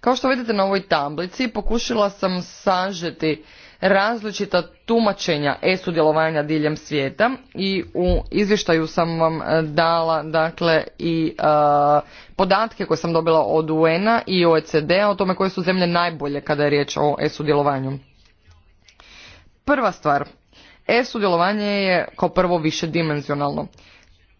Kao što vidite na ovoj tablici, pokušala sam sažeti različita tumačenja e-sudjelovanja diljem svijeta i u izvještaju sam vam e, dala dakle i e, podatke koje sam dobila od UN-a i OECD-a o tome koje su zemlje najbolje kada je riječ o e-sudjelovanju. Prva stvar, e-sudjelovanje je kao prvo višedimenzionalno.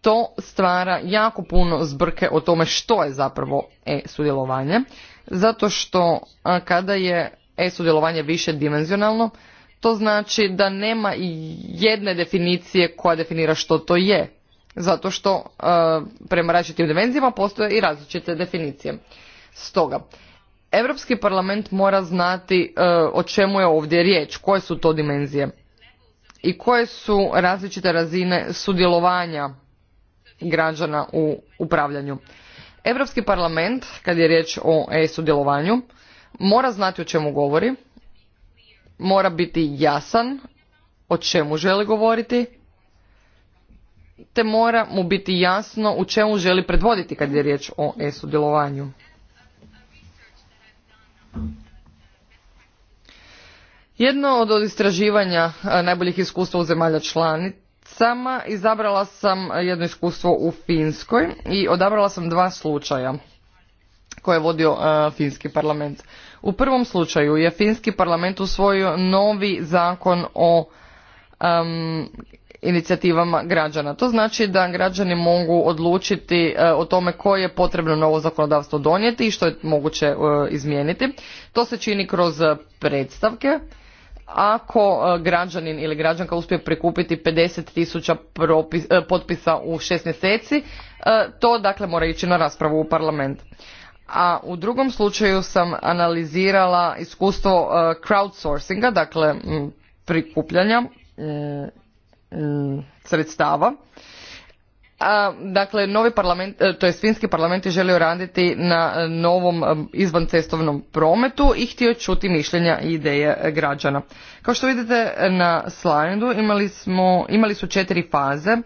To stvara jako puno zbrke o tome što je zapravo e-sudjelovanje, zato što kada je e-sudjelovanje više dimenzionalno, to znači da nema jedne definicije koja definira što to je, zato što e, prema različitim dimenzijama postoje i različite definicije. Stoga, Europski parlament mora znati e, o čemu je ovdje riječ, koje su to dimenzije i koje su različite razine sudjelovanja građana u upravljanju. Europski parlament, kad je riječ o e-sudjelovanju, mora znati o čemu govori, mora biti jasan o čemu želi govoriti, te mora mu biti jasno u čemu želi predvoditi kad je riječ o e-sudjelovanju. Jedno od istraživanja e, najboljih iskustva u zemalja članicama izabrala sam jedno iskustvo u Finskoj i odabrala sam dva slučaja koje je vodio e, finski parlament. U prvom slučaju je finski parlament usvojio novi zakon o inicijativama građana. To znači da građani mogu odlučiti e, o tome koje je potrebno novo zakonodavstvo donijeti i što je moguće e, izmijeniti. To se čini kroz predstavke. Ako e, građanin ili građanka uspije prikupiti 50.000 potpisa u šest mjeseci, to dakle mora ići na raspravu u parlament a u drugom slučaju sam analizirala iskustvo e, crowdsourcinga, dakle prikupljanja e, e, sredstava. Dakle, novi parlament, to je finski parlament je želio raditi na novom izvancestovnom prometu i htio čuti mišljenja i ideje građana. Kao što vidite na slajdu imali, smo, imali su četiri faze.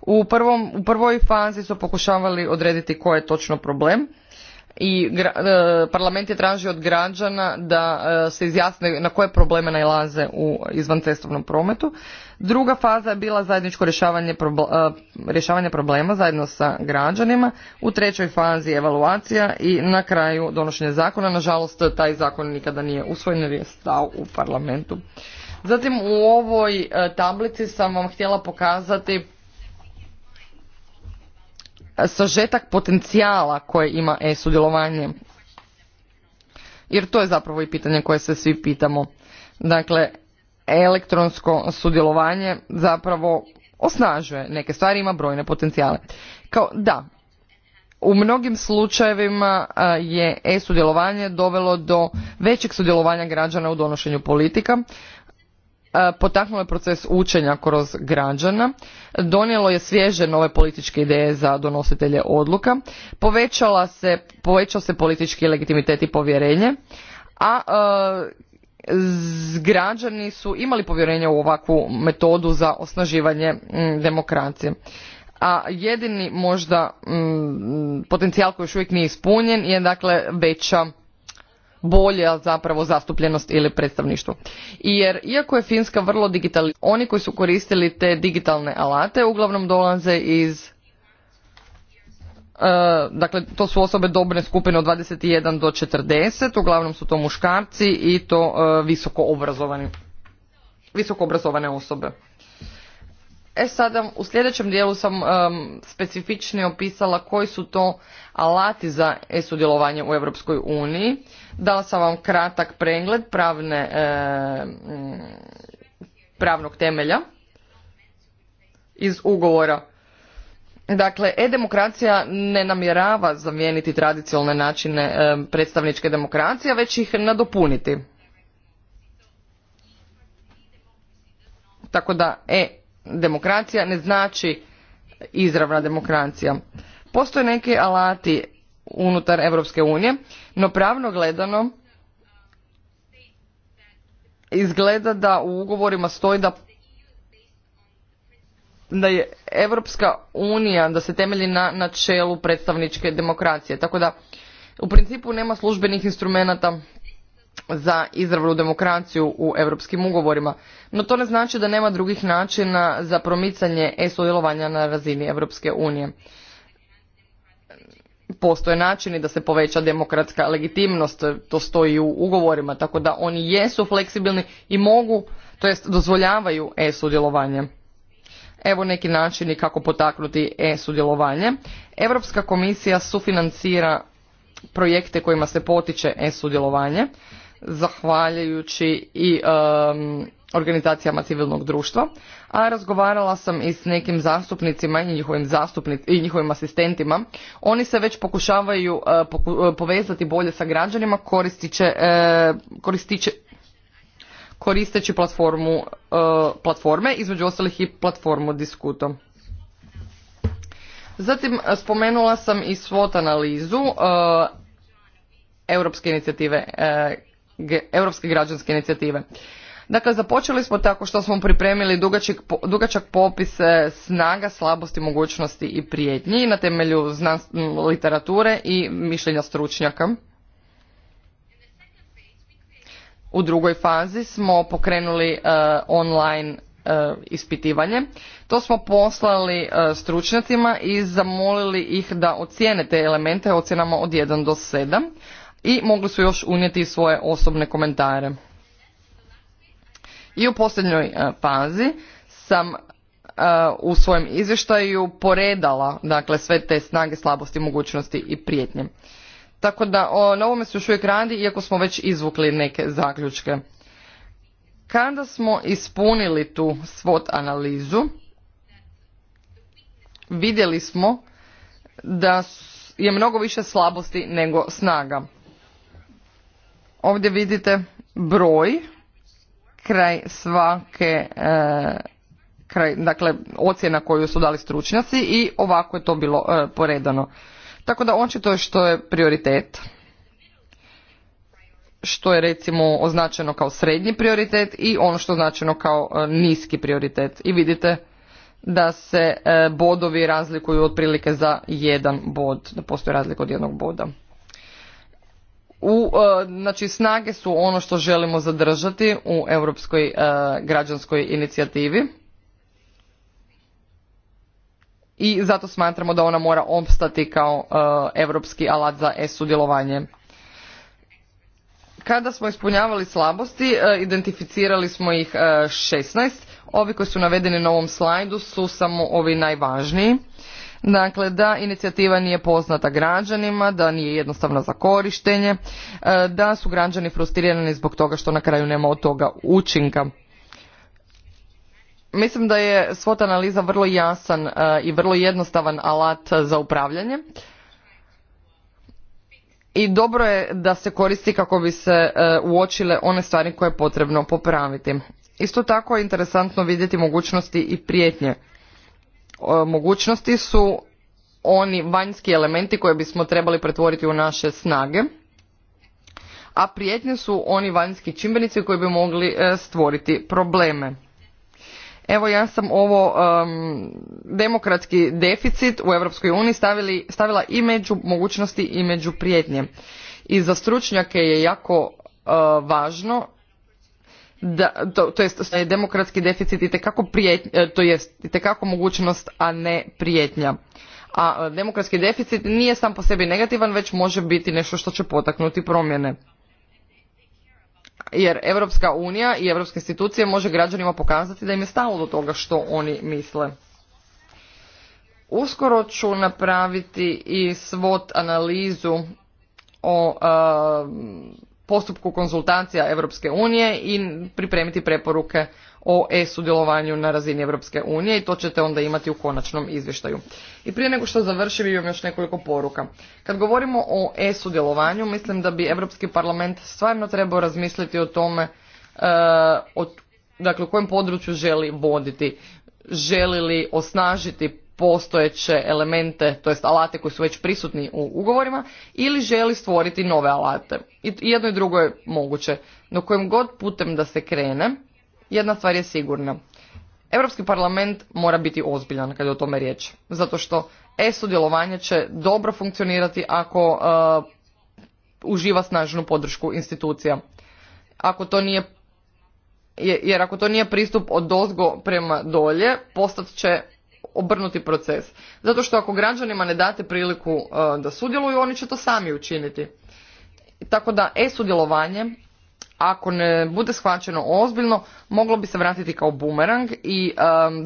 U, prvom, u prvoj fazi su pokušavali odrediti koji je točno problem i e, parlament je tražio od građana da e, se izjasne na koje probleme nailaze u izvancestovnom prometu. Druga faza je bila zajedničko rješavanje, e, rješavanje problema zajedno sa građanima. U trećoj fazi je evaluacija i na kraju donošenje zakona. Nažalost, taj zakon nikada nije usvojen jer je stao u parlamentu. Zatim u ovoj tablici sam vam htjela pokazati sažetak potencijala koje ima e-sudjelovanje. Jer to je zapravo i pitanje koje se svi pitamo. Dakle, elektronsko sudjelovanje zapravo osnažuje neke stvari, ima brojne potencijale. Kao da, u mnogim slučajevima je e-sudjelovanje dovelo do većeg sudjelovanja građana u donošenju politika, E, potaknulo je proces učenja kroz građana, donijelo je svježe nove političke ideje za donositelje odluka, povećala se, povećao se politički legitimitet i povjerenje, a e, građani su imali povjerenje u ovakvu metodu za osnaživanje demokracije. A jedini možda potencijal koji još uvijek nije ispunjen je dakle veća bolja zapravo zastupljenost ili predstavništvo. Jer iako je Finska vrlo digitalna, oni koji su koristili te digitalne alate uglavnom dolaze iz e, dakle to su osobe dobne skupine od 21 do 40, uglavnom su to muškarci i to e, visoko obrazovani visoko obrazovane osobe. E sada u sljedećem dijelu sam um, specifičnije opisala koji su to alati za e-sudjelovanje u Europskoj uniji. Dala sam vam kratak pregled pravne, pravnog temelja iz ugovora. Dakle, e-demokracija ne namjerava zamijeniti tradicionalne načine predstavničke demokracije, već ih nadopuniti. Tako da e demokracija ne znači izravna demokracija. Postoje neki alati unutar Europske unije, no pravno gledano izgleda da u ugovorima stoji da da je Europska unija da se temelji na načelu predstavničke demokracije. Tako da u principu nema službenih instrumenata za izravnu demokraciju u europskim ugovorima, no to ne znači da nema drugih načina za promicanje e-sudjelovanja na razini Europske unije. Postoje načini da se poveća demokratska legitimnost, to stoji u ugovorima, tako da oni jesu fleksibilni i mogu, to jest dozvoljavaju e-sudjelovanje. Evo neki načini kako potaknuti e-sudjelovanje. Europska komisija sufinancira projekte kojima se potiče e-sudjelovanje zahvaljujući i um, organizacijama civilnog društva, a razgovarala sam i s nekim zastupnicima i njihovim, zastupnic, i njihovim asistentima. Oni se već pokušavaju uh, uh, povezati bolje sa građanima koristiće, uh, koristeći platformu, platforme, između ostalih i platformu Diskuto. Zatim spomenula sam i SWOT analizu Europske inicijative Europske građanske inicijative. Dakle, započeli smo tako što smo pripremili dugačak, dugačak popis e, snaga, slabosti, mogućnosti i prijetnji na temelju literature i mišljenja stručnjaka. U drugoj fazi smo pokrenuli e, online e, ispitivanje. To smo poslali stručnjacima i zamolili ih da ocijene te elemente ocjenama od 1 do 7 i mogli su još unijeti svoje osobne komentare. I u posljednjoj e, fazi sam e, u svojem izvještaju poredala dakle, sve te snage, slabosti, mogućnosti i prijetnje. Tako da o, na ovome se još uvijek radi, iako smo već izvukli neke zaključke. Kada smo ispunili tu SWOT analizu, vidjeli smo da je mnogo više slabosti nego snaga. Ovdje vidite broj kraj svake e, kraj, dakle ocjena koju su dali stručnjaci i ovako je to bilo e, poredano. Tako da očito je što je prioritet, što je recimo označeno kao srednji prioritet i ono što je označeno kao e, niski prioritet. I vidite da se bodovi razlikuju otprilike za jedan bod, da postoji razlika od jednog boda u, e, znači snage su ono što želimo zadržati u europskoj e, građanskoj inicijativi i zato smatramo da ona mora opstati kao europski alat za e-sudjelovanje. Kada smo ispunjavali slabosti, e, identificirali smo ih 16. Ovi koji su navedeni na ovom slajdu su samo ovi najvažniji. Dakle, da inicijativa nije poznata građanima, da nije jednostavna za korištenje, e, da su građani frustrirani zbog toga što na kraju nema od toga učinka. Mislim da je svota analiza vrlo jasan e, i vrlo jednostavan alat za upravljanje. I dobro je da se koristi kako bi se e, uočile one stvari koje je potrebno popraviti. Isto tako je interesantno vidjeti mogućnosti i prijetnje E, mogućnosti su oni vanjski elementi koje bismo trebali pretvoriti u naše snage, a prijetnje su oni vanjski čimbenici koji bi mogli e, stvoriti probleme. Evo ja sam ovo demokratski deficit u Europskoj uniji stavila i među mogućnosti i među prijetnje. I za stručnjake je jako uh, važno da, to, jest je demokratski deficit itekako prijet, e, to jest itekako mogućnost, a ne prijetnja. A e, demokratski deficit nije sam po sebi negativan, već može biti nešto što će potaknuti promjene. Jer Europska unija i europske institucije može građanima pokazati da im je stalo do toga što oni misle. Uskoro ću napraviti i svot analizu o e, postupku konzultacija Europske unije i pripremiti preporuke o e-sudjelovanju na razini Europske unije i to ćete onda imati u konačnom izvještaju. I prije nego što završim imam još nekoliko poruka. Kad govorimo o e-sudjelovanju mislim da bi Europski parlament stvarno trebao razmisliti o tome eh, dakle u kojem području želi voditi, želi li osnažiti postojeće elemente, to jest alate koji su već prisutni u ugovorima, ili želi stvoriti nove alate. I jedno i drugo je moguće. No kojim god putem da se krene, jedna stvar je sigurna. Europski parlament mora biti ozbiljan kada je o tome riječ. Zato što e-sudjelovanje će dobro funkcionirati ako e, uživa snažnu podršku institucija. Ako to nije jer ako to nije pristup od dozgo prema dolje, postat će obrnuti proces. Zato što ako građanima ne date priliku e, da sudjeluju, oni će to sami učiniti. Tako da e-sudjelovanje ako ne bude shvaćeno ozbiljno moglo bi se vratiti kao bumerang i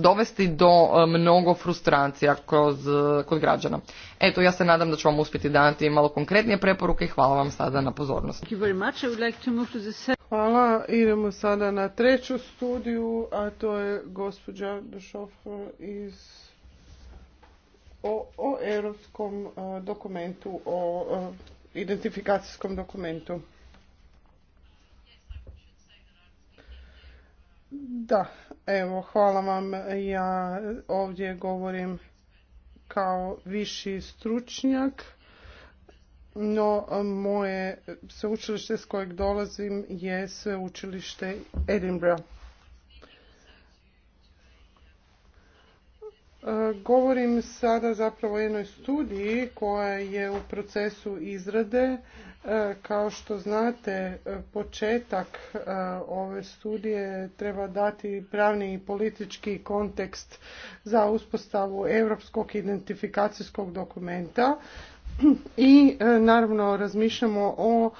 dovesti do mnogo frustracija kroz, e, kod građana. Eto, ja se nadam da ću vam uspjeti dati malo konkretnije preporuke i hvala vam sada na pozornost. Hvala, idemo sada na treću studiju, a to je gospođa Dešofer iz o, o europskom e, dokumentu, o, o e, identifikacijskom dokumentu. Da, evo, hvala vam. Ja ovdje govorim kao viši stručnjak, no moje sveučilište s kojeg dolazim je sveučilište Edinburgh. Govorim sada zapravo o jednoj studiji koja je u procesu izrade. E, kao što znate, početak e, ove studije treba dati pravni i politički kontekst za uspostavu europskog identifikacijskog dokumenta i e, naravno razmišljamo o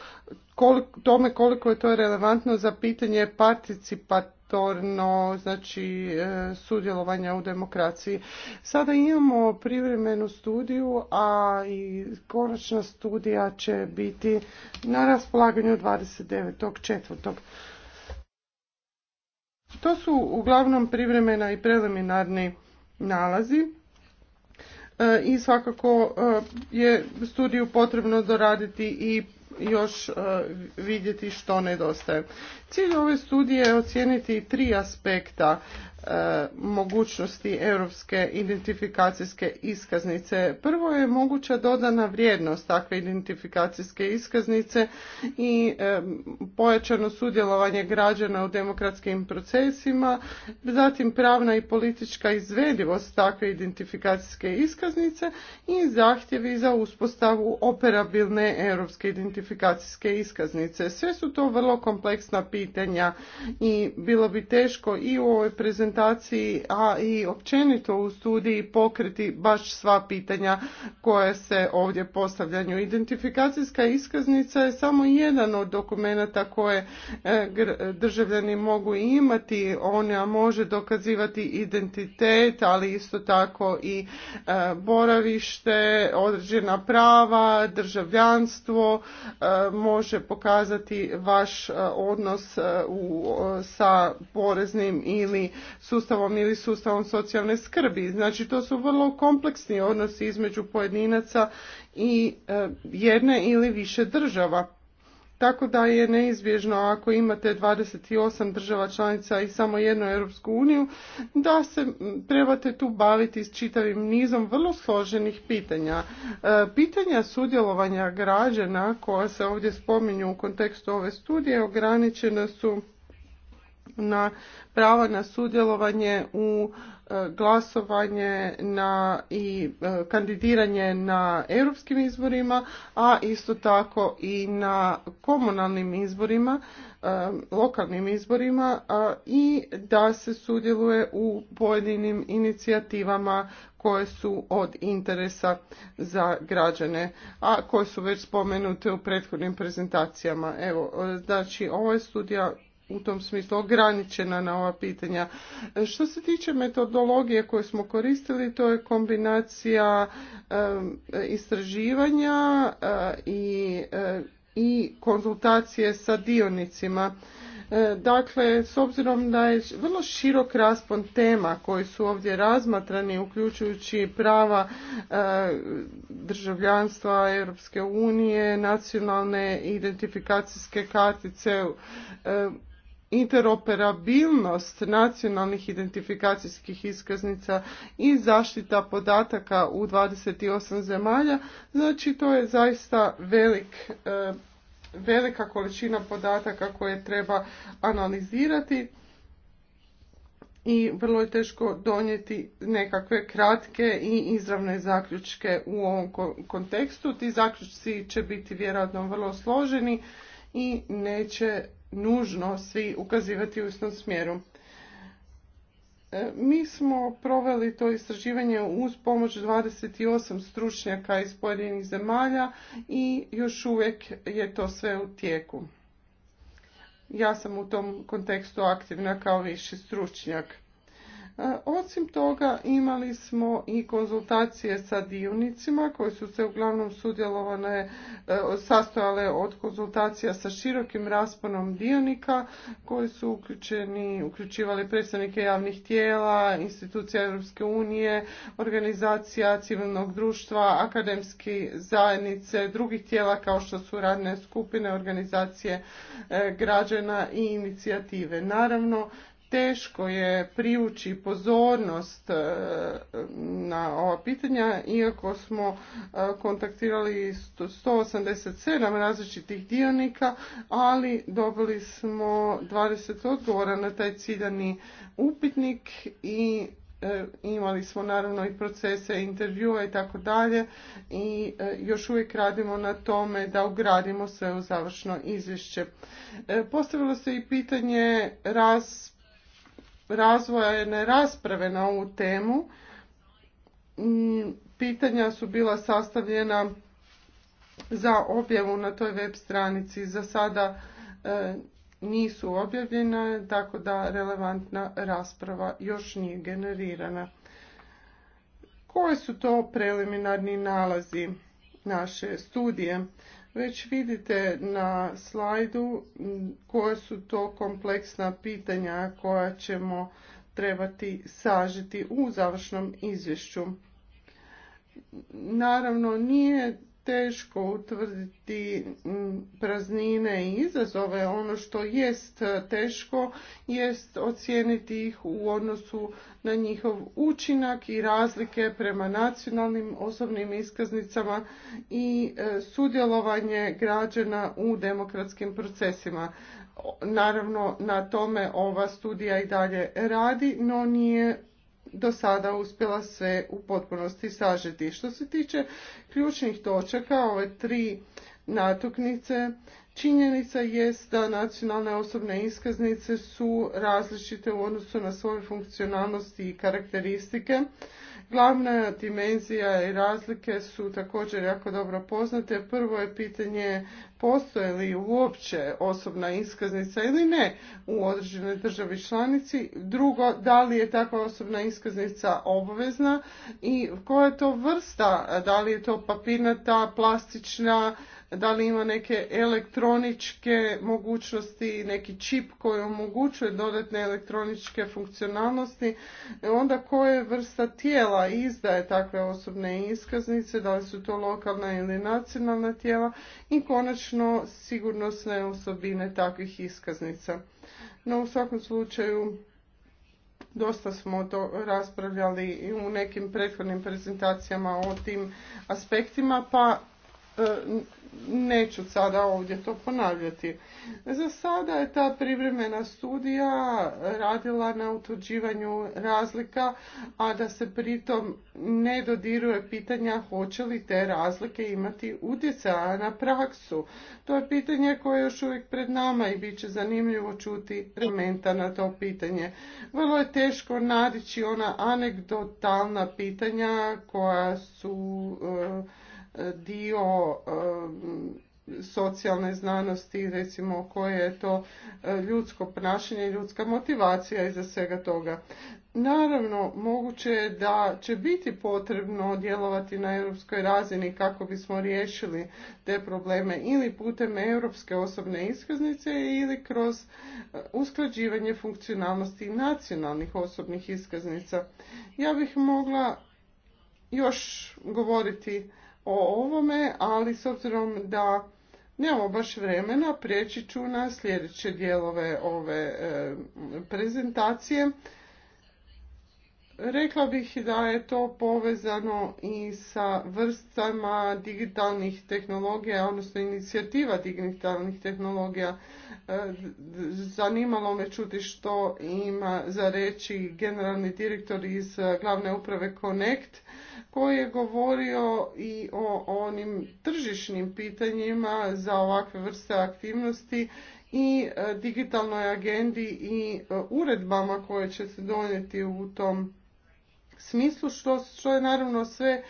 tome koliko je to relevantno za pitanje participativnosti mandatorno znači e, sudjelovanja u demokraciji. Sada imamo privremenu studiju, a i konačna studija će biti na raspolaganju 29.4. To su uglavnom privremena i preliminarni nalazi e, i svakako e, je studiju potrebno doraditi i još e, vidjeti što nedostaje. Cilj ove studije je ocijeniti tri aspekta. E, mogućnosti europske identifikacijske iskaznice. Prvo je moguća dodana vrijednost takve identifikacijske iskaznice i e, pojačano sudjelovanje građana u demokratskim procesima, zatim pravna i politička izvedivost takve identifikacijske iskaznice i zahtjevi za uspostavu operabilne europske identifikacijske iskaznice. Sve su to vrlo kompleksna pitanja i bilo bi teško i u ovoj prezentaciji a i općenito u studiji pokriti baš sva pitanja koja se ovdje postavljaju. Identifikacijska iskaznica je samo jedan od dokumenata koje e, državljani mogu imati. Ona može dokazivati identitet, ali isto tako i e, boravište, određena prava, državljanstvo, e, može pokazati vaš odnos sa poreznim ili sustavom ili sustavom socijalne skrbi. Znači to su vrlo kompleksni odnosi između pojedinaca i e, jedne ili više država. Tako da je neizbježno ako imate 28 država članica i samo jednu Europsku uniju, da se trebate tu baviti s čitavim nizom vrlo složenih pitanja. E, pitanja sudjelovanja građana koja se ovdje spominju u kontekstu ove studije ograničena su na prava na sudjelovanje u e, glasovanje na i e, kandidiranje na europskim izborima, a isto tako i na komunalnim izborima, e, lokalnim izborima i da se sudjeluje u pojedinim inicijativama koje su od interesa za građane, a koje su već spomenute u prethodnim prezentacijama. Evo, znači ovo je studija u tom smislu ograničena na ova pitanja. Što se tiče metodologije koje smo koristili, to je kombinacija istraživanja eh, eh, i konzultacije sa dionicima. Eh, dakle, s obzirom da je vrlo širok raspon tema koji su ovdje razmatrani, uključujući prava državljanstva Europske unije, nacionalne identifikacijske kartice, interoperabilnost nacionalnih identifikacijskih iskaznica i zaštita podataka u 28 zemalja. Znači to je zaista velik, eh, velika količina podataka koje treba analizirati i vrlo je teško donijeti nekakve kratke i izravne zaključke u ovom kontekstu. Ti zaključci će biti vjerojatno vrlo složeni i neće nužno svi ukazivati u istom smjeru. E, mi smo proveli to istraživanje uz pomoć 28 stručnjaka iz pojedinih zemalja i još uvijek je to sve u tijeku. Ja sam u tom kontekstu aktivna kao viši stručnjak. E, osim toga imali smo i konzultacije sa dionicima koje su se uglavnom sudjelovane, e, sastojale od konzultacija sa širokim rasponom dionika koji su uključeni, uključivali predstavnike javnih tijela, institucija Europske unije, organizacija civilnog društva, akademski zajednice, drugih tijela kao što su radne skupine, organizacije e, građana i inicijative. Naravno, teško je privući pozornost e, na ova pitanja, iako smo e, kontaktirali 187 različitih dionika, ali dobili smo 20 odgovora na taj ciljani upitnik i e, imali smo naravno i procese intervjua i tako dalje i još uvijek radimo na tome da ugradimo sve u završno izvješće. Postavilo se i pitanje raz razvojene rasprave na ovu temu. Mm, pitanja su bila sastavljena za objavu na toj web stranici. Za sada e, nisu objavljene, tako da relevantna rasprava još nije generirana. Koje su to preliminarni nalazi naše studije? Već vidite na slajdu koja su to kompleksna pitanja koja ćemo trebati sažiti u završnom izvješću. Naravno, nije teško utvrditi mm, praznine i izazove. Ono što jest e, teško jest ocijeniti ih u odnosu na njihov učinak i razlike prema nacionalnim osobnim iskaznicama i e, sudjelovanje građana u demokratskim procesima. Naravno, na tome ova studija i dalje radi, no nije do sada uspjela sve u potpunosti sažeti. Što se tiče ključnih točaka, ove tri natuknice, Činjenica jest da nacionalne osobne iskaznice su različite u odnosu na svoje funkcionalnosti i karakteristike. Glavna dimenzija i razlike su također jako dobro poznate. Prvo je pitanje postoje li uopće osobna iskaznica ili ne u određenoj državi članici. Drugo, da li je takva osobna iskaznica obavezna i koja je to vrsta, da li je to papirnata, plastična, da li ima neke elektroničke mogućnosti, neki čip koji omogućuje dodatne elektroničke funkcionalnosti, onda koje vrsta tijela izdaje takve osobne iskaznice, da li su to lokalna ili nacionalna tijela i konačno sigurnosne osobine takvih iskaznica. No u svakom slučaju dosta smo to raspravljali i u nekim prethodnim prezentacijama o tim aspektima, pa E, neću sada ovdje to ponavljati. Za sada je ta privremena studija radila na utvrđivanju razlika, a da se pritom ne dodiruje pitanja hoće li te razlike imati utjecaja na praksu. To je pitanje koje je još uvijek pred nama i bit će zanimljivo čuti elementa na to pitanje. Vrlo je teško nadići ona anegdotalna pitanja koja su e, dio um, socijalne znanosti, recimo koje je to uh, ljudsko ponašanje i ljudska motivacija iza svega toga. Naravno, moguće je da će biti potrebno djelovati na europskoj razini kako bismo riješili te probleme ili putem europske osobne iskaznice ili kroz uh, usklađivanje funkcionalnosti nacionalnih osobnih iskaznica. Ja bih mogla još govoriti o ovome, ali s obzirom da nemamo baš vremena, prijeći ću na sljedeće dijelove ove eh, prezentacije. Rekla bih da je to povezano i sa vrstama digitalnih tehnologija, odnosno inicijativa digitalnih tehnologija. E, zanimalo me čuti što ima za reći generalni direktor iz glavne uprave Connect koji je govorio i o onim tržišnim pitanjima za ovakve vrste aktivnosti i e, digitalnoj agendi i e, uredbama koje će se donijeti u tom smislu, što, što je naravno sve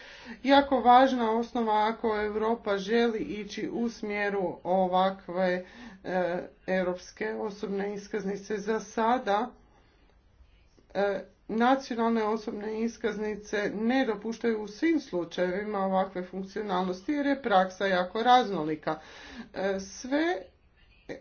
jako važna osnova ako Europa želi ići u smjeru ovakve e, europske osobne iskaznice. Za sada e, nacionalne osobne iskaznice ne dopuštaju u svim slučajevima ovakve funkcionalnosti jer je praksa jako raznolika. E, sve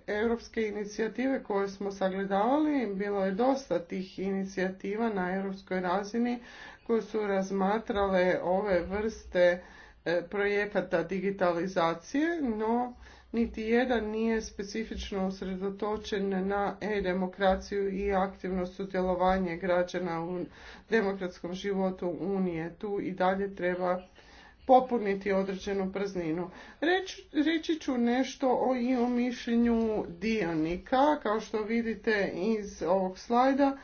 europske inicijative koje smo sagledavali, bilo je dosta tih inicijativa na europskoj razini koje su razmatrale ove vrste e, projekata digitalizacije, no niti jedan nije specifično usredotočen na e-demokraciju i aktivno sudjelovanje građana u demokratskom životu Unije. Tu i dalje treba popuniti određenu prazninu. Reći, ću nešto o i o mišljenju dionika. Kao što vidite iz ovog slajda,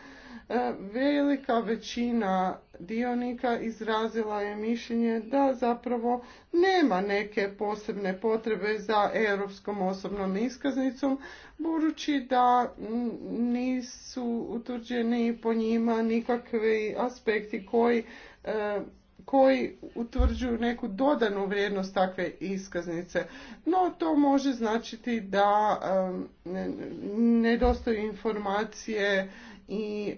e, velika većina dionika izrazila je mišljenje da zapravo nema neke posebne potrebe za europskom osobnom iskaznicom, budući da nisu utvrđeni po njima nikakvi aspekti koji e, koji utvrđuju neku dodanu vrijednost takve iskaznice. No to može značiti da nedostaju informacije i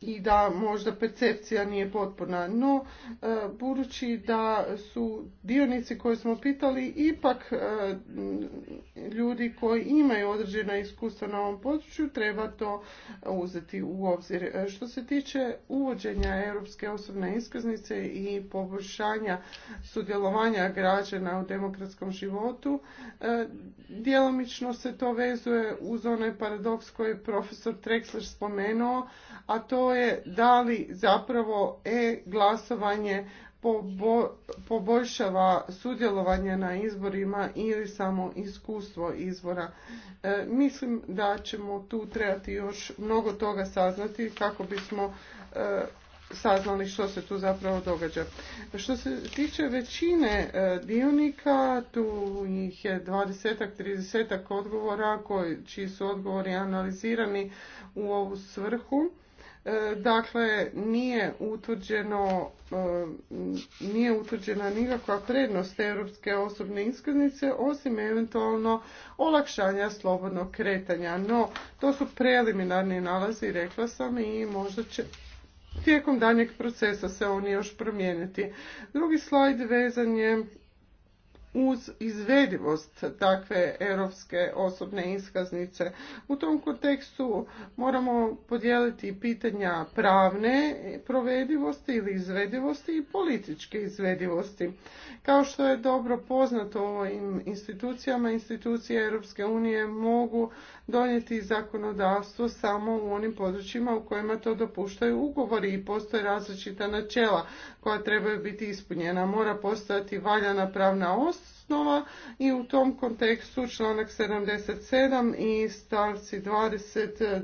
i da možda percepcija nije potpuna. No, e, budući da su dionici koje smo pitali ipak e, ljudi koji imaju određena iskustva na ovom području, treba to uzeti u obzir. E, što se tiče uvođenja europske osobne iskaznice i poboljšanja sudjelovanja građana u demokratskom životu, djelomično se to vezuje uz onaj paradoks koji je profesor Treksler spomenuo, a to je da li zapravo e-glasovanje poboljšava sudjelovanje na izborima ili samo iskustvo izbora. E, mislim da ćemo tu trebati još mnogo toga saznati kako bismo e, saznali što se tu zapravo događa. Što se tiče većine e, dionika, tu ih je 20 tridesetak odgovora čiji su odgovori analizirani u ovu svrhu E, dakle, nije utvrđeno e, nije utvrđena nikakva prednost europske osobne iskaznice osim eventualno olakšanja slobodnog kretanja. No, to su preliminarni nalazi, rekla sam, i možda će tijekom danjeg procesa se oni još promijeniti. Drugi slajd vezan je uz izvedivost takve europske osobne iskaznice. U tom kontekstu moramo podijeliti pitanja pravne provedivosti ili izvedivosti i političke izvedivosti. Kao što je dobro poznato ovim institucijama, institucije Europske unije mogu donijeti zakonodavstvo samo u onim područjima u kojima to dopuštaju ugovori i postoje različita načela koja trebaju biti ispunjena. Mora postojati valjana pravna osoba osnova i u tom kontekstu članak 77 i stavci 20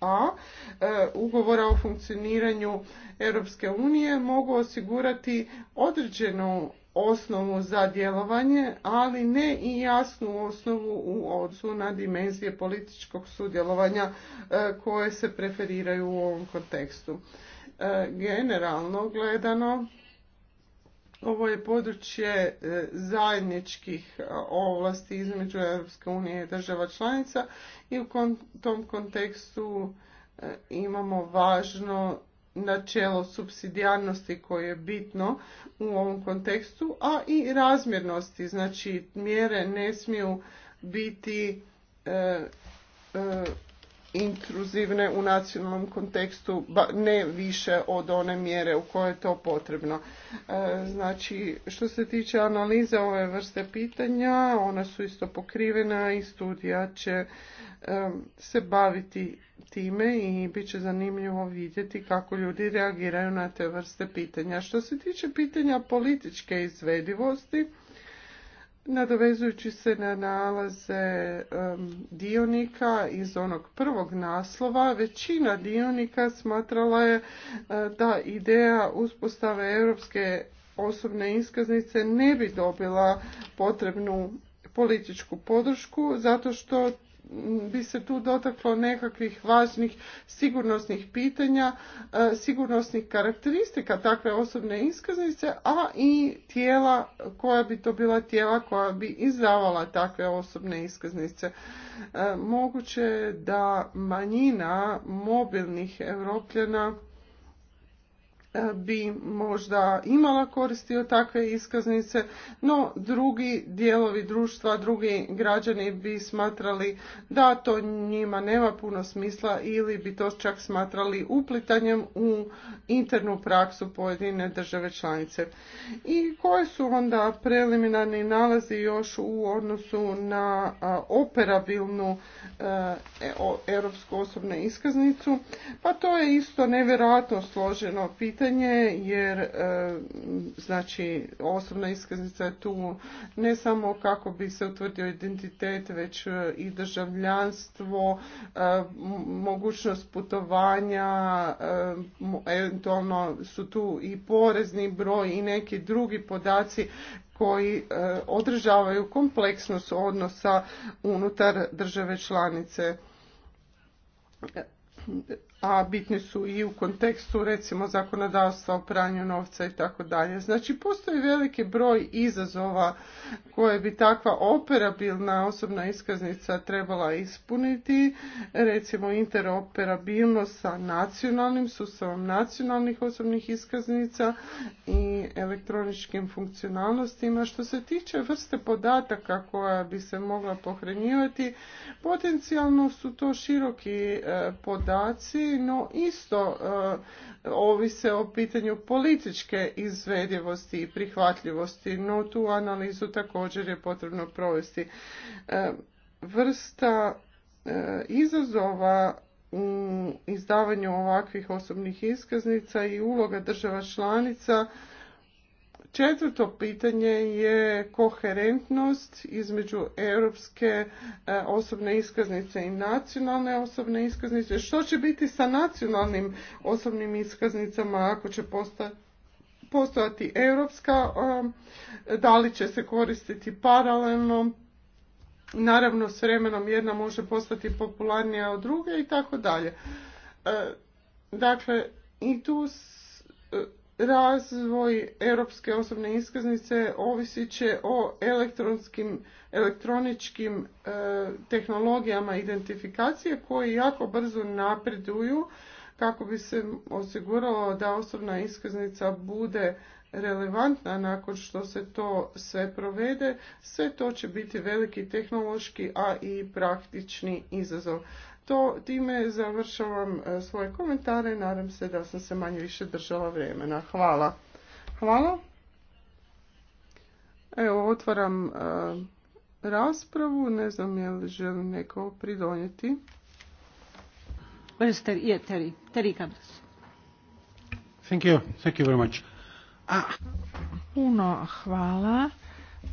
a, e, ugovora o funkcioniranju Europske unije mogu osigurati određenu osnovu za djelovanje, ali ne i jasnu osnovu u odnosu na dimenzije političkog sudjelovanja e, koje se preferiraju u ovom kontekstu. E, generalno gledano, ovo je područje e, zajedničkih e, ovlasti između Europske unije i država članica i u tom kontekstu e, imamo važno načelo subsidijarnosti koje je bitno u ovom kontekstu, a i razmjernosti. Znači mjere ne smiju biti inkluzivne u nacionalnom kontekstu, ne više od one mjere u koje je to potrebno. E, znači, što se tiče analize ove vrste pitanja, ona su isto pokrivena i studija će e, se baviti time i bit će zanimljivo vidjeti kako ljudi reagiraju na te vrste pitanja. Što se tiče pitanja političke izvedivosti, Nadovezujući se na nalaze dionika iz onog prvog naslova, većina dionika smatrala je e, da ideja uspostave europske osobne iskaznice ne bi dobila potrebnu političku podršku zato što bi se tu dotaklo nekakvih važnih sigurnosnih pitanja, e, sigurnosnih karakteristika takve osobne iskaznice, a i tijela koja bi to bila tijela koja bi izdavala takve osobne iskaznice. E, moguće je da manjina mobilnih europljana E, bi možda imala koristi od takve iskaznice, no drugi dijelovi društva, drugi građani bi smatrali da to njima nema puno smisla ili bi to čak smatrali uplitanjem u internu praksu pojedine države članice. I koje su onda preliminarni nalazi još u odnosu na operabilnu e, europsku osobnu iskaznicu? Pa to je isto nevjerojatno složeno pitanje pitanje jer e, znači osobna iskaznica je tu ne samo kako bi se utvrdio identitet već e, i državljanstvo, e, mogućnost putovanja, eventualno su tu i porezni broj i neki drugi podaci koji održavaju kompleksnost odnosa unutar države članice a bitni su i u kontekstu recimo zakonodavstva o pranju novca i tako dalje. Znači postoji veliki broj izazova koje bi takva operabilna osobna iskaznica trebala ispuniti, recimo interoperabilnost sa nacionalnim sustavom nacionalnih osobnih iskaznica i elektroničkim funkcionalnostima. Što se tiče vrste podataka koja bi se mogla pohranjivati, potencijalno su to široki eh, podaci no isto e, ovise o pitanju političke izvedljivosti i prihvatljivosti, no tu analizu također je potrebno provesti. E, vrsta e, izazova u izdavanju ovakvih osobnih iskaznica i uloga država članica Četvrto pitanje je koherentnost između europske e, osobne iskaznice i nacionalne osobne iskaznice. Što će biti sa nacionalnim osobnim iskaznicama ako će postati postojati europska, e, da li će se koristiti paralelno, naravno s vremenom jedna može postati popularnija od druge i tako dalje. E, dakle, i tu razvoj europske osobne iskaznice ovisit će o elektronskim, elektroničkim e, tehnologijama identifikacije koji jako brzo napreduju kako bi se osiguralo da osobna iskaznica bude relevantna nakon što se to sve provede, sve to će biti veliki tehnološki, a i praktični izazov to time završavam e, svoje komentare. Nadam se da sam se manje više držala vremena. Hvala. Hvala. Evo, otvaram e, raspravu. Ne znam je li želim neko pridonijeti. Puno hvala.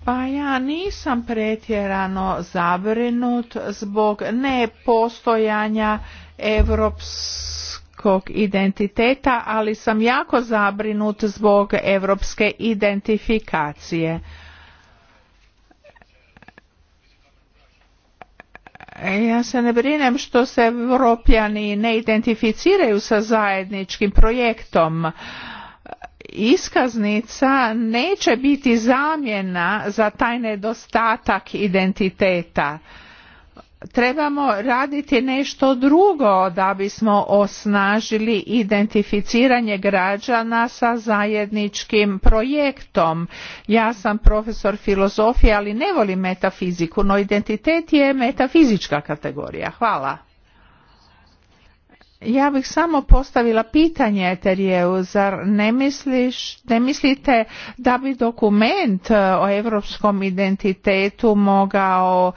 Pa ja nisam pretjerano zabrinut zbog nepostojanja evropskog identiteta, ali sam jako zabrinut zbog europske identifikacije. Ja se ne brinem što se evropljani ne identificiraju sa zajedničkim projektom iskaznica neće biti zamjena za taj nedostatak identiteta trebamo raditi nešto drugo da bismo osnažili identificiranje građana sa zajedničkim projektom ja sam profesor filozofije ali ne volim metafiziku no identitet je metafizička kategorija hvala ja bih samo postavila pitanje Eterijevu, zar ne, misliš, ne mislite da bi dokument e, o europskom identitetu mogao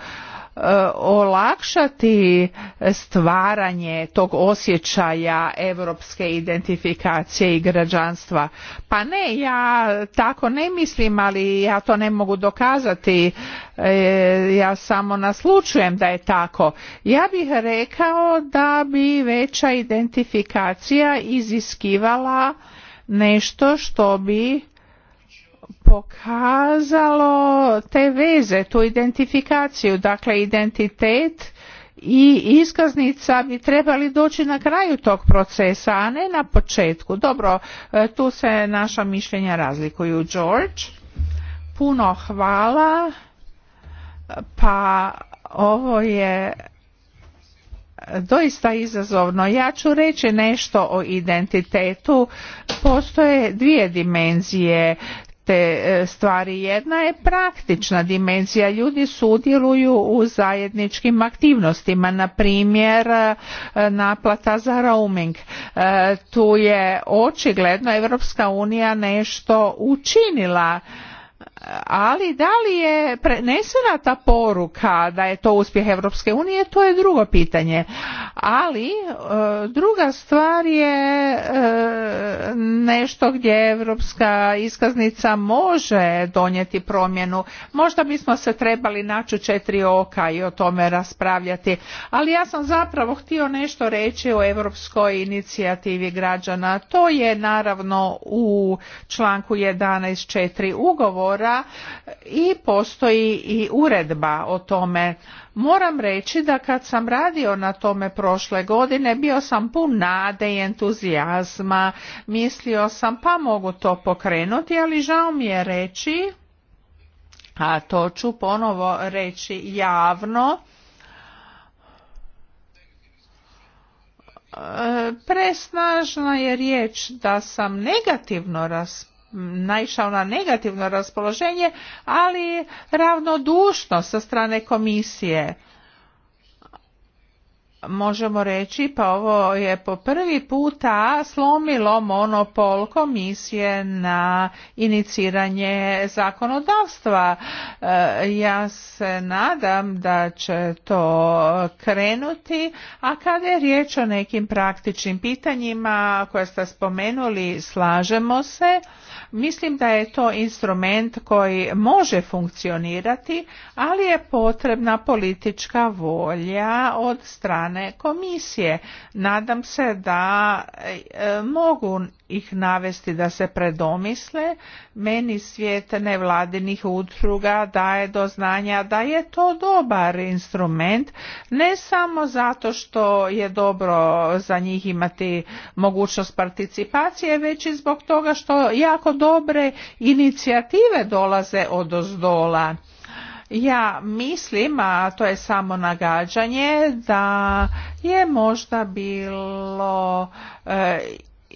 Eh, olakšati stvaranje tog osjećaja europske identifikacije i građanstva pa ne ja tako ne mislim ali ja to ne mogu dokazati eh, ja samo naslučujem da je tako ja bih rekao da bi veća identifikacija iziskivala nešto što bi pokazalo te veze, tu identifikaciju, dakle identitet i iskaznica bi trebali doći na kraju tog procesa, a ne na početku. Dobro, e, tu se naša mišljenja razlikuju. George, puno hvala. Pa ovo je doista izazovno. Ja ću reći nešto o identitetu. Postoje dvije dimenzije te e, stvari. Jedna je praktična dimenzija. Ljudi sudjeluju u zajedničkim aktivnostima, na primjer e, naplata za roaming. E, tu je očigledno Evropska unija nešto učinila ali da li je prenesena ta poruka da je to uspjeh Europske unije, to je drugo pitanje. Ali e, druga stvar je e, nešto gdje Europska iskaznica može donijeti promjenu. Možda bismo se trebali naći u četiri oka i o tome raspravljati, ali ja sam zapravo htio nešto reći o Europskoj inicijativi građana. To je naravno u članku 11.4 ugovora i postoji i uredba o tome. Moram reći da kad sam radio na tome prošle godine bio sam pun nade i entuzijazma, mislio sam pa mogu to pokrenuti, ali žao mi je reći, a to ću ponovo reći javno, e, presnažna je riječ da sam negativno raspravljala naišao na negativno raspoloženje, ali ravnodušno sa strane komisije možemo reći pa ovo je po prvi puta slomilo monopol komisije na iniciranje zakonodavstva. E, ja se nadam da će to krenuti, a kada je riječ o nekim praktičnim pitanjima koje ste spomenuli, slažemo se. Mislim da je to instrument koji može funkcionirati, ali je potrebna politička volja od strane komisije. Nadam se da e, mogu ih navesti da se predomisle. Meni svijet nevladinih utruga daje do znanja da je to dobar instrument, ne samo zato što je dobro za njih imati mogućnost participacije, već i zbog toga što jako dobre inicijative dolaze od ozdola ja mislim, a to je samo nagađanje, da je možda bilo e,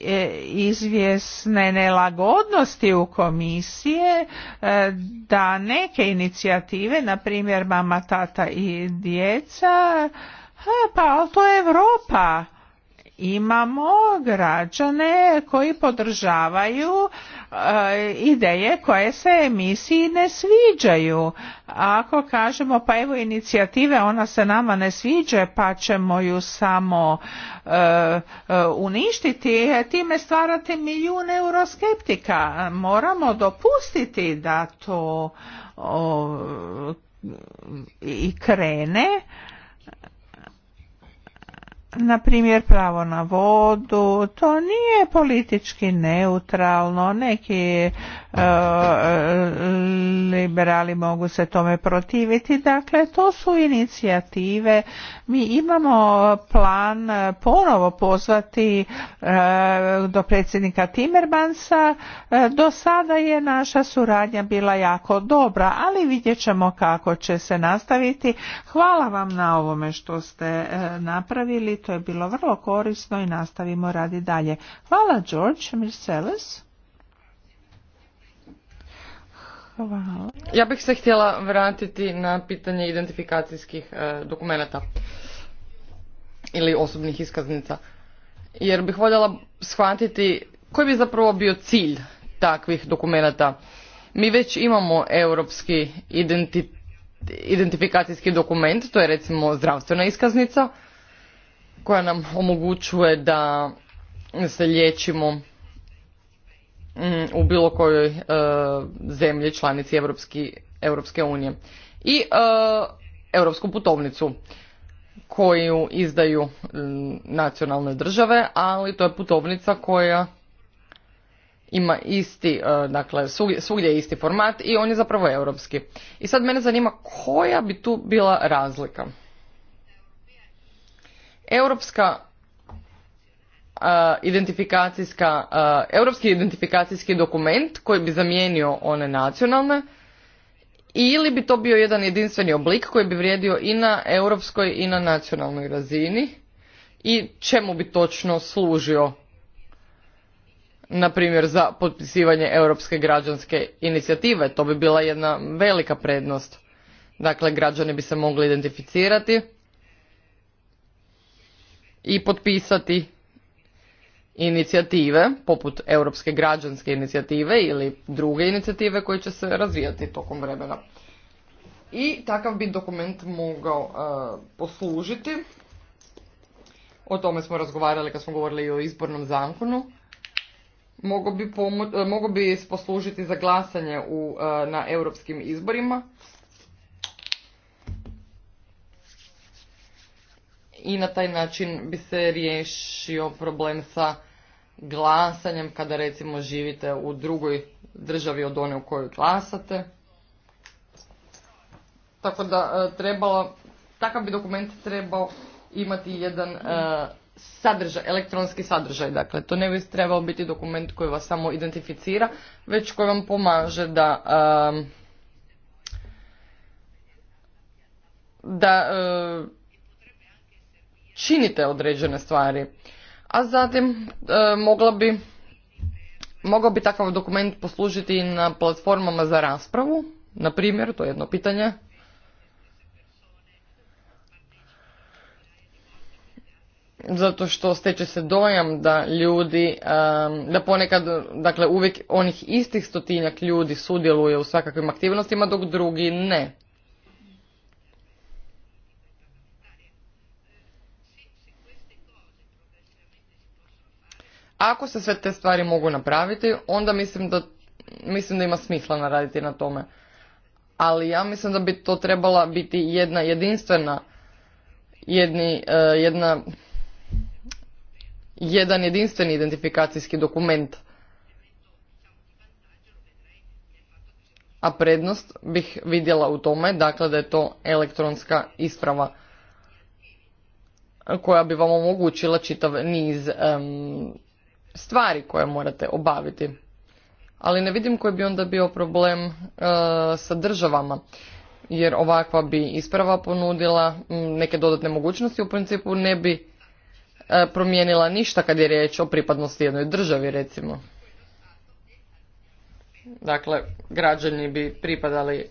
e izvjesne nelagodnosti u komisije e, da neke inicijative, na primjer mama, tata i djeca, e, pa to je Europa imamo građane koji podržavaju eh, ideje koje se emisiji ne sviđaju. Ako kažemo pa evo inicijative ona se nama ne sviđa pa ćemo ju samo eh, eh, uništiti, e, time stvarate milijun euroskeptika. Moramo dopustiti da to i krene na primjer pravo na vodu, to nije politički neutralno, neki E, e, liberali mogu se tome protiviti. Dakle, to su inicijative. Mi imamo plan ponovo pozvati e, do predsjednika Timmermansa. Do sada je naša suradnja bila jako dobra, ali vidjet ćemo kako će se nastaviti. Hvala vam na ovome što ste napravili. To je bilo vrlo korisno i nastavimo radi dalje. Hvala George Mercedes. Ja bih se htjela vratiti na pitanje identifikacijskih e, dokumenata ili osobnih iskaznica. Jer bih voljela shvatiti koji bi zapravo bio cilj takvih dokumenata. Mi već imamo europski identifikacijski dokument, to je recimo zdravstvena iskaznica koja nam omogućuje da se liječimo Mm, u bilo kojoj e, zemlji članici Europski, Europske unije. I europsku putovnicu koju izdaju mm, nacionalne države, ali to je putovnica koja ima isti, e, dakle svugdje je isti format i on je zapravo europski. I sad mene zanima koja bi tu bila razlika. Europska Eh, identifikacijska, eh, europski identifikacijski dokument koji bi zamijenio one nacionalne ili bi to bio jedan jedinstveni oblik koji bi vrijedio i na europskoj i na nacionalnoj razini i čemu bi točno služio na primjer za potpisivanje europske građanske inicijative to bi bila jedna velika prednost dakle građani bi se mogli identificirati i potpisati inicijative poput Europske građanske inicijative ili druge inicijative koje će se razvijati tokom vremena. I takav bi dokument mogao e, poslužiti. O tome smo razgovarali kad smo govorili o izbornom zakonu. Mogao bi, pomo e, poslužiti za glasanje u, e, na europskim izborima. I na taj način bi se riješio problem sa glasanjem kada recimo živite u drugoj državi od one u kojoj glasate. Tako da e, trebalo, takav bi dokument trebao imati jedan e, sadržaj, elektronski sadržaj. Dakle, to ne bi trebao biti dokument koji vas samo identificira, već koji vam pomaže da e, da činite određene stvari a zatim e, mogla bi, mogao bi takav dokument poslužiti i na platformama za raspravu, na primjer, to je jedno pitanje. Zato što steče se dojam da ljudi, e, da ponekad, dakle uvijek onih istih stotinjak ljudi sudjeluje u svakakvim aktivnostima, dok drugi ne. Ako se sve te stvari mogu napraviti, onda mislim da, mislim da ima smisla naraditi na tome. Ali ja mislim da bi to trebala biti jedna jedinstvena, jedni, e, jedna, jedan jedinstveni identifikacijski dokument. A prednost bih vidjela u tome, dakle da je to elektronska isprava koja bi vam omogućila čitav niz stvari koje morate obaviti. Ali ne vidim koji bi onda bio problem e, sa državama jer ovakva bi isprava ponudila neke dodatne mogućnosti u principu ne bi e, promijenila ništa kad je riječ o pripadnosti jednoj državi recimo. Dakle, građani bi pripadali e,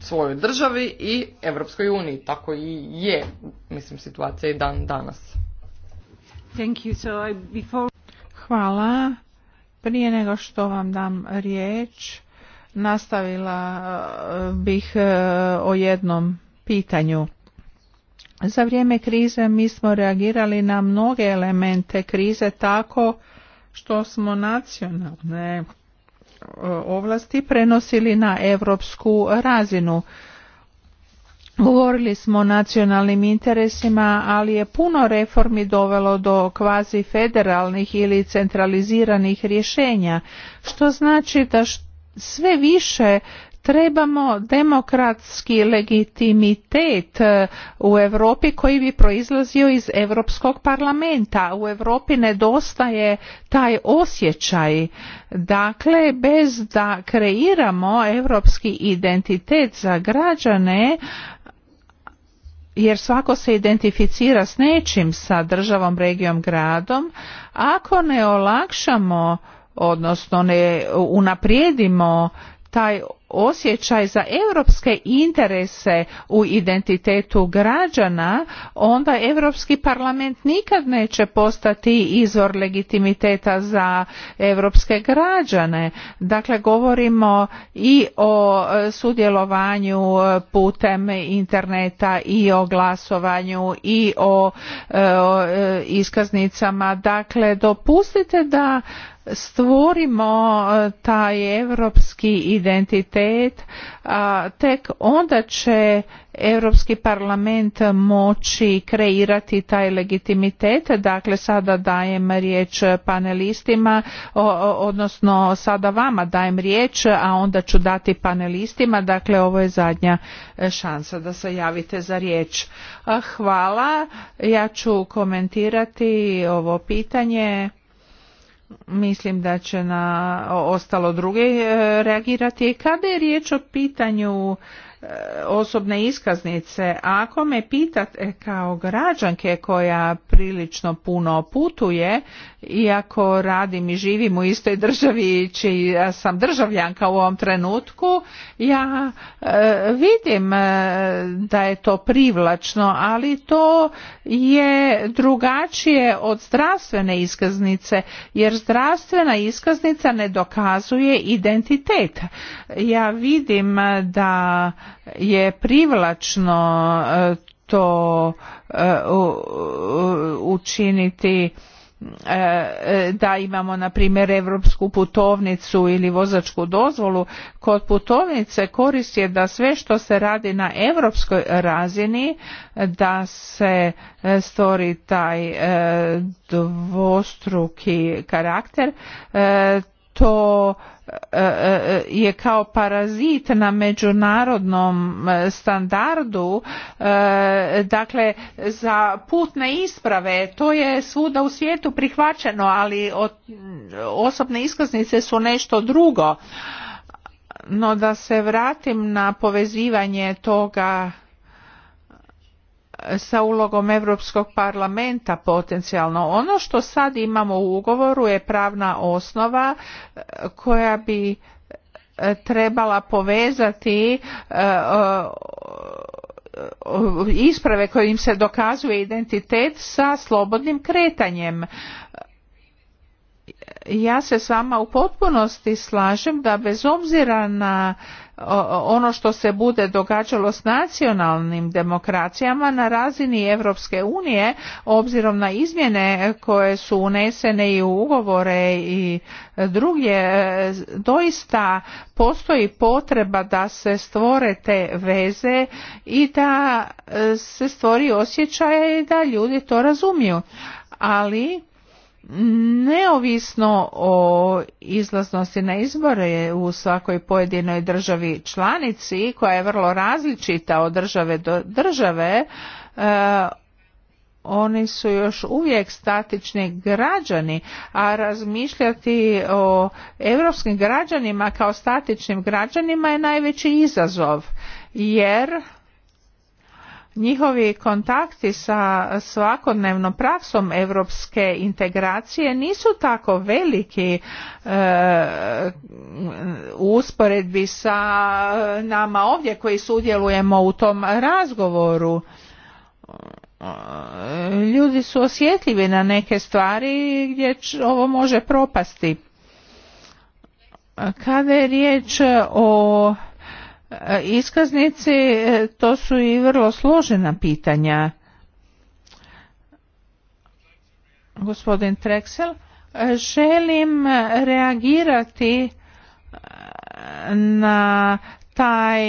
svojoj državi i Europskoj uniji. Tako i je, mislim, situacija i dan danas. Hvala. Prije nego što vam dam riječ, nastavila eh, bih eh, o jednom pitanju. Za vrijeme krize mi smo reagirali na mnoge elemente krize tako što smo nacionalne eh, ovlasti prenosili na europsku razinu. Govorili smo o nacionalnim interesima, ali je puno reformi dovelo do kvazi federalnih ili centraliziranih rješenja, što znači da sve više trebamo demokratski legitimitet e, u Europi koji bi proizlazio iz Europskog parlamenta. U Europi nedostaje taj osjećaj. Dakle, bez da kreiramo europski identitet za građane, jer svako se identificira s nečim sa državom, regijom, gradom, ako ne olakšamo odnosno ne unaprijedimo taj osjećaj za europske interese u identitetu građana, onda Europski parlament nikad neće postati izvor legitimiteta za europske građane. Dakle, govorimo i o e, sudjelovanju e, putem interneta i o glasovanju i o, e, o iskaznicama. Dakle, dopustite da stvorimo e, taj europski identitet a tek onda će europski parlament moći kreirati taj legitimitet dakle sada dajem riječ panelistima odnosno sada vama dajem riječ a onda ću dati panelistima dakle ovo je zadnja e, šansa da se javite za riječ hvala ja ću komentirati ovo pitanje mislim da će na ostalo druge e, reagirati. Kada je riječ o pitanju e, osobne iskaznice, ako me pitate kao građanke koja prilično puno putuje, iako radim i živim u istoj državi ja sam državljanka u ovom trenutku ja e, vidim e, da je to privlačno ali to je drugačije od zdravstvene iskaznice jer zdravstvena iskaznica ne dokazuje identitet ja vidim e, da je privlačno to učiniti E, e, da imamo na primjer europsku putovnicu ili vozačku dozvolu kod putovnice korist je da sve što se radi na europskoj razini da se e, stvori taj dvostruki karakter to E, e, je kao parazit na međunarodnom e, standardu dakle za putne isprave to je svuda u svijetu prihvaćeno ali osobne iskaznice su nešto drugo no da se vratim na povezivanje toga sa ulogom Europskog parlamenta potencijalno. Ono što sad imamo u ugovoru je pravna osnova e, koja bi e, trebala povezati e, isprave kojim se dokazuje identitet sa slobodnim kretanjem ja se s vama u potpunosti slažem da bez obzira na ono što se bude događalo s nacionalnim demokracijama na razini Europske unije obzirom na izmjene koje su unesene i u ugovore i druge, e, doista postoji potreba da se stvore te veze i da e, se stvori osjećaj da ljudi to razumiju ali Neovisno o izlaznosti na izbore u svakoj pojedinoj državi članici, koja je vrlo različita od države do države, e, oni su još uvijek statični građani, a razmišljati o europskim građanima kao statičnim građanima je najveći izazov, jer njihovi kontakti sa svakodnevnom praksom europske integracije nisu tako veliki e, u usporedbi sa nama ovdje koji sudjelujemo u tom razgovoru ljudi su osjetljivi na neke stvari gdje ovo može propasti kada je riječ o E, iskaznici e, to su i vrlo složena pitanja. Gospodin Treksel, želim reagirati e, na taj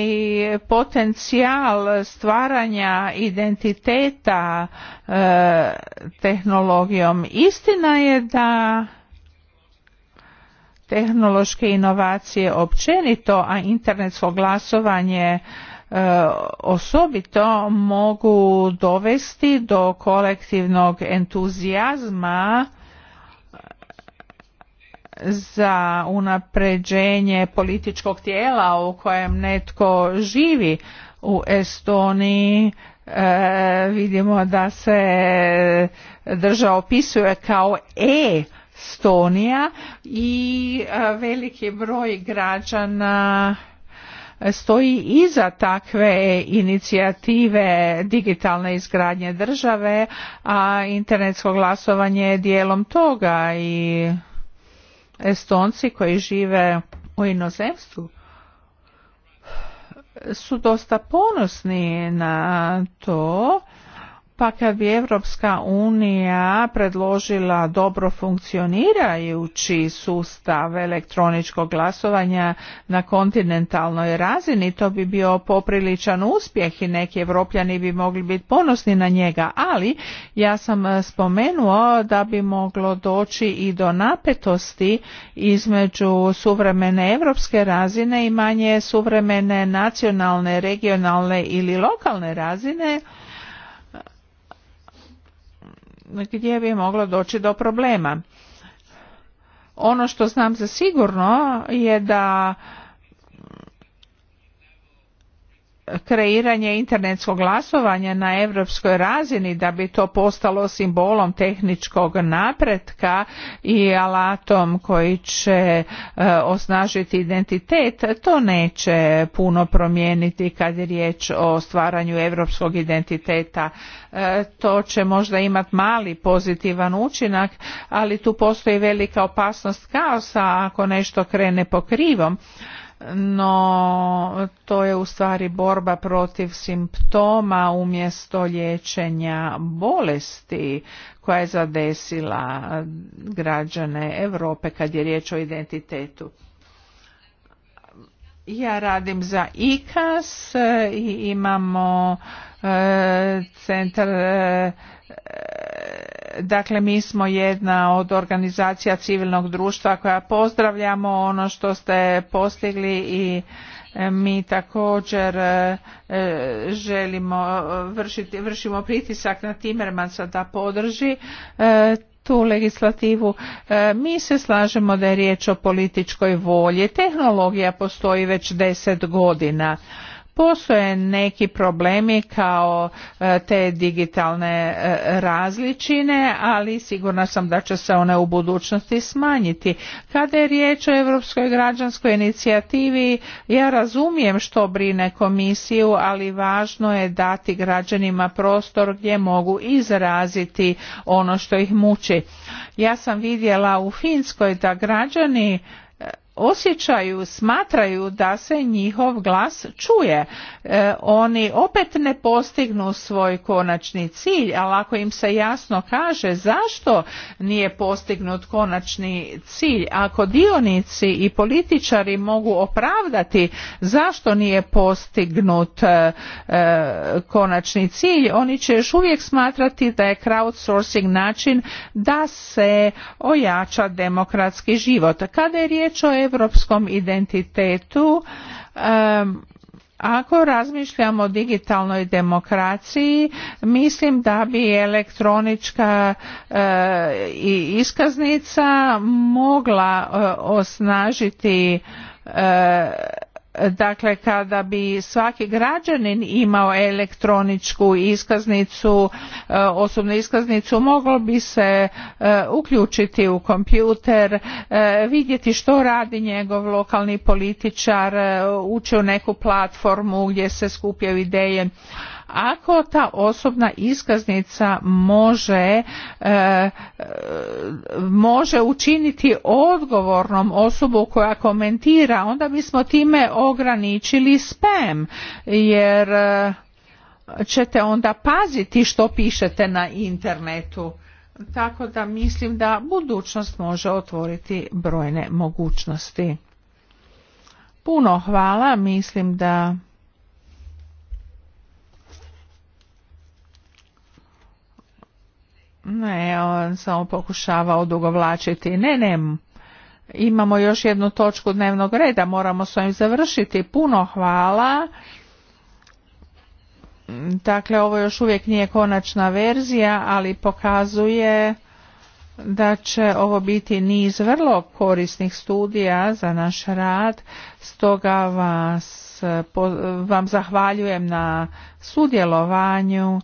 potencijal stvaranja identiteta tehnologijom. Istina je da tehnološke inovacije općenito, a internetsko glasovanje e, osobito mogu dovesti do kolektivnog entuzijazma e, za unapređenje političkog tijela u kojem netko živi u Estoniji e, vidimo da se država opisuje kao e Estonija i e, veliki broj građana e, stoji iza takve inicijative digitalne izgradnje države, a internetsko glasovanje je dijelom toga i Estonci koji žive u inozemstvu su dosta ponosni na to pa kad bi Evropska unija predložila dobro funkcionirajući sustav elektroničkog glasovanja na kontinentalnoj razini, to bi bio popriličan uspjeh i neki evropljani bi mogli biti ponosni na njega, ali ja sam e, spomenuo da bi moglo doći i do napetosti između suvremene evropske razine i manje suvremene nacionalne, regionalne ili lokalne razine gdje bi moglo doći do problema. Ono što znam za sigurno je da kreiranje internetskog glasovanja na europskoj razini da bi to postalo simbolom tehničkog napretka i alatom koji će e, osnažiti identitet to neće puno promijeniti kad je riječ o stvaranju europskog identiteta e, to će možda imati mali pozitivan učinak ali tu postoji velika opasnost kaosa ako nešto krene po krivom no to je u stvari borba protiv simptoma umjesto liječenja bolesti koja je zadesila građane Europe kad je riječ o identitetu. Ja radim za ICAS i imamo e, centar e, Dakle, mi smo jedna od organizacija civilnog društva koja pozdravljamo ono što ste postigli i e, mi također e, e, želimo vršiti, vršimo pritisak na Timmermansa da podrži tu legislativu. Mi se slažemo da je riječ o političkoj volji. Tehnologija postoji već deset godina Postoje neki problemi kao e, te digitalne e, različine, ali sigurna sam da će se one u budućnosti smanjiti. Kada je riječ o Europskoj građanskoj inicijativi, ja razumijem što brine komisiju, ali važno je dati građanima prostor gdje mogu izraziti ono što ih muči. Ja sam vidjela u Finskoj da građani osjećaju, smatraju da se njihov glas čuje. E, oni opet ne postignu svoj konačni cilj, ali ako im se jasno kaže zašto nije postignut konačni cilj, ako dionici i političari mogu opravdati zašto nije postignut e, e, konačni cilj, oni će još uvijek smatrati da je crowdsourcing način da se ojača demokratski život. Kada je riječ o europskom identitetu ako razmišljamo o digitalnoj demokraciji mislim da bi elektronička eh, iskaznica mogla eh, osnažiti eh, dakle kada bi svaki građanin imao elektroničku iskaznicu e, osobnu iskaznicu moglo bi se e, uključiti u kompjuter e, vidjeti što radi njegov lokalni političar ući u neku platformu gdje se skupljaju ideje ako ta osobna iskaznica može, e, e, može učiniti odgovornom osobu koja komentira, onda bismo time ograničili spam, jer e, ćete onda paziti što pišete na internetu. Tako da mislim da budućnost može otvoriti brojne mogućnosti. Puno hvala, mislim da Ne, on samo pokušava odugovlačiti. Ne, ne, imamo još jednu točku dnevnog reda, moramo s ovim završiti. Puno hvala. Dakle, ovo još uvijek nije konačna verzija, ali pokazuje da će ovo biti niz vrlo korisnih studija za naš rad. Stoga vas, vam zahvaljujem na sudjelovanju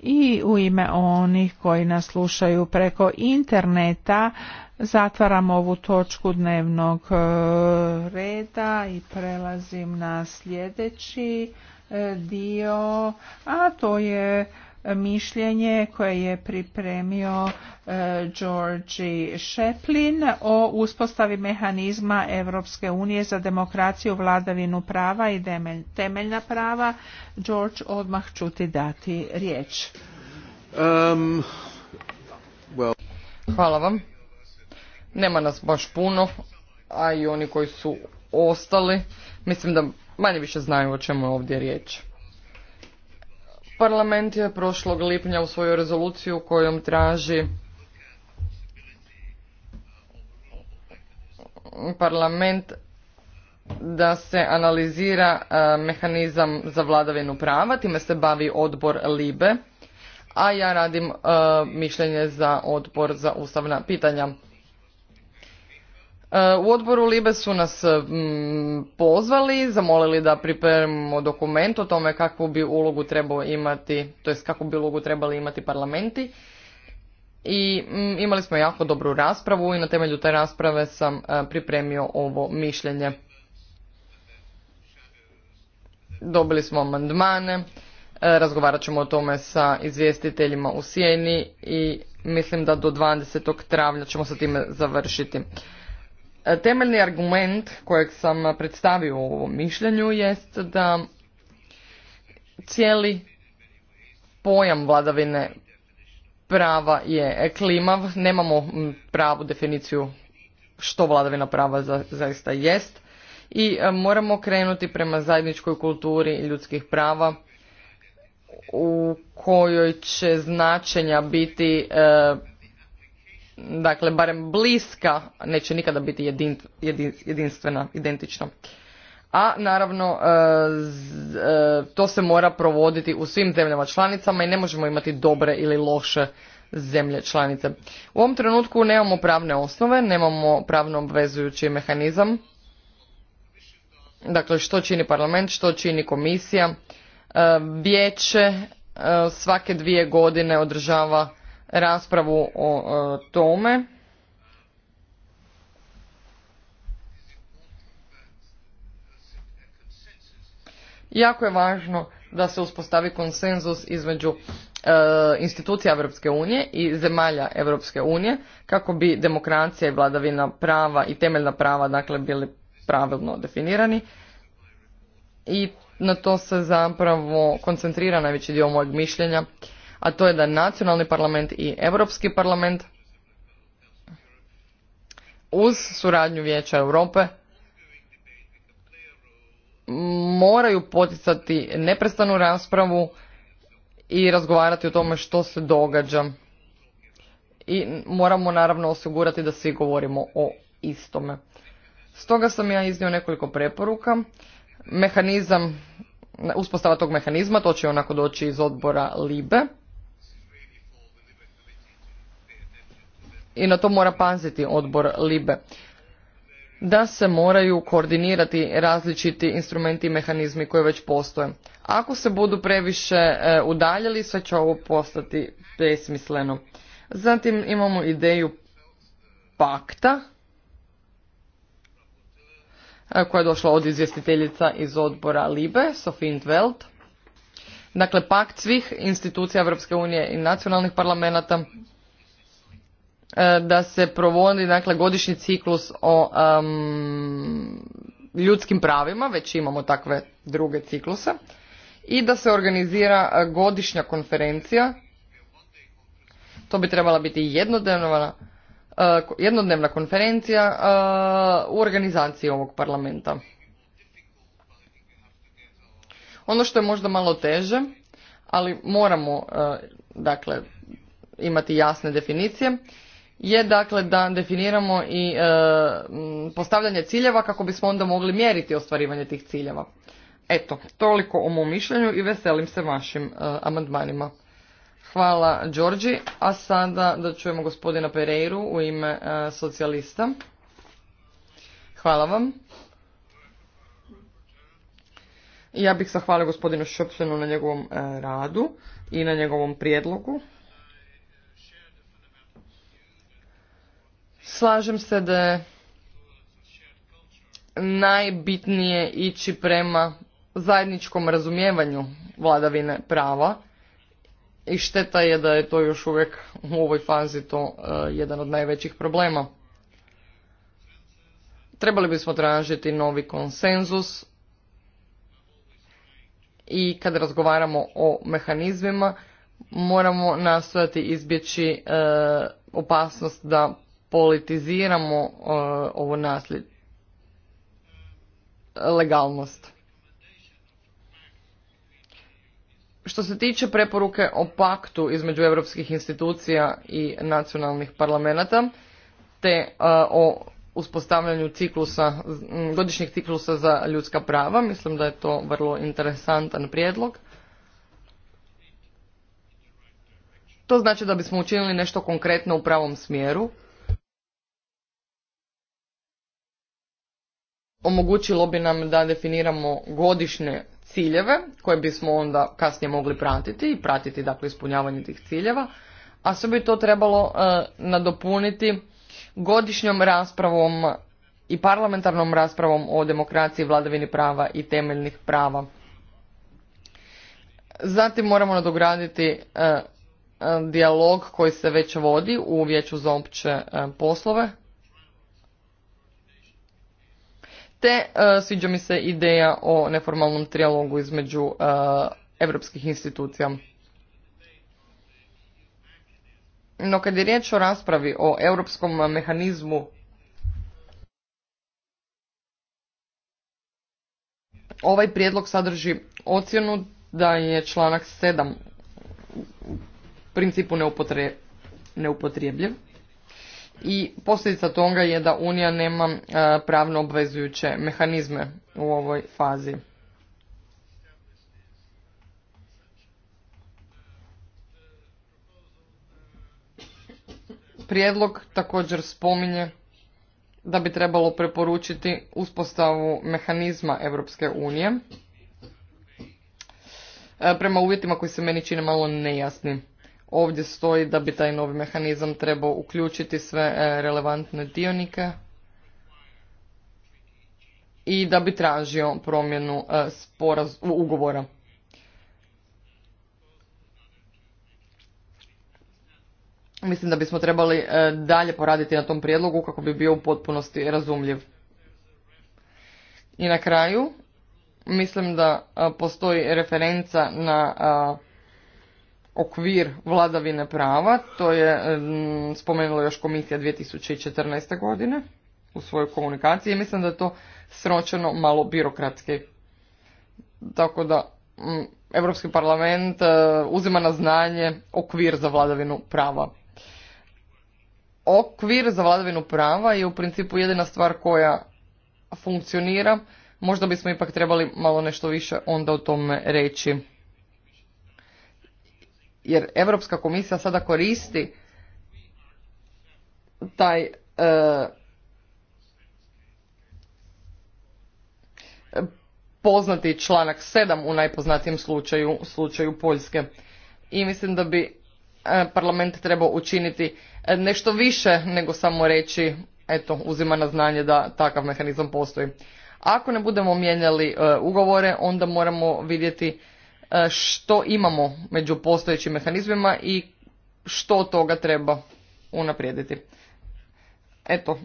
i u ime onih koji nas slušaju preko interneta zatvaram ovu točku dnevnog e, reda i prelazim na sljedeći e, dio a to je mišljenje koje je pripremio e, Georgi Šeplin o uspostavi mehanizma Europske unije za demokraciju, vladavinu prava i temeljna prava. George, odmah ti dati riječ. Um, Hvala vam. Nema nas baš puno, a i oni koji su ostali, mislim da manje više znaju o čemu je ovdje riječ. Parlament je prošlog lipnja u svoju rezoluciju kojom traži parlament da se analizira e, mehanizam za vladavinu prava, time se bavi odbor LIBE, a ja radim e, mišljenje za odbor za ustavna pitanja. E, u odboru Libe su nas mm, pozvali, zamolili da pripremimo dokument o tome kakvu bi ulogu trebao imati, to jest kakvu bi ulogu trebali imati parlamenti. I mm, imali smo jako dobru raspravu i na temelju te rasprave sam e, pripremio ovo mišljenje. Dobili smo amandmane, e, razgovarat ćemo o tome sa izvjestiteljima u Sjeni i mislim da do 20. travnja ćemo sa time završiti. E, temeljni argument kojeg sam predstavio u ovom mišljenju jest da cijeli pojam vladavine prava je klimav, nemamo pravu definiciju što vladavina prava za, zaista jest i e, moramo krenuti prema zajedničkoj kulturi ljudskih prava u kojoj će značenja biti e, dakle barem bliska, neće nikada biti jedinstvena, identična. A naravno e, e, to se mora provoditi u svim zemljama članicama i ne možemo imati dobre ili loše zemlje članice. U ovom trenutku nemamo pravne osnove, nemamo pravno obvezujući mehanizam. Dakle, što čini parlament, što čini komisija. E, vijeće svake dvije godine održava raspravu o e, tome. Jako je važno da se uspostavi konsenzus između e, institucija Europske unije i zemalja Europske unije kako bi demokracija i vladavina prava i temeljna prava dakle bili pravilno definirani i na to se zapravo koncentrira najveći dio mojeg mišljenja a to je da nacionalni parlament i europski parlament uz suradnju vijeća Europe moraju poticati neprestanu raspravu i razgovarati o tome što se događa. I moramo naravno osigurati da svi govorimo o istome. Stoga sam ja iznio nekoliko preporuka. Mehanizam, uspostava tog mehanizma, to će onako doći iz odbora LIBE. i na to mora paziti odbor LIBE, da se moraju koordinirati različiti instrumenti i mehanizmi koji već postoje. Ako se budu previše e, udaljili, sve će ovo postati besmisleno. Zatim imamo ideju pakta, e, koja je došla od izvjestiteljica iz odbora LIBE, Sophie Veld. Dakle, pakt svih institucija Europske unije i nacionalnih parlamenta E, da se provodi dakle, godišnji ciklus o ljudskim pravima, već imamo takve druge cikluse, i da se organizira e, godišnja konferencija, to bi trebala biti jednodnevna, e, jednodnevna konferencija u organizaciji ovog parlamenta. Ono što je možda malo teže, ali moramo dakle, imati jasne definicije, je dakle da definiramo i e, postavljanje ciljeva kako bismo onda mogli mjeriti ostvarivanje tih ciljeva. Eto, toliko o mom mišljenju i veselim se vašim e, amandmanima. Hvala Đorđi, a sada da čujemo gospodina Pereiru u ime e, socijalista. Hvala vam. Ja bih zahvalio gospodinu Šopsenu na njegovom radu i na njegovom prijedlogu. Slažem se da je najbitnije ići prema zajedničkom razumijevanju vladavine prava i šteta je da je to još uvijek u ovoj fazi to e, jedan od najvećih problema. Trebali bismo tražiti novi konsenzus i kad razgovaramo o mehanizmima moramo nastojati izbjeći e, opasnost da politiziramo e, ovo nasljeđe legalnost. Što se tiče preporuke o paktu između europskih institucija i nacionalnih parlamenta, te e, o uspostavljanju ciklusa, godišnjeg ciklusa za ljudska prava, mislim da je to vrlo interesantan prijedlog. To znači da bismo učinili nešto konkretno u pravom smjeru, omogućilo bi nam da definiramo godišnje ciljeve koje bismo onda kasnije mogli pratiti i pratiti dakle ispunjavanje tih ciljeva, a sve bi to trebalo e, nadopuniti godišnjom raspravom i parlamentarnom raspravom o demokraciji, vladavini prava i temeljnih prava. Zatim moramo nadograditi e, e, dijalog koji se već vodi u Vijeću za opće poslove te e, sviđa mi se ideja o neformalnom trijalogu između europskih institucija. No kad je riječ o raspravi o europskom mehanizmu ovaj prijedlog sadrži ocjenu da je članak 7 u principu neupotre, i posljedica toga je da Unija nema e, pravno obvezujuće mehanizme u ovoj fazi. Prijedlog također spominje da bi trebalo preporučiti uspostavu mehanizma Europske unije e, prema uvjetima koji se meni čine malo nejasni. Ovdje stoji da bi taj novi mehanizam trebao uključiti sve e, relevantne dionike i da bi tražio promjenu e, ugovora. Mislim da bismo trebali e, dalje poraditi na tom prijedlogu kako bi bio u potpunosti razumljiv. I na kraju, mislim da postoji referenca na okvir vladavine prava, to je spomenula još komisija 2014. godine u svojoj komunikaciji i mislim da je to sročeno malo birokratski. Tako da Europski parlament e, uzima na znanje okvir za vladavinu prava. Okvir za vladavinu prava je u principu jedina stvar koja funkcionira. Možda bismo ipak trebali malo nešto više onda o tome reći jer Europska komisija sada koristi taj e, poznati članak 7 u najpoznatijem slučaju, slučaju Poljske. I mislim da bi e, parlament trebao učiniti e, nešto više nego samo reći eto, uzima na znanje da takav mehanizam postoji. Ako ne budemo mijenjali ugovore, onda moramo vidjeti E, što imamo među postojećim mehanizmima i što toga treba unaprijediti. Eto,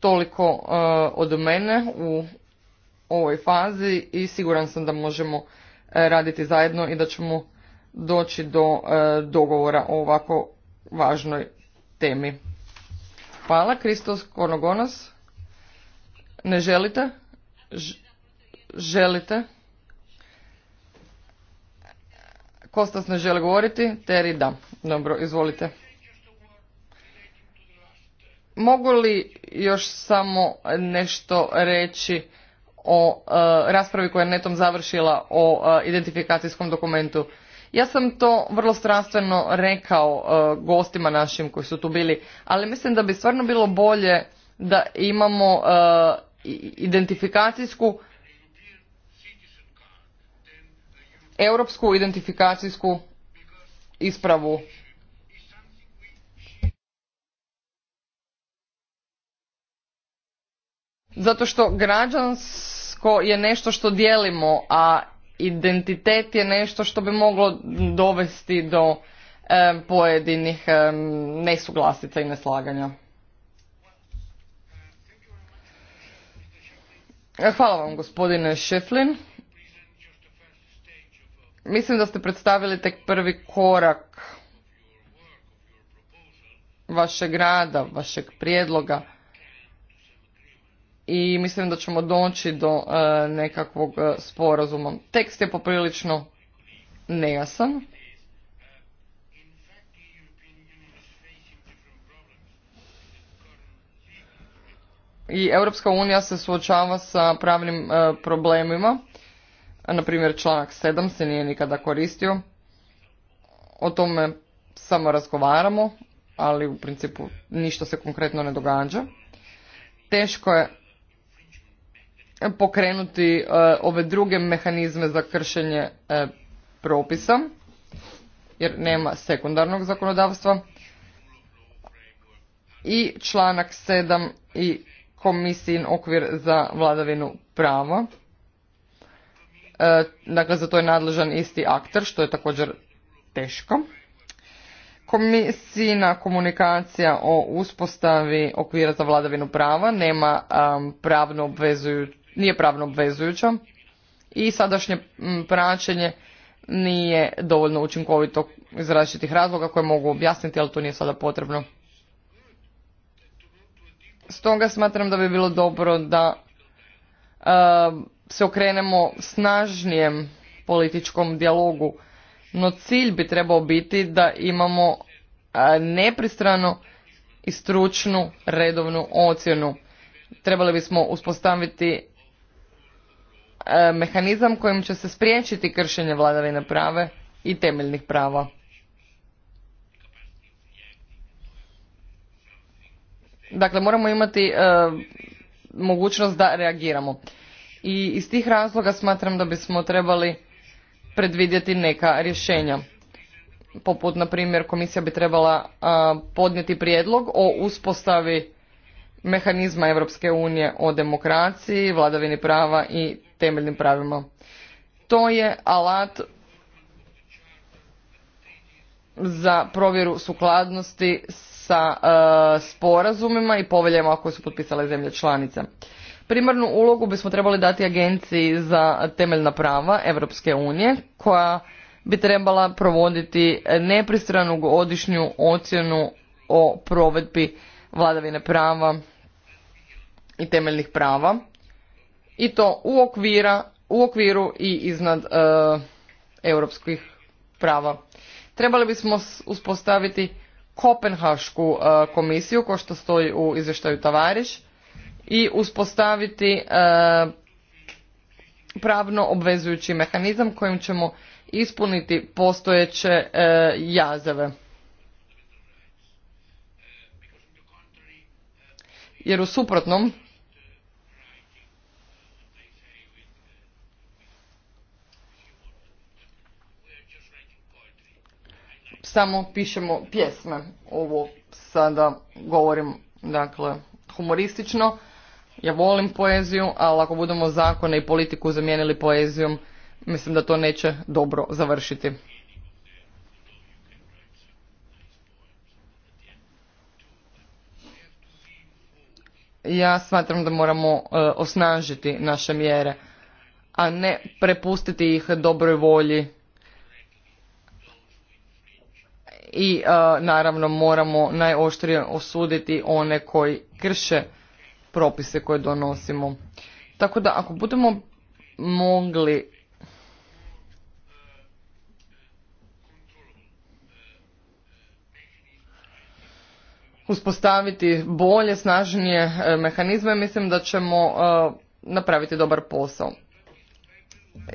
toliko e, od mene u ovoj fazi i siguran sam da možemo e, raditi zajedno i da ćemo doći do dogovora o ovako važnoj temi. Hvala, Kristos Konogonas. Ne želite? želite? Kostas ne želi govoriti, Teri da. Dobro, izvolite. Mogu li još samo nešto reći o e, raspravi koja je netom završila o e, identifikacijskom dokumentu? Ja sam to vrlo strastveno rekao e, gostima našim koji su tu bili, ali mislim da bi stvarno bilo bolje da imamo identifikacijsku europsku identifikacijsku ispravu. Zato što građansko je nešto što dijelimo, a identitet je nešto što bi moglo dovesti do pojedinih e, nesuglasica i neslaganja. Hvala vam gospodine Šeflin. Mislim da ste predstavili tek prvi korak vašeg rada, vašeg prijedloga i mislim da ćemo doći do e, nekakvog e, sporazuma. Tekst je poprilično nejasan. I Europska unija se suočava sa pravnim e, problemima na primjer, članak 7 se nije nikada koristio. O tome samo razgovaramo, ali u principu ništa se konkretno ne događa. Teško je pokrenuti e, ove druge mehanizme za kršenje e, propisa, jer nema sekundarnog zakonodavstva. I članak 7 i komisijin okvir za vladavinu prava. E, dakle za to je nadležan isti akter, što je također teško. Komisijna komunikacija o uspostavi okvira za vladavinu prava nema pravno nije pravno obvezujuća i sadašnje praćenje nije dovoljno učinkovito iz različitih razloga koje mogu objasniti, ali to nije sada potrebno. Stoga smatram da bi bilo dobro da se okrenemo snažnijem političkom dijalogu. No cilj bi trebao biti da imamo nepristrano i stručnu redovnu ocjenu. Trebali bismo uspostaviti mehanizam kojim će se spriječiti kršenje vladavine prave i temeljnih prava. Dakle, moramo imati mogućnost da reagiramo i iz tih razloga smatram da bismo trebali predvidjeti neka rješenja. Poput, na primjer, komisija bi trebala podnijeti prijedlog o uspostavi mehanizma Europske unije o demokraciji, vladavini prava i temeljnim pravima. To je alat za provjeru sukladnosti sa sporazumima i poveljama koje su potpisale zemlje članice. Primarnu ulogu bismo trebali dati Agenciji za temeljna prava Europske unije koja bi trebala provoditi nepristranu godišnju ocjenu o provedbi vladavine prava i temeljnih prava i to u, okvira, u okviru i iznad europskih prava. Trebali bismo uspostaviti Kopenhašku e, komisiju, ko što stoji u izvještaju Tavariš, i uspostaviti e, pravno obvezujući mehanizam kojim ćemo ispuniti postojeće e, jazeve. Jer u suprotnom, samo pišemo pjesme. Ovo sada govorim, dakle, humoristično. Ja volim poeziju, ali ako budemo zakone i politiku zamijenili poezijom, mislim da to neće dobro završiti. Ja smatram da moramo e, osnažiti naše mjere, a ne prepustiti ih dobroj volji i e, naravno moramo najoštrije osuditi one koji krše propise koje donosimo. Tako da ako budemo mogli uspostaviti bolje, snažnije e, mehanizme, mislim da ćemo e, napraviti dobar posao.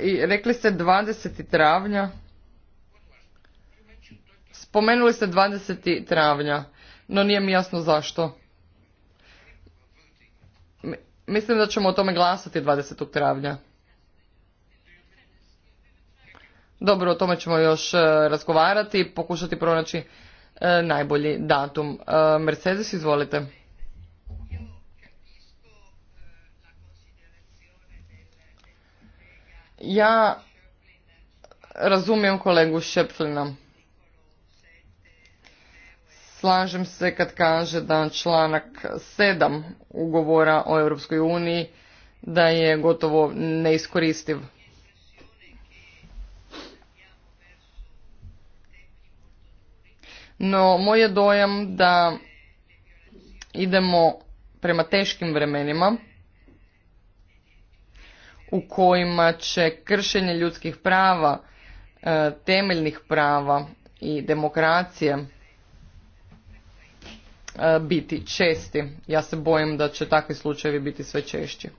I rekli ste 20. travnja. Spomenuli ste 20. travnja, no nije mi jasno zašto. Mislim da ćemo o tome glasati 20. travnja. Dobro, o tome ćemo još e, razgovarati i pokušati pronaći e, najbolji datum. E, Mercedes, izvolite. Ja razumijem kolegu Šepflina. Slažem se kad kaže da članak 7 ugovora o Europskoj uniji da je gotovo neiskoristiv. No, moj je dojam da idemo prema teškim vremenima u kojima će kršenje ljudskih prava, e, temeljnih prava i demokracije E, biti česti. Ja se bojim da će takvi slučajevi biti sve češći.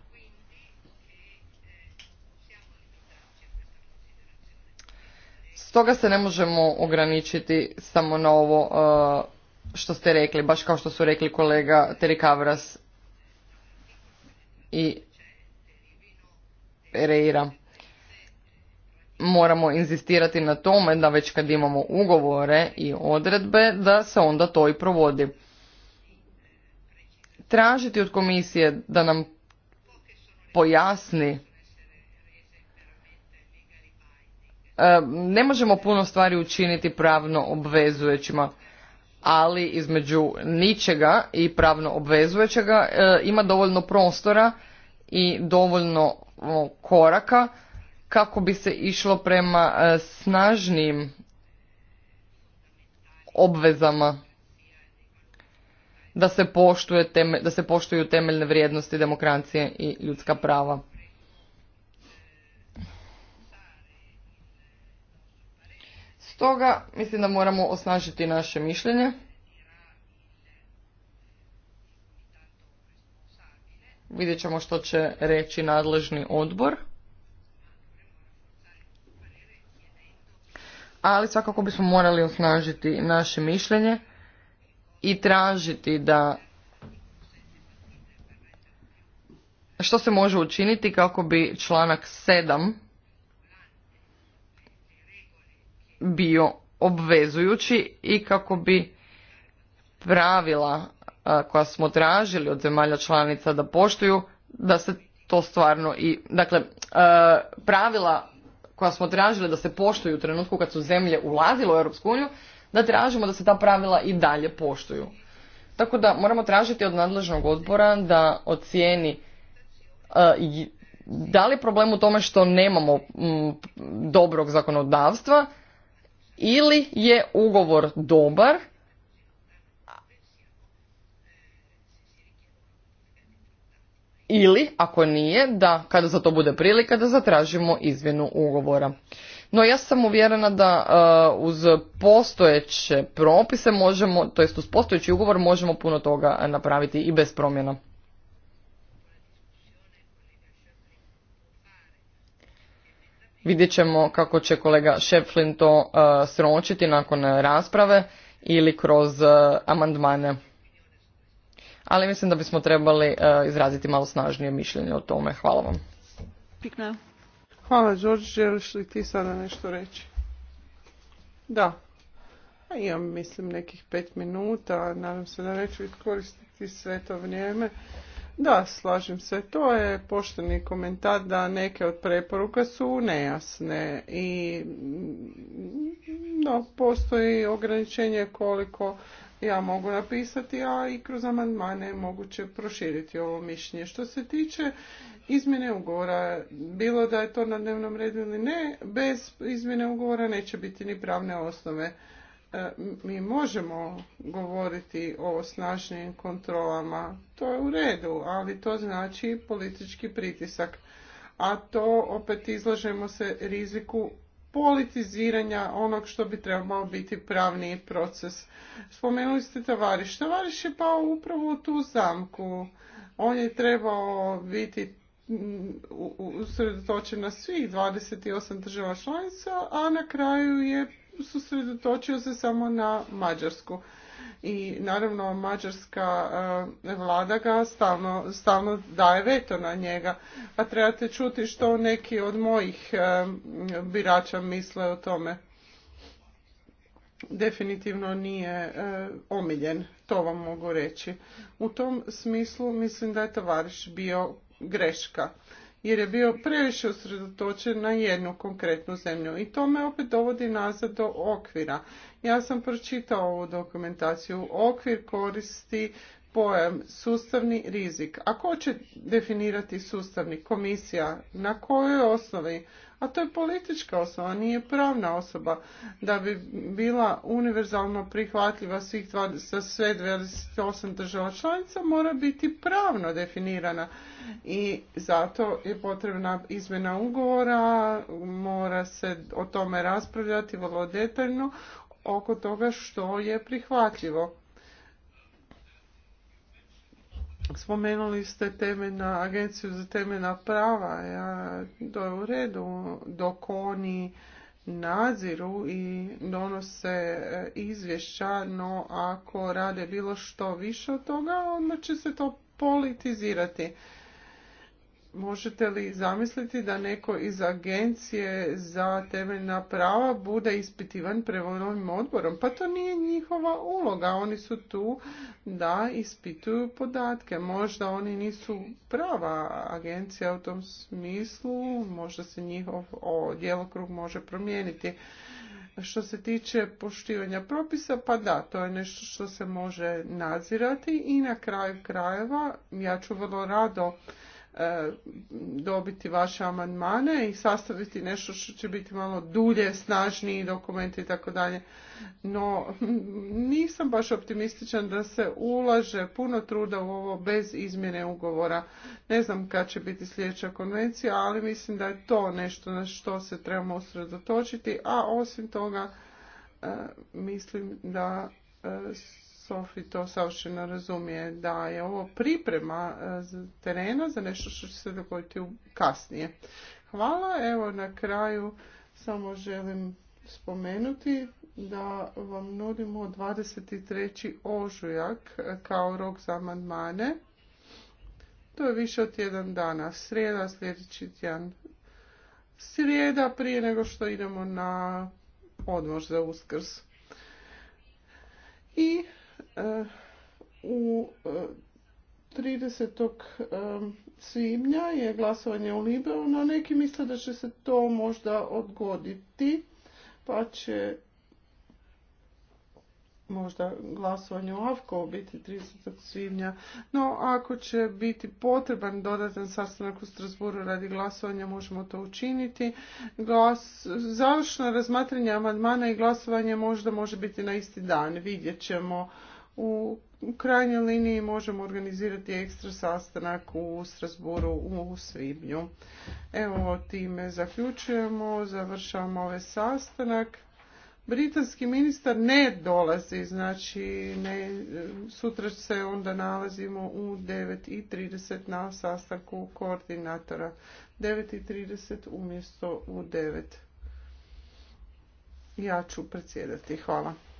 Stoga se ne možemo ograničiti samo na ovo e, što ste rekli, baš kao što su rekli kolega Kavras i Pereira. Moramo inzistirati na tome da već kad imamo ugovore i odredbe da se onda to i provodi tražiti od komisije da nam pojasni e, ne možemo puno stvari učiniti pravno obvezujućima ali između ničega i pravno obvezujućega e, ima dovoljno prostora i dovoljno ono, koraka kako bi se išlo prema e, snažnim obvezama da se, poštuje teme, da se poštuju temeljne vrijednosti demokracije i ljudska prava. Stoga mislim da moramo osnažiti naše mišljenje. Vidjet ćemo što će reći nadležni odbor. Ali svakako bismo morali osnažiti naše mišljenje i tražiti da što se može učiniti kako bi članak 7 bio obvezujući i kako bi pravila koja smo tražili od zemalja članica da poštuju, da se to stvarno i, dakle, pravila koja smo tražili da se poštuju u trenutku kad su zemlje ulazile u Europsku uniju, da tražimo da se ta pravila i dalje poštuju. Tako da moramo tražiti od nadležnog odbora da ocijeni e, da li je problem u tome što nemamo dobrog zakonodavstva ili je ugovor dobar ili ako nije da kada za to bude prilika da zatražimo izmjenu ugovora. No ja sam uvjerena da e, uz postojeće propise možemo, to jest uz postojeći ugovor možemo puno toga napraviti i bez promjena. Vidjet ćemo kako će kolega Šeflin to e, sročiti nakon rasprave ili kroz e, amandmane. Ali mislim da bismo trebali izraziti malo snažnije mišljenje o tome. Hvala vam. Hvala, Đorđe, Želiš li ti sada nešto reći? Da. A imam, mislim, nekih pet minuta. Nadam se da neću iskoristiti sve to vrijeme. Da, slažem se. To je pošteni komentar da neke od preporuka su nejasne i no, postoji ograničenje koliko ja mogu napisati, a i kroz amandmane moguće proširiti ovo mišljenje. Što se tiče izmjene ugovora, bilo da je to na dnevnom redu ili ne, bez izmjene ugovora neće biti ni pravne osnove. E, mi možemo govoriti o snažnim kontrolama, to je u redu, ali to znači politički pritisak a to opet izlažemo se riziku politiziranja onog što bi trebao biti pravni proces. Spomenuli ste Tavariš. Tavariš je pao upravo u tu zamku. On je trebao biti mm, usredotočen na svih 28 država članica, a na kraju je susredotočio se samo na Mađarsku i naravno mađarska e, vlada ga stalno, daje veto na njega. Pa trebate čuti što neki od mojih e, birača misle o tome. Definitivno nije e, omiljen, to vam mogu reći. U tom smislu mislim da je tovariš bio greška jer je bio previše usredotočen na jednu konkretnu zemlju. I to me opet dovodi nazad do okvira. Ja sam pročitao ovu dokumentaciju. Okvir koristi pojam sustavni rizik. A ko će definirati sustavni? Komisija. Na kojoj osnovi? a to je politička osoba, nije pravna osoba, da bi bila univerzalno prihvatljiva svih sa sve 28 država članica mora biti pravno definirana i zato je potrebna izmjena ugovora, mora se o tome raspravljati vrlo detaljno oko toga što je prihvatljivo. Spomenuli ste na agenciju za temena prava, ja, to je u redu, dok oni nadziru i donose e, izvješća, no ako rade bilo što više od toga, onda će se to politizirati. Možete li zamisliti da neko iz agencije za temeljna prava bude ispitivan prema ovim odborom? Pa to nije njihova uloga. Oni su tu da ispituju podatke. Možda oni nisu prava agencija u tom smislu. Možda se njihov djelokrug može promijeniti. Što se tiče poštivanja propisa, pa da, to je nešto što se može nadzirati i na kraju krajeva ja ću vrlo rado E, dobiti vaše amandmane i sastaviti nešto što će biti malo dulje, snažniji dokumenti i tako dalje. No, nisam baš optimističan da se ulaže puno truda u ovo bez izmjene ugovora. Ne znam kad će biti sljedeća konvencija, ali mislim da je to nešto na što se trebamo usredotočiti, a osim toga e, mislim da e, Sofi to savršeno razumije da je ovo priprema e, terena za nešto što će se dogoditi kasnije. Hvala. Evo na kraju samo želim spomenuti da vam nudimo 23. ožujak kao rok za amandmane. To je više od jedan dana. Srijeda, sljedeći tjedan. Srijeda prije nego što idemo na odmor za uskrs. I E, u 30. E, e, svibnja je glasovanje u Libeu, no neki misle da će se to možda odgoditi, pa će možda glasovanje u Avko biti 30. svibnja. No, ako će biti potreban dodatan sastanak u Strasburu radi glasovanja, možemo to učiniti. Glas, završno razmatranje amandmana i glasovanje možda može biti na isti dan. Vidjet ćemo u krajnjoj liniji možemo organizirati ekstra sastanak u Strasburu u svibnju. Evo time zaključujemo, završavamo ovaj sastanak. Britanski ministar ne dolazi, znači ne, sutra se onda nalazimo u 9.30 na sastanku koordinatora. 9.30 umjesto u 9. Ja ću predsjedati. Hvala.